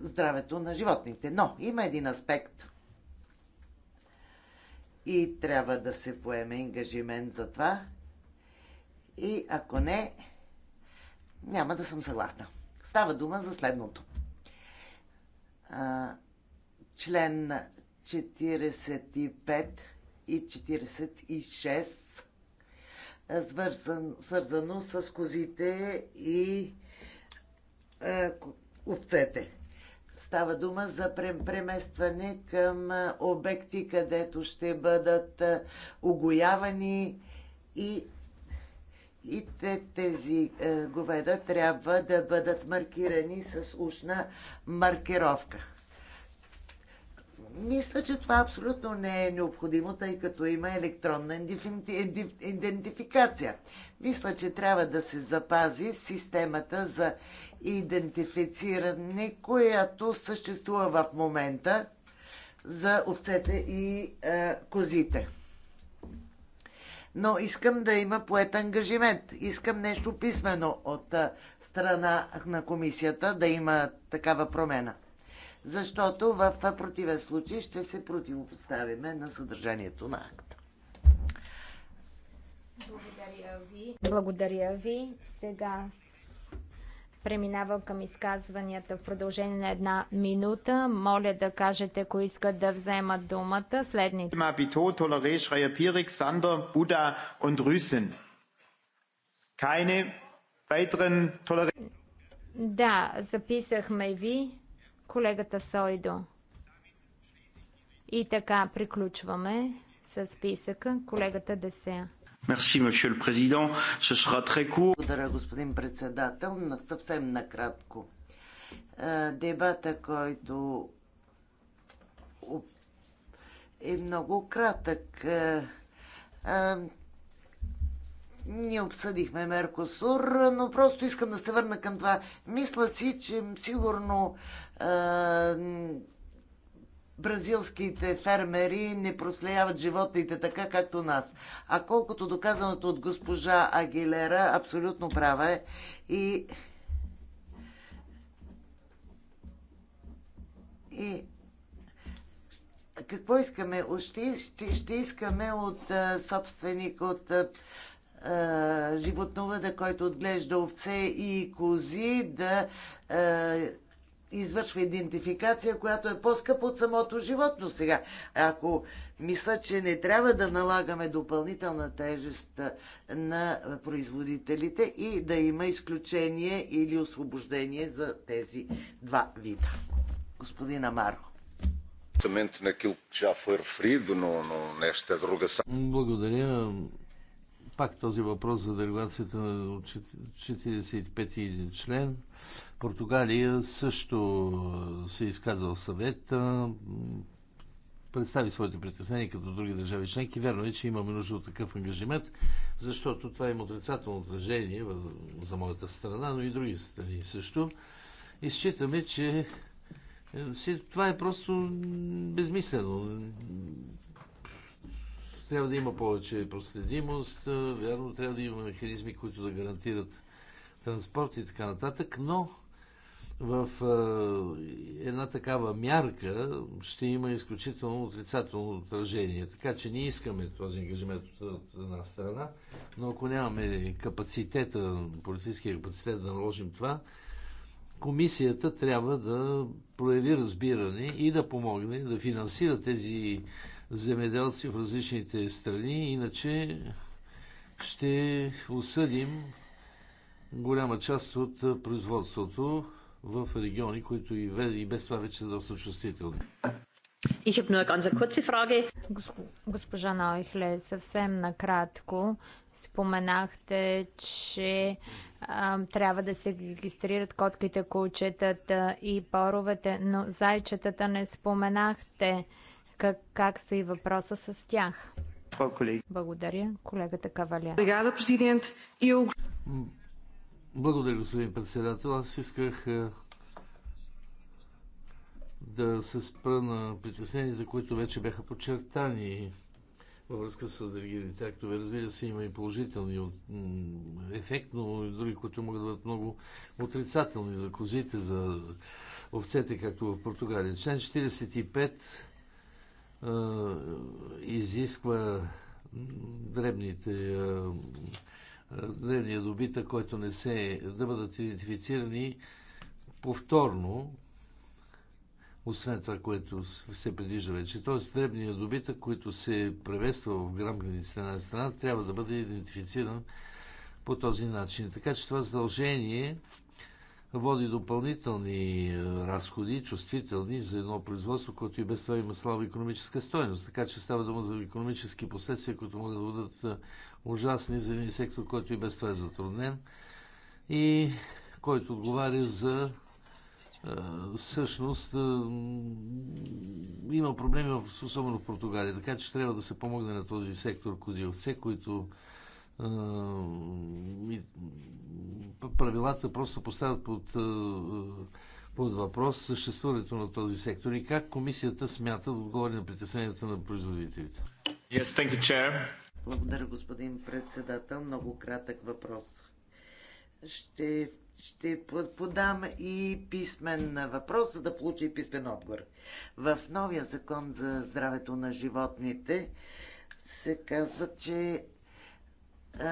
здравето на животните. Но има един аспект. И трябва да се поеме ангажимент за това. И ако не, няма да съм съгласна. Става дума за следното. А, член 45 и 46, свързан, свързано с козите и е, овцете. Става дума за преместване към е, обекти, където ще бъдат огоявани е, и и те, тези е, говеда трябва да бъдат маркирани с ушна маркировка. Мисля, че това абсолютно не е необходимо, тъй като има електронна идентификация. Мисля, че трябва да се запази системата за идентифициране, която съществува в момента за овцете и е, козите. Но искам да има поет ангажимент. Искам нещо писмено от е, страна на комисията да има такава промена защото в противен случай ще се противопоставяме на съдържанието на акта. Благодаря ви. Благодаря ви. Сега преминавам към изказванията в продължение на една минута. Моля да кажете, кои искат да вземат думата. Следните. Буда и Кайне Да, записахме ви колегата Сойдо. И така приключваме с списъка колегата Десея. Merci, monsieur le président. Ce sera très court. Благодаря, господин председател. На съвсем накратко. Е, дебата, който е много кратък. Е, е, ние обсъдихме Меркосур, но просто искам да се върна към това. Мисля си, че сигурно бразилските фермери не прослеяват животните така, както нас. А колкото доказаното от госпожа Агилера, абсолютно права е. И, и какво искаме? Ще, ще, ще искаме от а, собственик, от а, животновъда, който отглежда овце и кози, да а, извършва идентификация, която е по-скъпа от самото животно сега. Ако мисля, че не трябва да налагаме допълнителна тежест на производителите и да има изключение или освобождение за тези два вида. Господин Амаро. Е Благодаря. Пак този въпрос за дерогацията на 45 член. Португалия също се е изказва в съвет, представи своите притеснения като други държави членки. Верно е, че имаме нужда от такъв ангажимент, защото това има отрицателно отражение за моята страна, но и други страни също. И считаме, че е, това е просто безмислено. Трябва да има повече проследимост, вярно, трябва да има механизми, които да гарантират транспорт и така нататък, но в една такава мярка ще има изключително отрицателно отражение. Така че ние искаме този ангажимент от една страна, но ако нямаме капацитета, политическия капацитет да наложим това, комисията трябва да прояви разбиране и да помогне да финансира тези земеделци в различните страни, иначе ще осъдим голяма част от производството в региони, които и без това вече са доста чувствителни. Ich habe nur eine ganz kurze Frage. Госпожа Нойхле, съвсем накратко споменахте, че а, трябва да се регистрират котките, кучетата и паровете, но зайчетата не споменахте. Как, как стои въпроса с тях? Благодаря, колегата Каваля. Благодаря, президент. Благодаря, господин председател. Аз исках е, да се спра на притесненията, които вече бяха подчертани във връзка с делегираните актове. Разбира се, има и положителни ефект, но и други, които могат да бъдат много отрицателни за козите, за овцете, както в Португалия. Член 45 е, изисква дребните е, древния добитък, който не се да бъдат идентифицирани повторно, освен това, което се предвижда вече. Тоест, дребния добитък, който се превества в грамграниците на страна, трябва да бъде идентифициран по този начин. Така че това задължение води допълнителни е, разходи, чувствителни за едно производство, което и без това има слаба економическа стойност. Така че става дума за економически последствия, които могат да бъдат е, ужасни за един сектор, който и без това е затруднен и който отговаря за е, всъщност има проблеми, особено в Португалия. Така че трябва да се помогне на този сектор козилце, които правилата просто поставят под, под въпрос съществуването на този сектор и как комисията смята да отговори на притесненията на производителите. Yes, thank you, chair. Благодаря, господин председател. Много кратък въпрос. Ще, ще подам и писмен въпрос, за да получи писмен отговор. В новия закон за здравето на животните се казва, че е,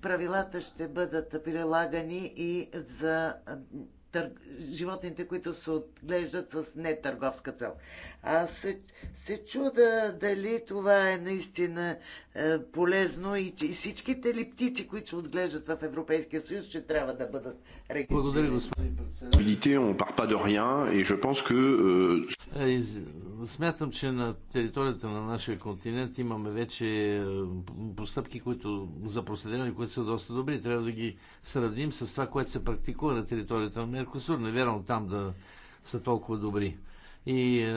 правилата ще бъдат прилагани и за животните, които се отглеждат с нетърговска цел. Аз се, се чуда дали това е наистина е, полезно и, и всичките ли птици, които се отглеждат в Европейския съюз, ще трябва да бъдат регистрирани. Благодаря, господин председател. Смятам, че на територията на нашия континент имаме вече е, постъпки които, за проследяване, които са доста добри. Трябва да ги сравним с това, което се практикува на територията на Меркосур. Невярно там да са толкова добри. И е,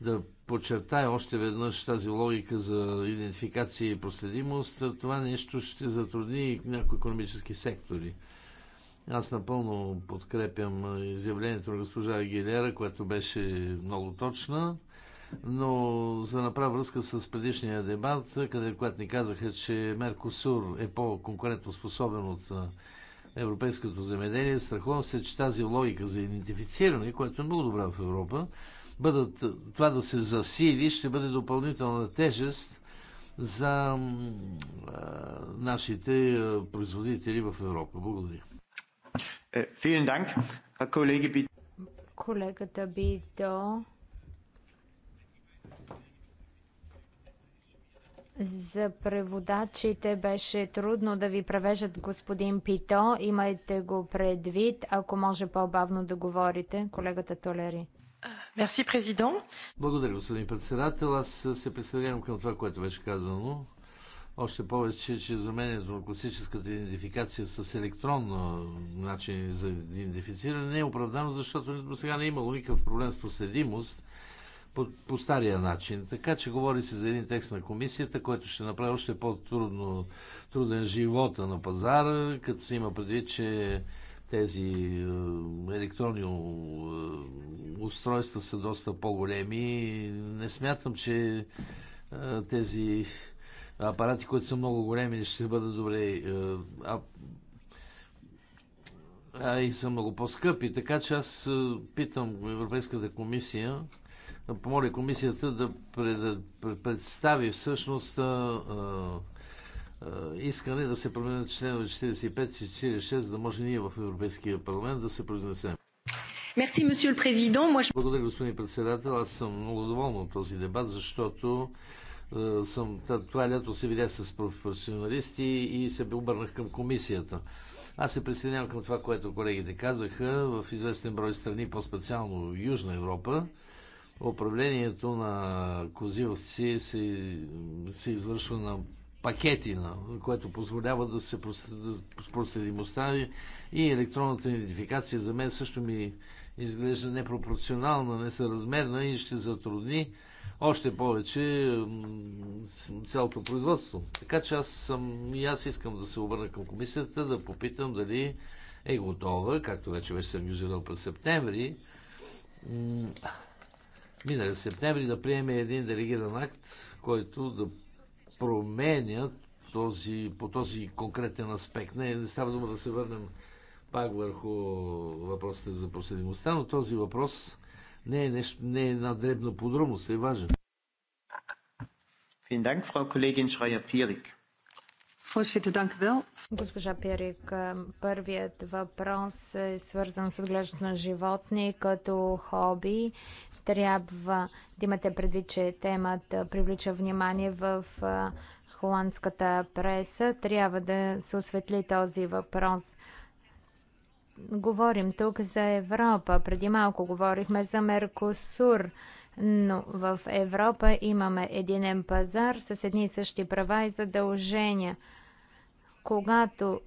да подчертая още веднъж тази логика за идентификация и проследимост, това нещо ще затрудни някои економически сектори. Аз напълно подкрепям изявлението на госпожа Агилера, което беше много точна, но за да направя връзка с предишния дебат, къде, когато ни казаха, че Меркосур е по-конкурентоспособен от европейското земеделие, страхувам се, че тази логика за идентифициране, която е много добра в Европа, бъдат, това да се засили ще бъде допълнителна тежест за а, нашите производители в Европа. Благодаря. Eh, vielen Dank, Kollege Bidon. Колегата Бидо За преводачите беше трудно да ви превежат господин Пито. Имайте го предвид, ако може по-бавно да говорите, колегата Толери. Благодаря, господин председател. Аз се присъединявам към това, което беше казано още повече, че заменянето на класическата идентификация с електронно начин за идентифициране не е оправдано, защото до сега не е имало никакъв проблем с проследимост по, по стария начин. Така че говори се за един текст на комисията, който ще направи още по-трудно труден живота на пазара, като се има предвид, че тези е, електронни е, устройства са доста по-големи. Не смятам, че е, тези апарати, които са много големи, ще бъдат добре. Е, а, а и са много по-скъпи. Така че аз е, питам Европейската комисия, да помоля комисията да представи всъщност е, искане да се променят членове 45 и 46, да може ние в Европейския парламент да се произнесем. Merci, monsieur le président. Moi, je... Благодаря, господин председател. Аз съм много доволен от този дебат, защото е, съм, това лято се видях с професионалисти и се обърнах към комисията. Аз се присъединявам към това, което колегите казаха. В известен брой страни, по-специално Южна Европа, управлението на козиловци се, се извършва на пакети, на, което позволява да се проследимостта и електронната идентификация за мен също ми изглежда непропорционална, несъразмерна и ще затрудни още повече цялото производство. Така че аз, съм, и аз искам да се обърна към комисията, да попитам дали е готова, както вече вече съм юзирал през септември, миналия септември да приеме един делегиран акт, който да променя този, по този конкретен аспект. Не, не става дума да се върнем пак върху въпросите за проследимостта, но този въпрос не е, нещо, не е една дребна подробност, е важен. Госпожа Пирик, е, първият въпрос е свързан с отглеждането на животни като хоби. Трябва да имате предвид, че темата привлича внимание в е, холандската преса. Трябва да се осветли този въпрос говорим тук за Европа. Преди малко говорихме за Меркосур, но в Европа имаме единен пазар с едни и същи права и задължения. Когато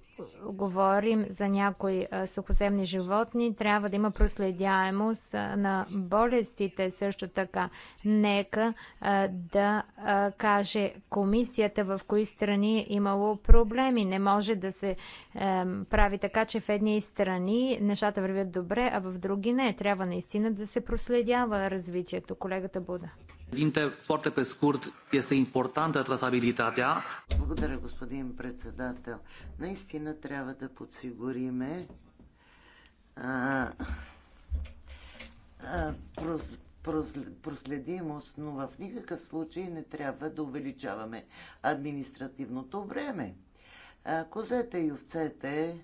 говорим за някои сухоземни животни, трябва да има проследяемост на болестите също така. Нека да каже комисията в кои страни е имало проблеми. Не може да се прави така, че в едни страни нещата вървят добре, а в други не. Трябва наистина да се проследява развитието. Колегата Буда. Благодаря, господин председател. Наистина наистина трябва да подсигуриме а, а, проследимост, но в никакъв случай не трябва да увеличаваме административното време. А, козете и овцете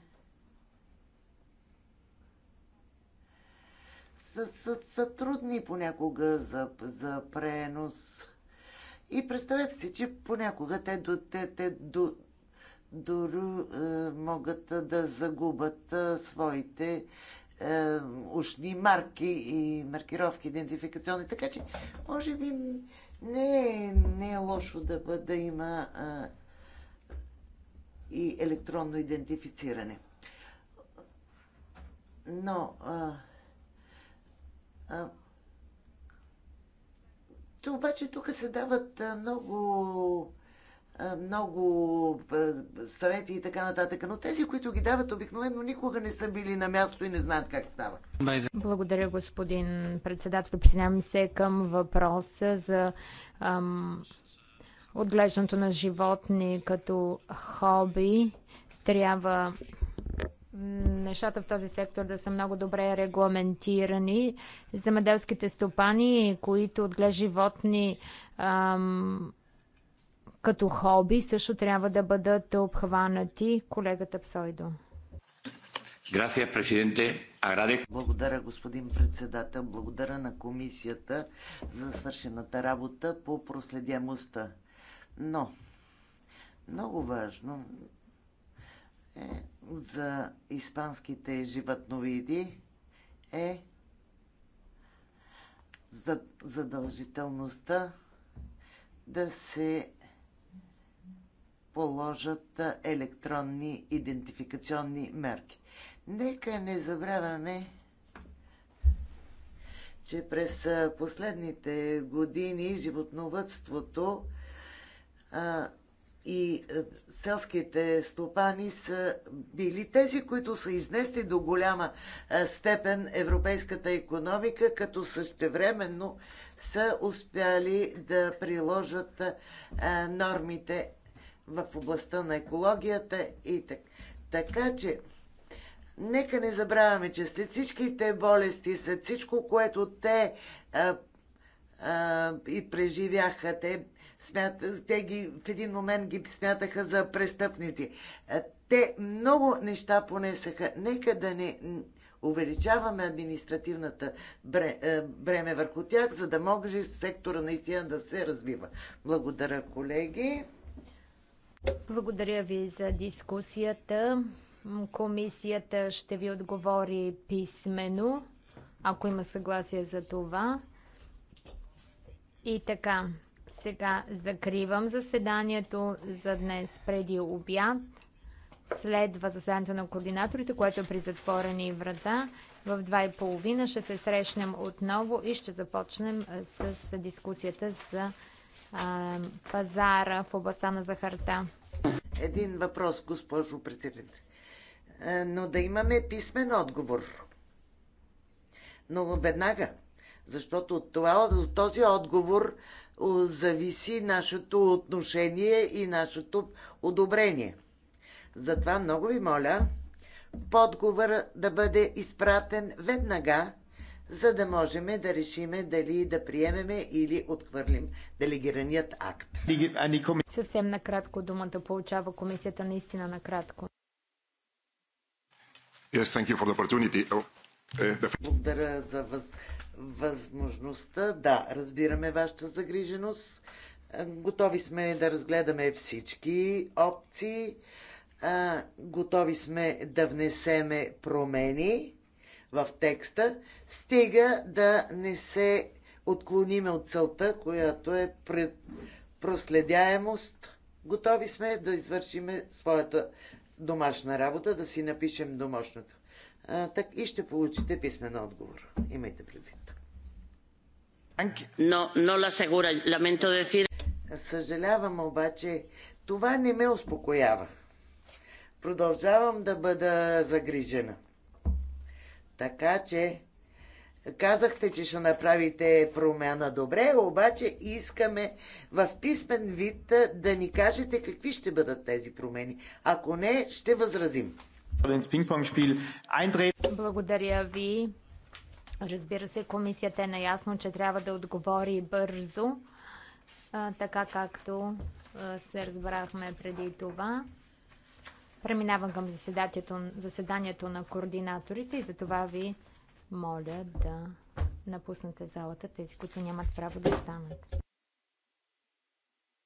са, са, са трудни понякога за, за пренос. И представете си, че понякога те, до, те, те до, дори е, могат да загубят е, своите е, ушни марки и маркировки идентификационни. Така че, може би, не е, не е лошо да, бъде, да има а, и електронно идентифициране. Но а, а, то обаче тук се дават много много съвети и така нататък. Но тези, които ги дават обикновено, никога не са били на място и не знаят как става. Благодаря, господин председател. Присъединявам се към въпроса за ам, отглеждането на животни като хоби. Трябва нещата в този сектор да са много добре регламентирани. Земеделските стопани, които отглеждат животни ам, като хоби също трябва да бъдат обхванати. Колегата Псойдо. Благодаря, господин председател. Благодаря на комисията за свършената работа по проследяемостта. Но, много важно е за испанските животновиди е за задължителността да се положат електронни идентификационни мерки. Нека не забравяме, че през последните години животновътството а, и селските стопани са били тези, които са изнесли до голяма степен европейската економика, като същевременно са успяли да приложат нормите в областта на екологията и така. Така че, нека не забравяме, че след всичките болести, след всичко, което те а, а, и преживяха, те, смят, те ги, в един момент ги смятаха за престъпници. Те много неща понесаха. Нека да не увеличаваме административната бреме върху тях, за да може сектора наистина да се развива. Благодаря, колеги. Благодаря ви за дискусията. Комисията ще ви отговори писменно, ако има съгласие за това. И така, сега закривам заседанието за днес преди обяд. Следва заседанието на координаторите, което е при затворени врата. В 2.30 ще се срещнем отново и ще започнем с дискусията за пазара в областта на захарта. Един въпрос, госпожо председател. Е, но да имаме писмен отговор. Но веднага. Защото от, това, от този отговор зависи нашето отношение и нашето одобрение. Затова много ви моля подговор да бъде изпратен веднага за да можем да решиме дали да приемеме или отхвърлим делегираният акт. Съвсем накратко думата получава комисията наистина накратко. Yes, thank you for the opportunity. Oh, eh, Благодаря за въз... възможността. Да, разбираме вашата загриженост. Готови сме да разгледаме всички опции. Готови сме да внесеме промени в текста, стига да не се отклониме от целта, която е пред проследяемост. Готови сме да извършим своята домашна работа, да си напишем домашното. А, так и ще получите писмен отговор. Имайте предвид. Но, но сегура, ламенто lamento decir... Съжалявам обаче, това не ме успокоява. Продължавам да бъда загрижена. Така че казахте, че ще направите промяна. Добре, обаче искаме в писмен вид да ни кажете какви ще бъдат тези промени. Ако не, ще възразим. Благодаря ви. Разбира се, комисията е наясно, че трябва да отговори бързо, така както се разбрахме преди това. Преминавам към заседанието, заседанието на координаторите и за това ви моля да напуснете залата, тези, които нямат право да останат.